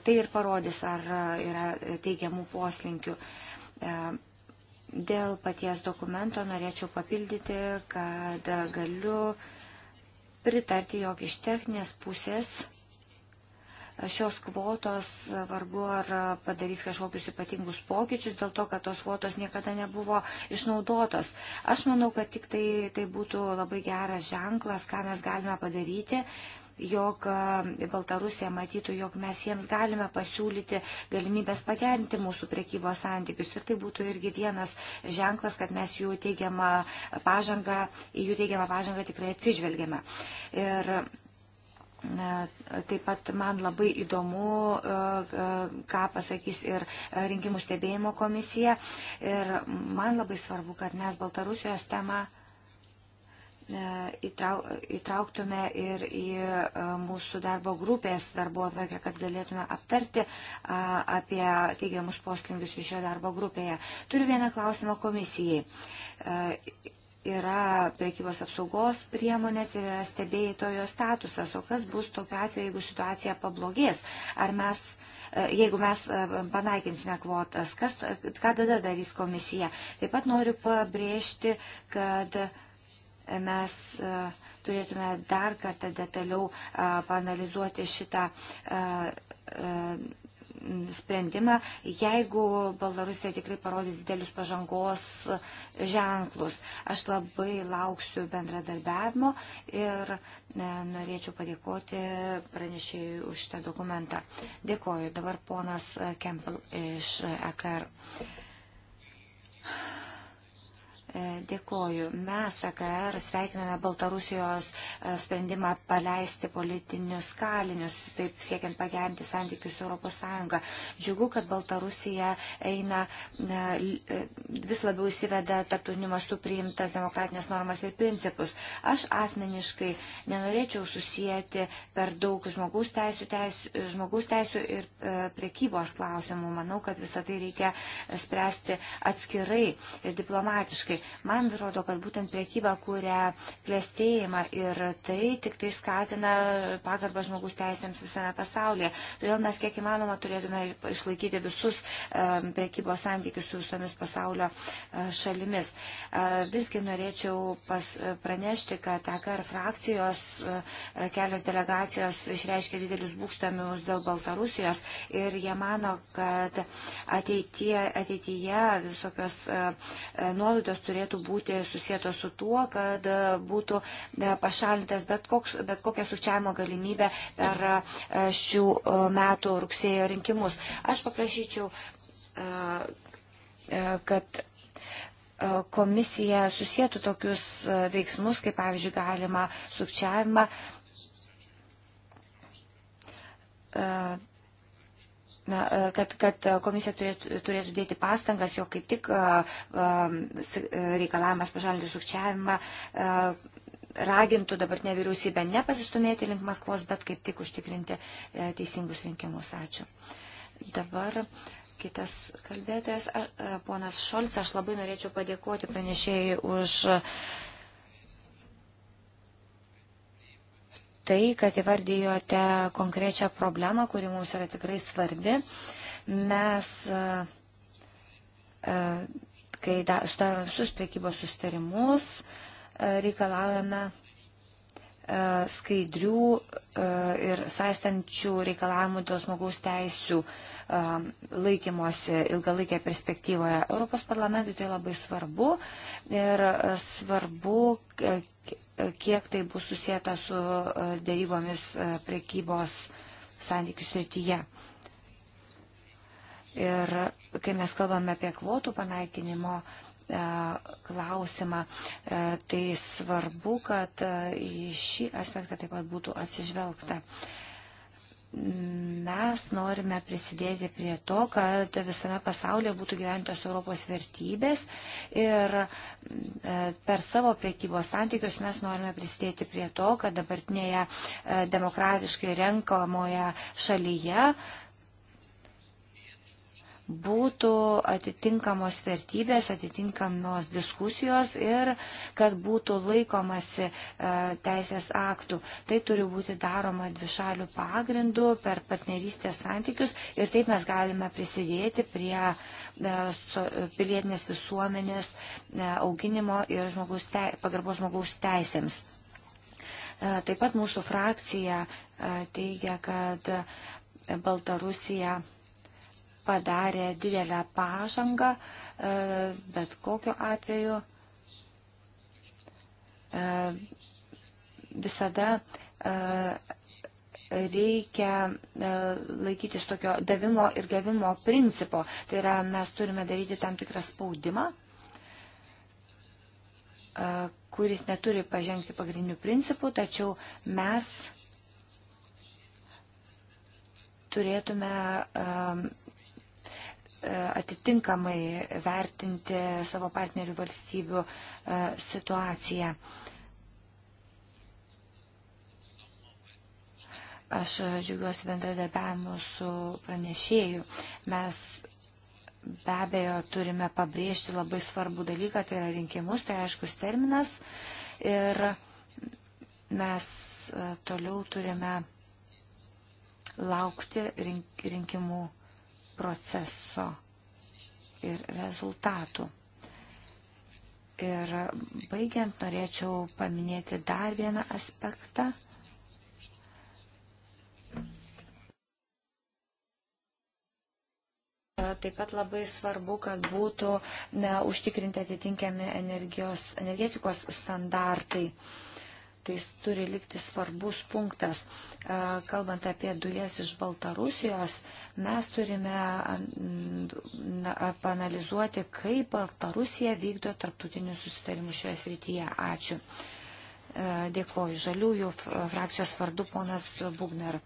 tai ir parodys, ar yra teigiamų poslinkių. Dėl paties dokumento norėčiau papildyti, kad galiu pritarti, jog iš techninės pusės šios kvotos, vargu ar padarys kažkokius ypatingus pokyčius, dėl to, kad tos kvotos niekada nebuvo išnaudotos. Aš manau, kad tik tai, tai būtų labai geras ženklas, ką mes galime padaryti jog e, Baltarusija matytų, jog mes jiems galime pasiūlyti galimybės pagerinti mūsų prekybos santykius. Ir tai būtų irgi vienas ženklas, kad mes jų teigiamą pažangą, į jų teigiamą pažangą tikrai atsižvelgiame. Ir E, taip pat man labai įdomu, e, e, ką pasakys ir rinkimų stebėjimo komisija. Ir man labai svarbu, kad mes Baltarusijos temą įtrauktume ir į mūsų darbo grupės darbo atvarkę, kad galėtume aptarti apie teigiamus poslinkius šio darbo grupėje. Turiu vieną klausimą komisijai yra priekybos apsaugos priemonės ir yra stebėjitojo statusas. O kas bus tokiu atveju, jeigu situacija pablogės? Ar mes, e, jeigu mes e, panaikinsime kvotas, kas, ką tada darys komisija? Taip pat noriu pabrėžti, kad mes e, turėtume dar kartą detaliau panalizuoti šitą sprendimą, jeigu Baltarusija tikrai parodys didelius pažangos ženklus. Aš labai lauksiu bendradarbiavimo ir e, norėčiau padėkoti pranešėjui už šitą dokumentą. Dėkoju. Dabar ponas Kempel iš EKR. E, dėkoju. Mes, AKR, sveikiname Baltarusijos e, sprendimą paleisti politinius kalinius, taip siekiant pagerinti santykius su ES. Džiugu, kad Baltarusija eina e, vis labiau įsiveda tarptautiniu mastu priimtas demokratinės normas ir principus. Aš asmeniškai nenorėčiau susijęti per daug žmogaus teisų, teisų, žmogaus teisų ir priekybos klausimų. Manau, kad visą tai reikia spręsti atskirai ir diplomatiškai. Man atrodo, kad būtent priekyba kūrė klėstėjimą ir tai tik tai skatina pagarbą žmogus teisėms visame pasaulyje. Todėl mes kiek įmanoma turėtume išlaikyti visus priekybos santykius su visomis pasaulio e, šalimis. E, visgi norėčiau pas, e, pranešti, kad AKR frakcijos kelios delegacijos išreiškė didelius būkštamius dėl Baltarusijos ir jie mano, kad ateitie, ateityje visokios nuolaidos turi turėtų būti susijęto su tuo, kad būtų e, pašalintas bet, koks, bet kokia sučiavimo galimybė per e, šių e, metų rugsėjo rinkimus. Aš paprašyčiau, kad komisija susijėtų tokius veiksmus, kaip pavyzdžiui galima sukčiavimą Na, e, kad, kad komisija turėtų, turėtų dėti pastangas, jo kaip tik e, e, reikalavimas pažalinti sukčiavimą ragintų dabartinę vyriausybę nepasistumėti link Maskvos, bet kaip tik užtikrinti teisingus rinkimus. Ačiū. Dabar kitas kalbėtojas, ponas Šolcas, aš labai norėčiau padėkoti pranešėjai už. A, tai, kad įvardyjote konkrečią problemą, kuri mums yra tikrai svarbi. Mes, e, e, kai sudarome visus priekybos sustarimus, e, reikalaujame skaidrių ir saistančių reikalavimų dėl žmogaus teisių laikymosi ilgalaikėje perspektyvoje. Europos parlamentui tai labai svarbu ir svarbu, kiek tai bus susijęta su e, dėrybomis e, prekybos santykių srityje. Ir kai mes kalbame apie kvotų panaikinimo e, klausimą, tai svarbu, kad į šį aspektą taip pat būtų atsižvelgta mes norime prisidėti prie to, kad visame pasaulyje būtų gyventos Europos vertybės ir e, per savo priekybos santykius mes norime prisidėti prie to, kad dabartinėje e, demokratiškai renkamoje šalyje būtų atitinkamos vertybės, atitinkamos diskusijos ir kad būtų laikomasi e, teisės aktų. Tai turi būti daroma dvišalių pagrindų per partnerystės santykius ir taip mes galime prisidėti prie e, pilietinės visuomenės e, auginimo ir žmogaus te, pagarbo žmogaus teisėms. Taip pat mūsų frakcija teigia, kad Baltarusija padarė didelę pažangą, e, bet kokiu atveju e, visada e, reikia laikytis tokio davimo ir gavimo principo. Tai yra, mes turime daryti tam tikrą spaudimą, kuris neturi pažengti pagrindinių principų, tačiau mes turėtume atitinkamai vertinti savo partnerių valstybių e, situaciją. Aš džiaugiuosi bendradarbiavimu su pranešėju. Mes be abejo turime pabrėžti labai svarbų dalyką, tai yra rinkimus, tai aiškus terminas. Ir mes e, toliau turime laukti rinkimų proceso ir rezultatų. Ir baigiant norėčiau paminėti dar vieną aspektą. Taip pat labai svarbu, kad būtų ne, užtikrinti atitinkami energijos, energetikos standartai. Uh, tai jis turi likti svarbus punktas. Kalbant apie dujas iš Baltarusijos, mes turime panalizuoti, kaip Baltarusija vykdo tarptautinius susitarimus šioje srityje. Ačiū. Dėkoju. Žaliųjų frakcijos vardu ponas Bugner.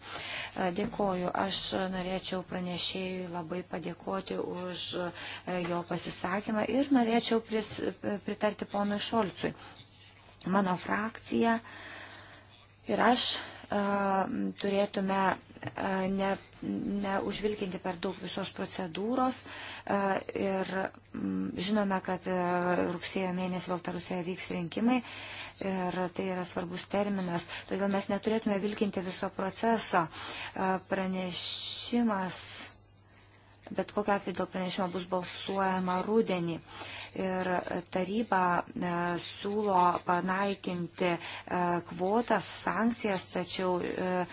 Dėkoju. Aš norėčiau pranešėjui labai padėkoti už jo pasisakymą ir norėčiau pris, pritarti ponui Šolcui mano frakcija ir aš turėtume ne, neužvilkinti per daug visos procedūros ir žinome, kad rugsėjo mėnesį Baltarusijoje vyks rinkimai ir tai yra svarbus terminas, todėl mes neturėtume vilkinti viso proceso. Pranešimas bet kokia atveju dėl pranešimo bus balsuojama rudenį. Ir taryba e, siūlo panaikinti e, kvotas, sankcijas, tačiau e,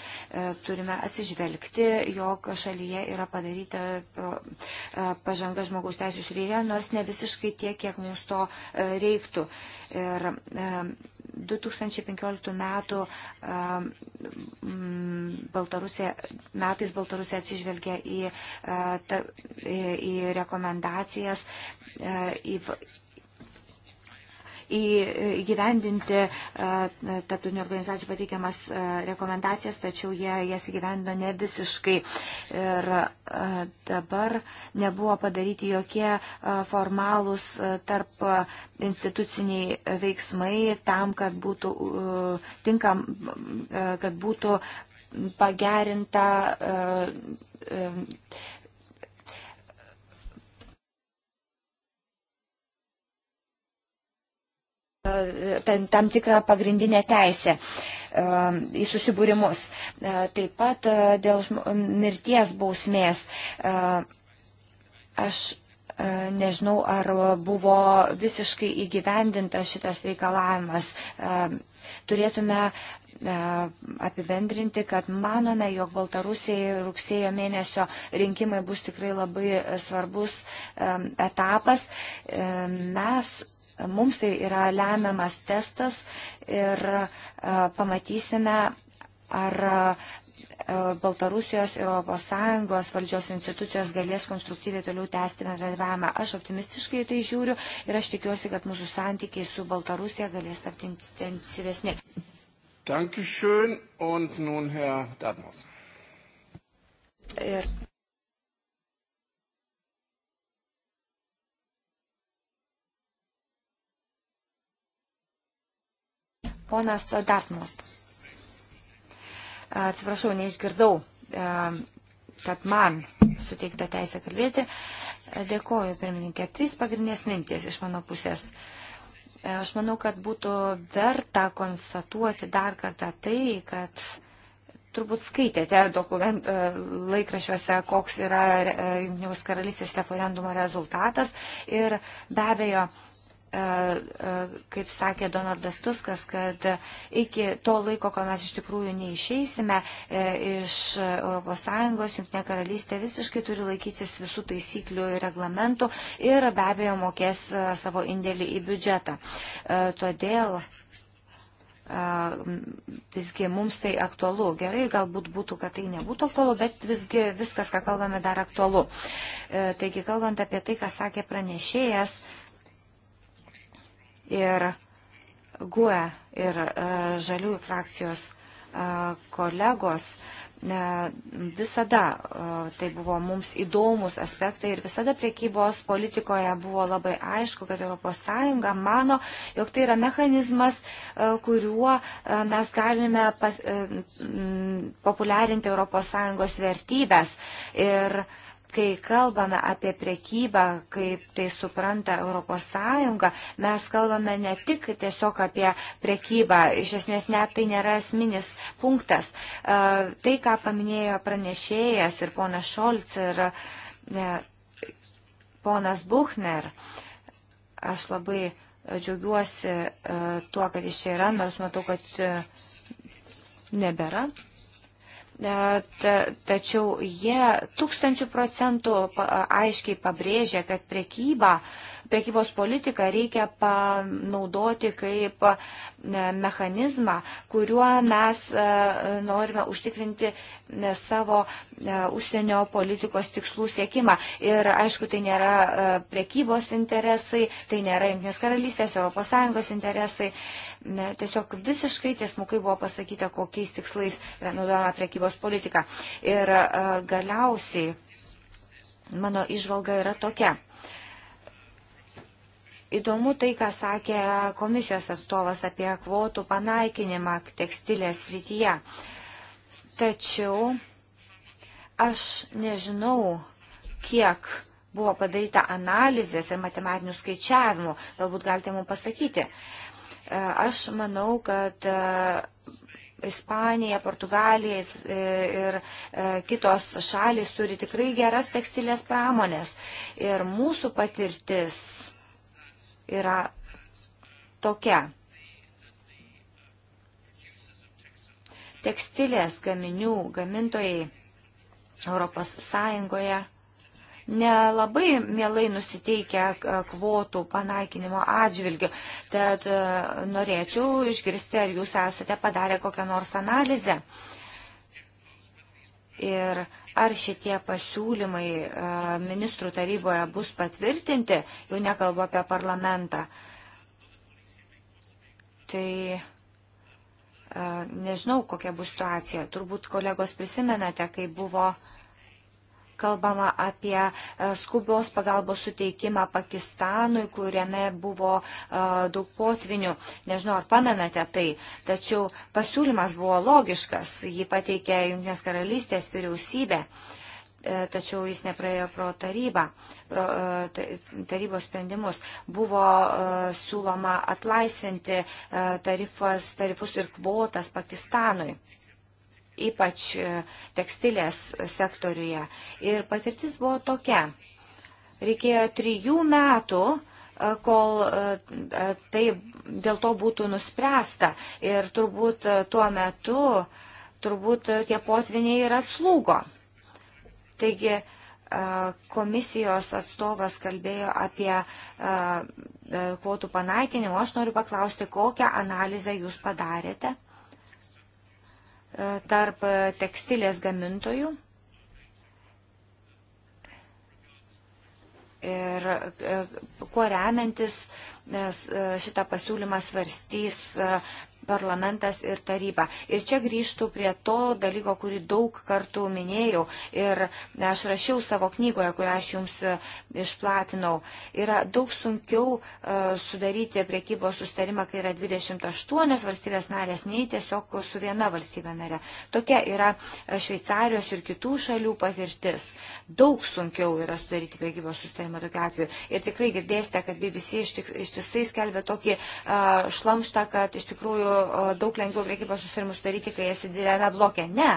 e turime atsižvelgti, jog šalyje yra padaryta pro, e, pažanga žmogaus teisų srityje, nors ne visiškai tiek, kiek mums to e, reiktų. E, Ir 2015 e, metų e, Baltarusija, metais Baltarusija atsižvelgia į, e, į rekomendacijas, į E, įgyvendinti e, tarptautinių organizacijų pateikiamas e, rekomendacijas, tačiau jie jas įgyvendino ne visiškai. Ir dabar nebuvo padaryti jokie formalūs tarp instituciniai veiksmai tam, kad būtų, tinkam, kad būtų pagerinta tam tikrą pagrindinę teisę e, į susibūrimus. E, taip pat e, dėl mirties bausmės. Aš nežinau, ar buvo visiškai įgyvendintas šitas reikalavimas. Turėtume apibendrinti, kad manome, jog Baltarusijai rugsėjo mėnesio rinkimai bus tikrai labai svarbus etapas. Mes Mums tai yra lemiamas testas ir e, pamatysime, ar e, Baltarusijos ir ES valdžios institucijos galės konstruktyviai toliau tęsti bendradarbiavimą. Aš optimistiškai tai žiūriu ir aš tikiuosi, kad mūsų santykiai su Baltarusija galės tapti intensyvesni. Dankeschön und nun Herr Dadmos. Ir Ponas Dartmouth. Atsiprašau, neišgirdau, e, kad man suteikta teisė kalbėti. Dėkoju, pirmininkė. Trys pagrindinės mintys iš mano pusės. E, aš manau, kad būtų verta konstatuoti dar kartą tai, kad turbūt skaitėte dokument e, laikrašiuose, koks yra Junkinės karalystės referendumo rezultatas. Ir be abejo, E, e, kaip sakė Donaldas Tuskas, kad iki to laiko, kol mes iš tikrųjų neišeisime e, iš ES, Junktinė karalystė visiškai turi laikytis visų taisyklių ir reglamentų ir be abejo mokės savo indėlį į biudžetą. Todėl visgi mums tai aktualu. Gerai, galbūt būtų, kad tai nebūtų aktualu, bet visgi viskas, ką kalbame, dar aktualu. Taigi, kalbant apie tai, ką sakė pranešėjas, ir GUE ir e, žaliųjų frakcijos e, kolegos e, visada tai buvo mums įdomus aspektai ir visada priekybos politikoje buvo labai aišku, kad ES mano, jog tai yra mechanizmas, kuriuo mes galime pas, populiarinti ES vertybės. Ir Kai kalbame apie priekybą, kaip tai supranta ES, mes kalbame ne tik tiesiog apie priekybą, iš esmės net tai nėra esminis punktas. E, tai, ką paminėjo pranešėjas ir ponas Šolc ir e, ponas Buchner, aš labai džiaugiuosi e, tuo, kad jis čia yra, nors matau, kad nebėra. E, tačiau jie tūkstančių procentų aiškiai pabrėžia, kad prekyba uh, priekybos politiką reikia panaudoti kaip e, mechanizmą, kuriuo mes e, norime užtikrinti e, savo užsienio politikos tikslų siekimą. Ir aišku, tai nėra priekybos interesai, tai nėra Junktinės karalystės, ES interesai. Tiesiog visiškai tiesmukai buvo pasakyta, kokiais tikslais yra naudojama priekybos politika. Ir galiausiai mano išvalga yra tokia. Įdomu tai, ką sakė komisijos atstovas apie kvotų panaikinimą tekstilės rytyje. Tačiau aš nežinau, kiek buvo padaryta analizės ir matematinių skaičiavimų. Galbūt galite mums pasakyti. E, aš manau, kad e, Ispanija, Portugalija e, ir kitos šalis turi tikrai geras tekstilės pramonės. Ir mūsų patirtis yra tokia. Tekstilės gaminių gamintojai Europos Sąjungoje nelabai mielai nusiteikę kvotų panaikinimo atžvilgiu. Tad e, norėčiau išgirsti, ar jūs esate padarę kokią nors analizę. Ir uh, Ar šitie pasiūlymai e, ministrų taryboje bus patvirtinti, jau nekalbu apie parlamentą. Tai e, nežinau, kokia bus situacija. Turbūt kolegos prisimenate, kai buvo uh, kalbama apie e, skubios pagalbos suteikimą Pakistanui, kuriame buvo e, daug potvinių. Nežinau, ar pamenate tai, tačiau pasiūlymas buvo logiškas, jį pateikė Junktinės karalystės vyriausybė e, tačiau jis nepraėjo pro tarybą, pro tarybos sprendimus. Buvo siūloma atlaisvinti tarifas, tarifus ir kvotas Pakistanui ypač e, tekstilės sektoriuje. Ir patirtis buvo tokia. Reikėjo trijų metų, e, kol e, tai dėl to būtų nuspręsta. Ir turbūt tuo metu, turbūt tie potviniai ir atslūgo. Taigi komisijos atstovas kalbėjo apie kvotų panaikinimą. Aš noriu paklausti, kokią analizę jūs padarėte tarp tekstilės gamintojų ir e, kuo remiantis e, šitą pasiūlymą svarstys e, parlamentas ir taryba. Ir čia grįžtų prie to dalyko, kurį daug kartų minėjau ir aš rašiau savo knygoje, kurią aš jums e, išplatinau. Yra daug sunkiau uh, sudaryti priekybos sustarimą, kai yra 28 valstybės narės, nei tiesiog su viena valstybė narė. Tokia yra e, Šveicarijos ir kitų šalių patirtis. Daug sunkiau yra sudaryti priekybos sustarimą tokiu atveju. Ir tikrai girdėsite, kad BBC ištisai skelbia tokį uh, šlamštą, kad iš tikrųjų daug lengviau priekybos susitarimus daryti, kai esi dideliame bloke. Ne,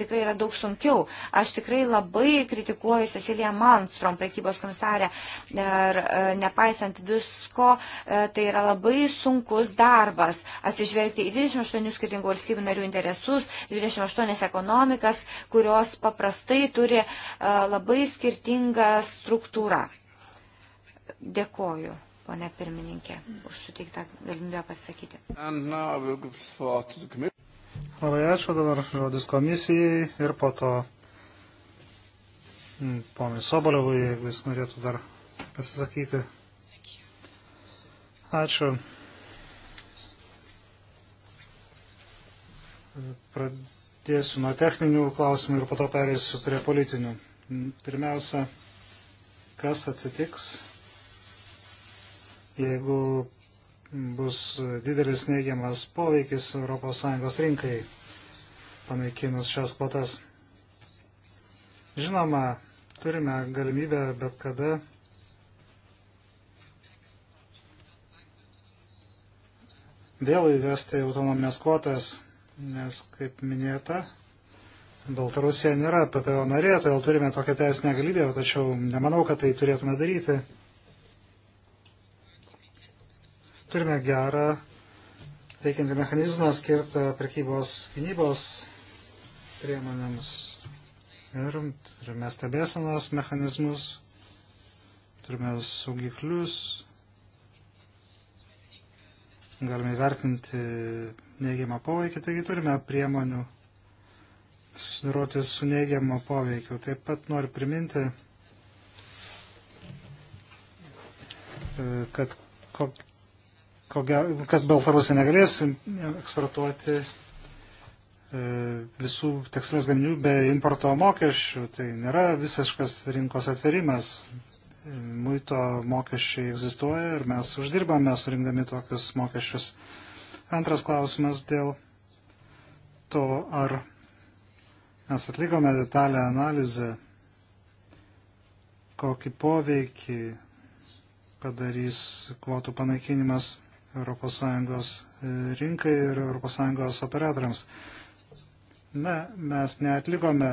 tikrai yra daug sunkiau. Aš tikrai labai kritikuoju Ceciliją Manstrom, priekybos komisarę. Ir e, nepaisant visko, e, tai yra labai sunkus darbas atsižvelgti į 28 skirtingų valstybių narių interesus, 28 ekonomikas, kurios paprastai turi e, labai skirtingą struktūrą. Dėkoju ponė pirmininkė, už suteiktą galimybę pasakyti. Labai ačiū dabar žodis komisijai ir po to mm, ponui Sobolevui, jeigu jis norėtų dar pasisakyti. Ačiū. Pradėsiu nuo techninių klausimų ir po to perėsiu prie politinių. Mm, pirmiausia, kas atsitiks jeigu bus didelis neigiamas poveikis ES rinkai panaikinus šias kvotas. Žinoma, turime galimybę bet kada vėl įvesti autonominės kvotas, nes, kaip minėta, Baltarusija nėra PPO narė, todėl turime tokią teisinę galybę, tačiau nemanau, kad tai turėtume daryti. Turime gerą veikiantį mechanizmą skirtą prekybos gynybos priemonėms. Ir turime stebėsenos mechanizmus, turime saugiklius, galime įvertinti neigiamą poveikį, taigi turime priemonių susidaroti su neigiamo poveikiu. Taip pat noriu priminti, e, kad kad Baltarusija negalės eksportuoti e, visų tekstilės gaminių be importo mokesčių. Tai nėra visiškas rinkos atverimas. Muito mokesčiai egzistuoja ir mes uždirbame surinkdami tokius mokesčius. Antras klausimas dėl to, ar mes atlikome detalę analizę, kokį poveikį padarys kvotų panaikinimas ES e, rinkai ir ES operatoriams. Na, mes neatlikome,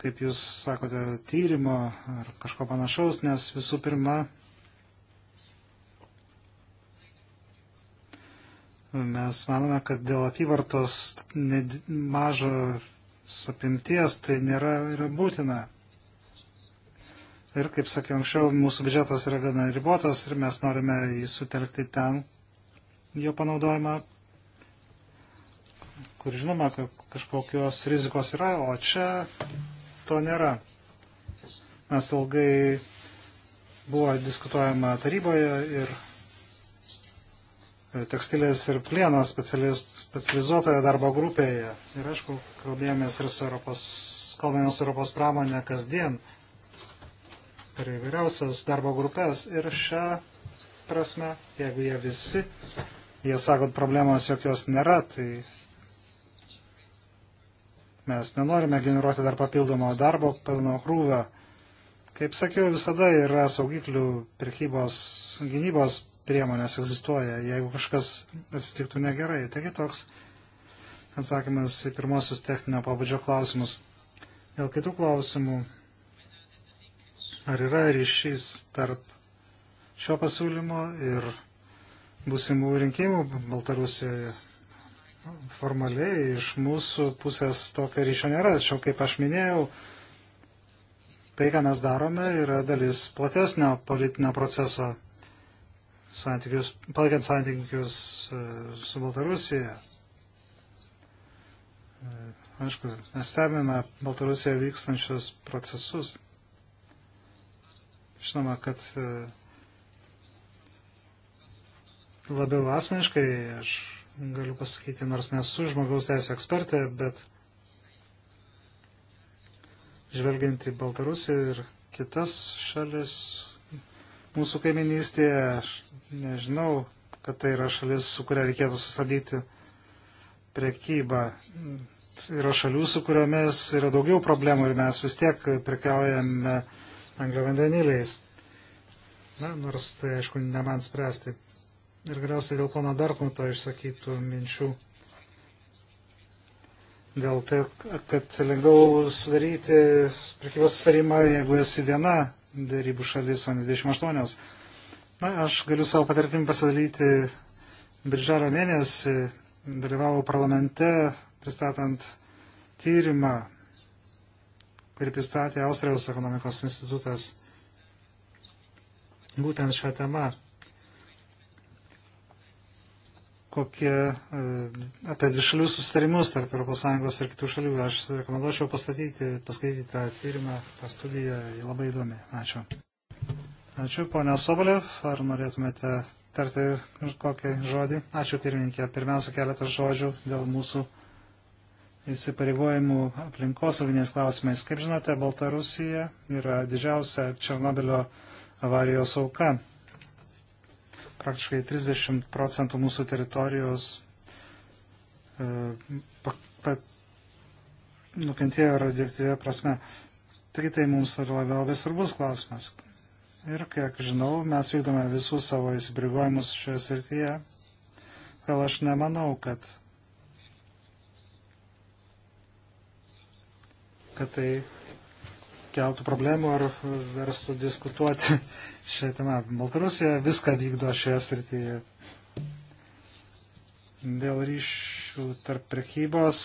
kaip jūs sakote, tyrimo ar kažko panašaus, nes visų pirma, mes manome, kad dėl apyvartos mažo apimties tai nėra būtina. Ir, kaip sakiau anksčiau, mūsų biudžetas yra gana ribotas ir mes norime jį sutelkti ten, jo panaudojimą, kur žinoma, kažkokios rizikos yra, o čia to nėra. Mes ilgai buvo diskutuojama taryboje ir e, tekstilės ir plieno specializuotoje darbo grupėje. Ir aišku, kalbėjomės ir su Europos, kalbėjomės su Europos pramonė kasdien per įvairiausias darbo grupės ir šią prasme, jeigu jie visi, jie sakot, problemos jokios nėra, tai mes nenorime generuoti dar papildomo darbo, pilno krūvio. Kaip sakiau, visada yra saugiklių prekybos gynybos priemonės egzistuoja, jeigu kažkas atsitiktų negerai. Taigi toks atsakymas į pirmosius techninio pabudžio klausimus. Dėl kitų klausimų Ar yra ryšys tarp šio pasiūlymo ir būsimų rinkimų Baltarusijoje? Formaliai iš mūsų pusės tokio ryšio nėra, tačiau kaip aš minėjau, tai, ką mes darome, yra dalis platesnio politinio proceso santykius, palaikant santykius e, su Baltarusija. E, aišku, mes stebime Baltarusijoje vykstančius procesus. Žinoma, kad e, labiau asmeniškai aš galiu pasakyti, nors nesu žmogaus teisų ekspertė, bet žvelgiant į Baltarusiją ir kitas šalis mūsų kaiminystėje, aš nežinau, kad tai yra šalis, su kuria reikėtų sustabdyti prekybą. Yra šalių, su kuriomis yra daugiau problemų ir mes vis tiek prekiaujame angliavandeniliais. Na, nors tai aišku ne man spręsti. Ir galiausiai dėl pono Dartmuto išsakytų minčių. Dėl tai, kad lengviau sudaryti prekybos sustarimą, jeigu esi viena dėrybų šalis, o ne 28. Na, aš galiu savo patirtim pasidalyti. Birželio mėnesį dalyvavau parlamente pristatant tyrimą kurį pristatė Austrijos ekonomikos institutas. Būtent šią temą, kokie e, apie dvišalius susitarimus tarp ES ir kitų šalių. Aš rekomenduočiau pastatyti, paskaityti tą tyrimą, tą studiją, ji labai įdomi. Ačiū. Ačiū, ponia Sobolev, ar norėtumėte tarti kokią žodį? Ačiū, pirmininkė. Pirmiausia, keletas žodžių dėl mūsų įsipareigojimų aplinkosauginės klausimais. Kaip žinote, Baltarusija yra didžiausia Černobilio avarijos auka. Praktiškai 30 procentų mūsų teritorijos e, pa, pa, nukentėjo radioaktyvėje prasme. Taigi tai mums yra labai, labai svarbus klausimas. Ir kiek žinau, mes vykdome visus savo įsipareigojimus šioje srityje. Gal aš nemanau, kad kad tai keltų problemų ar verstų diskutuoti šią temą. Baltarusija viską vykdo šioje srityje. Dėl ryšių tarp prekybos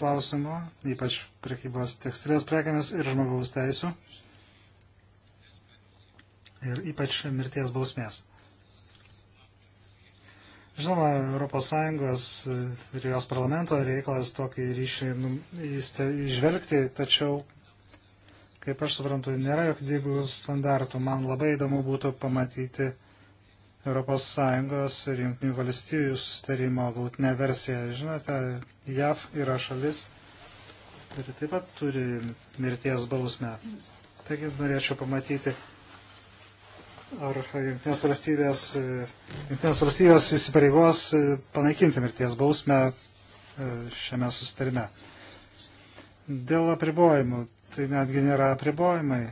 klausimų, ypač prekybos tekstilės prekiamis ir žmogaus teisų. Ir ypač mirties bausmės. Žinoma, ES e, ir jos parlamento reikalas tokį ryšį išvelgti, tačiau, kaip aš suprantu, nėra jokių didelių standartų. Man labai įdomu būtų pamatyti ES ir Junktinių valstybių sustarimo galutinę versiją. Žinote, JAV yra šalis, kuri taip pat turi mirties bausmę. Taigi norėčiau pamatyti ar Junktinės valstybės, e, Junktinės valstybės įsipareigos e, panaikinti mirties bausmę e, šiame susitarime. Dėl apribojimų, tai netgi nėra apribojimai,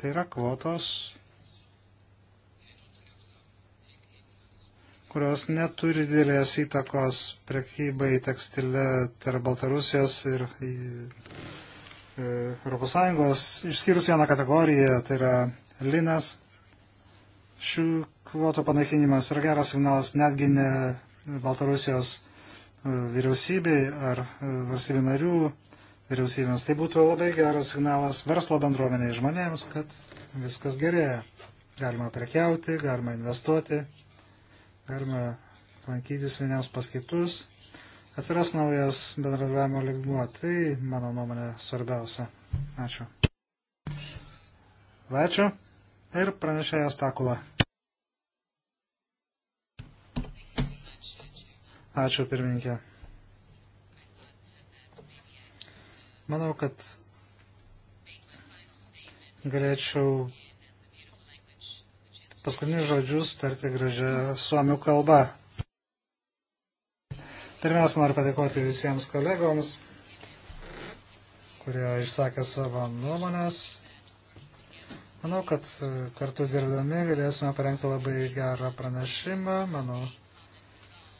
tai yra kvotos, kurios neturi didelės įtakos prekybai tekstilė tarp Baltarusijos ir ES, išskyrus vieną kategoriją, tai yra linas. Šių kvotų panaikinimas yra geras signalas netgi ne Baltarusijos e, vyriausybei ar e, valstybių narių vyriausybėms. Tai būtų labai geras signalas verslo bendruomeniai žmonėms, kad viskas gerėja. Galima prekiauti, galima investuoti, galima lankytis vieniems pas kitus. Atsiras naujas bendradarbiavimo ligmuo. Tai, mano nuomonė, svarbiausia. Ačiū. Ačiū. Ir pranešėjas Takula. Ačiū pirmininkė. Manau, kad galėčiau paskutinius žodžius tarti gražią suomių kalbą. Pirmiausia, noriu padėkoti visiems kolegoms, kurie išsakė savo nuomonės Manau, kad e, kartu dirbdami galėsime parengti labai gerą pranešimą. Manau,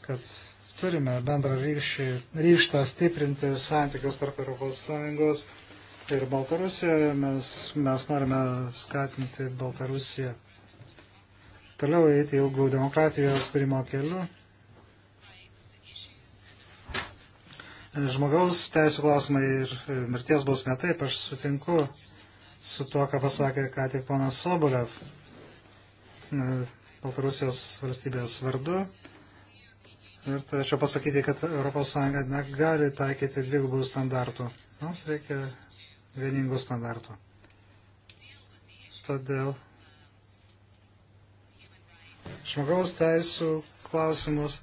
kad turime bendrą ryšį, ryštą stiprinti santykius tarp ES ir Baltarusijoje. Mes, mes norime skatinti Baltarusiją toliau eiti ilgų demokratijos kūrimo keliu. Žmogaus teisų klausimai ir mirties bausmė taip, aš sutinku su tuo, ką pasakė ką tik ponas Sobolev e, Baltarusijos valstybės vardu. Ir turėčiau pasakyti, kad ES negali taikyti dvigubų standartų. Mums reikia vieningų standartų. Todėl žmogaus teisų klausimus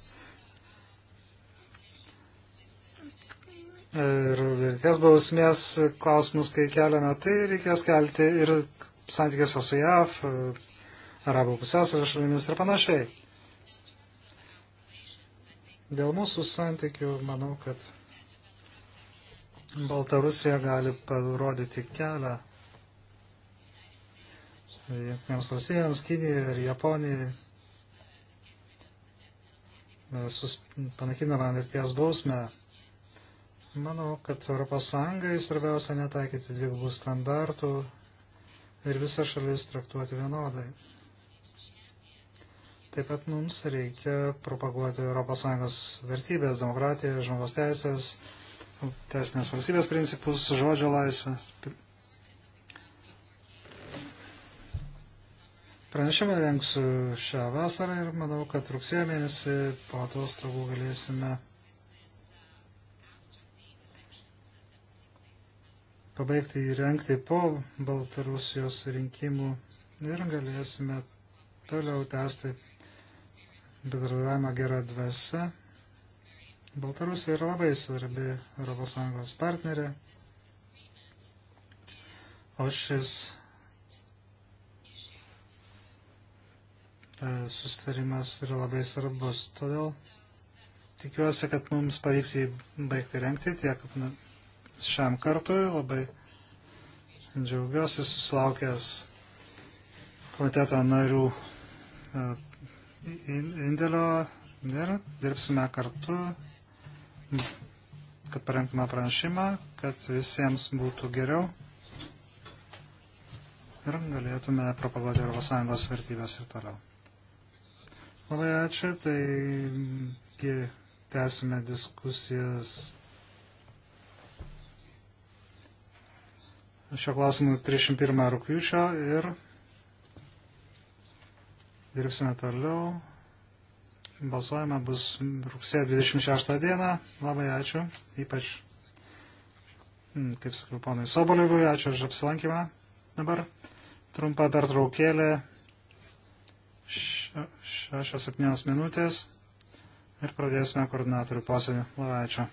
ir mirties bausmės klausimus, kai keliame, tai reikės kelti ir santykiuose su JAV, Arabų pusėsario šalimis ir panašiai. Dėl mūsų santykių manau, kad Baltarusija gali parodyti kelią Jungtinėms valstybėms, Kinijai ir Japonijai e, panakinama mirties bausmę Manau, kad ES svarbiausia netaikyti dvigubų standartų ir visą šalis traktuoti vienodai. Taip pat mums reikia propaguoti ES vertybės, demokratiją, žmogaus teisės, teisinės valstybės principus, žodžio laisvę. Pranešimą renksiu šią vasarą ir manau, kad rugsėjo mėnesį po atostogų galėsime pabaigti įrengti po Baltarusijos rinkimų ir galėsime toliau tęsti bendradarbiavimą gerą dvasę. Baltarusija yra labai svarbi ES partnerė, o šis e, sustarimas yra labai svarbus. Todėl tikiuosi, kad mums pavyks jį baigti renkti tiek šiam kartui. Labai džiaugiuosi susilaukęs komiteto narių e, indėlio ir dirbsime kartu, kad parengtume pranešimą, kad visiems būtų geriau ir galėtume propaguoti ES vertybės ir toliau. Labai ačiū, taigi tęsime diskusijas šio klausimu 31 rūpjūčio ir dirbsime toliau. Balsuojama bus rugsėjo 26 dieną. Labai ačiū. Ypač, hmm, kaip sakiau, ponui Sobolivui, ačiū už apsilankymą. Dabar trumpa pertraukėlė 6-7 minutės ir pradėsime koordinatorių posėdį. Labai ačiū.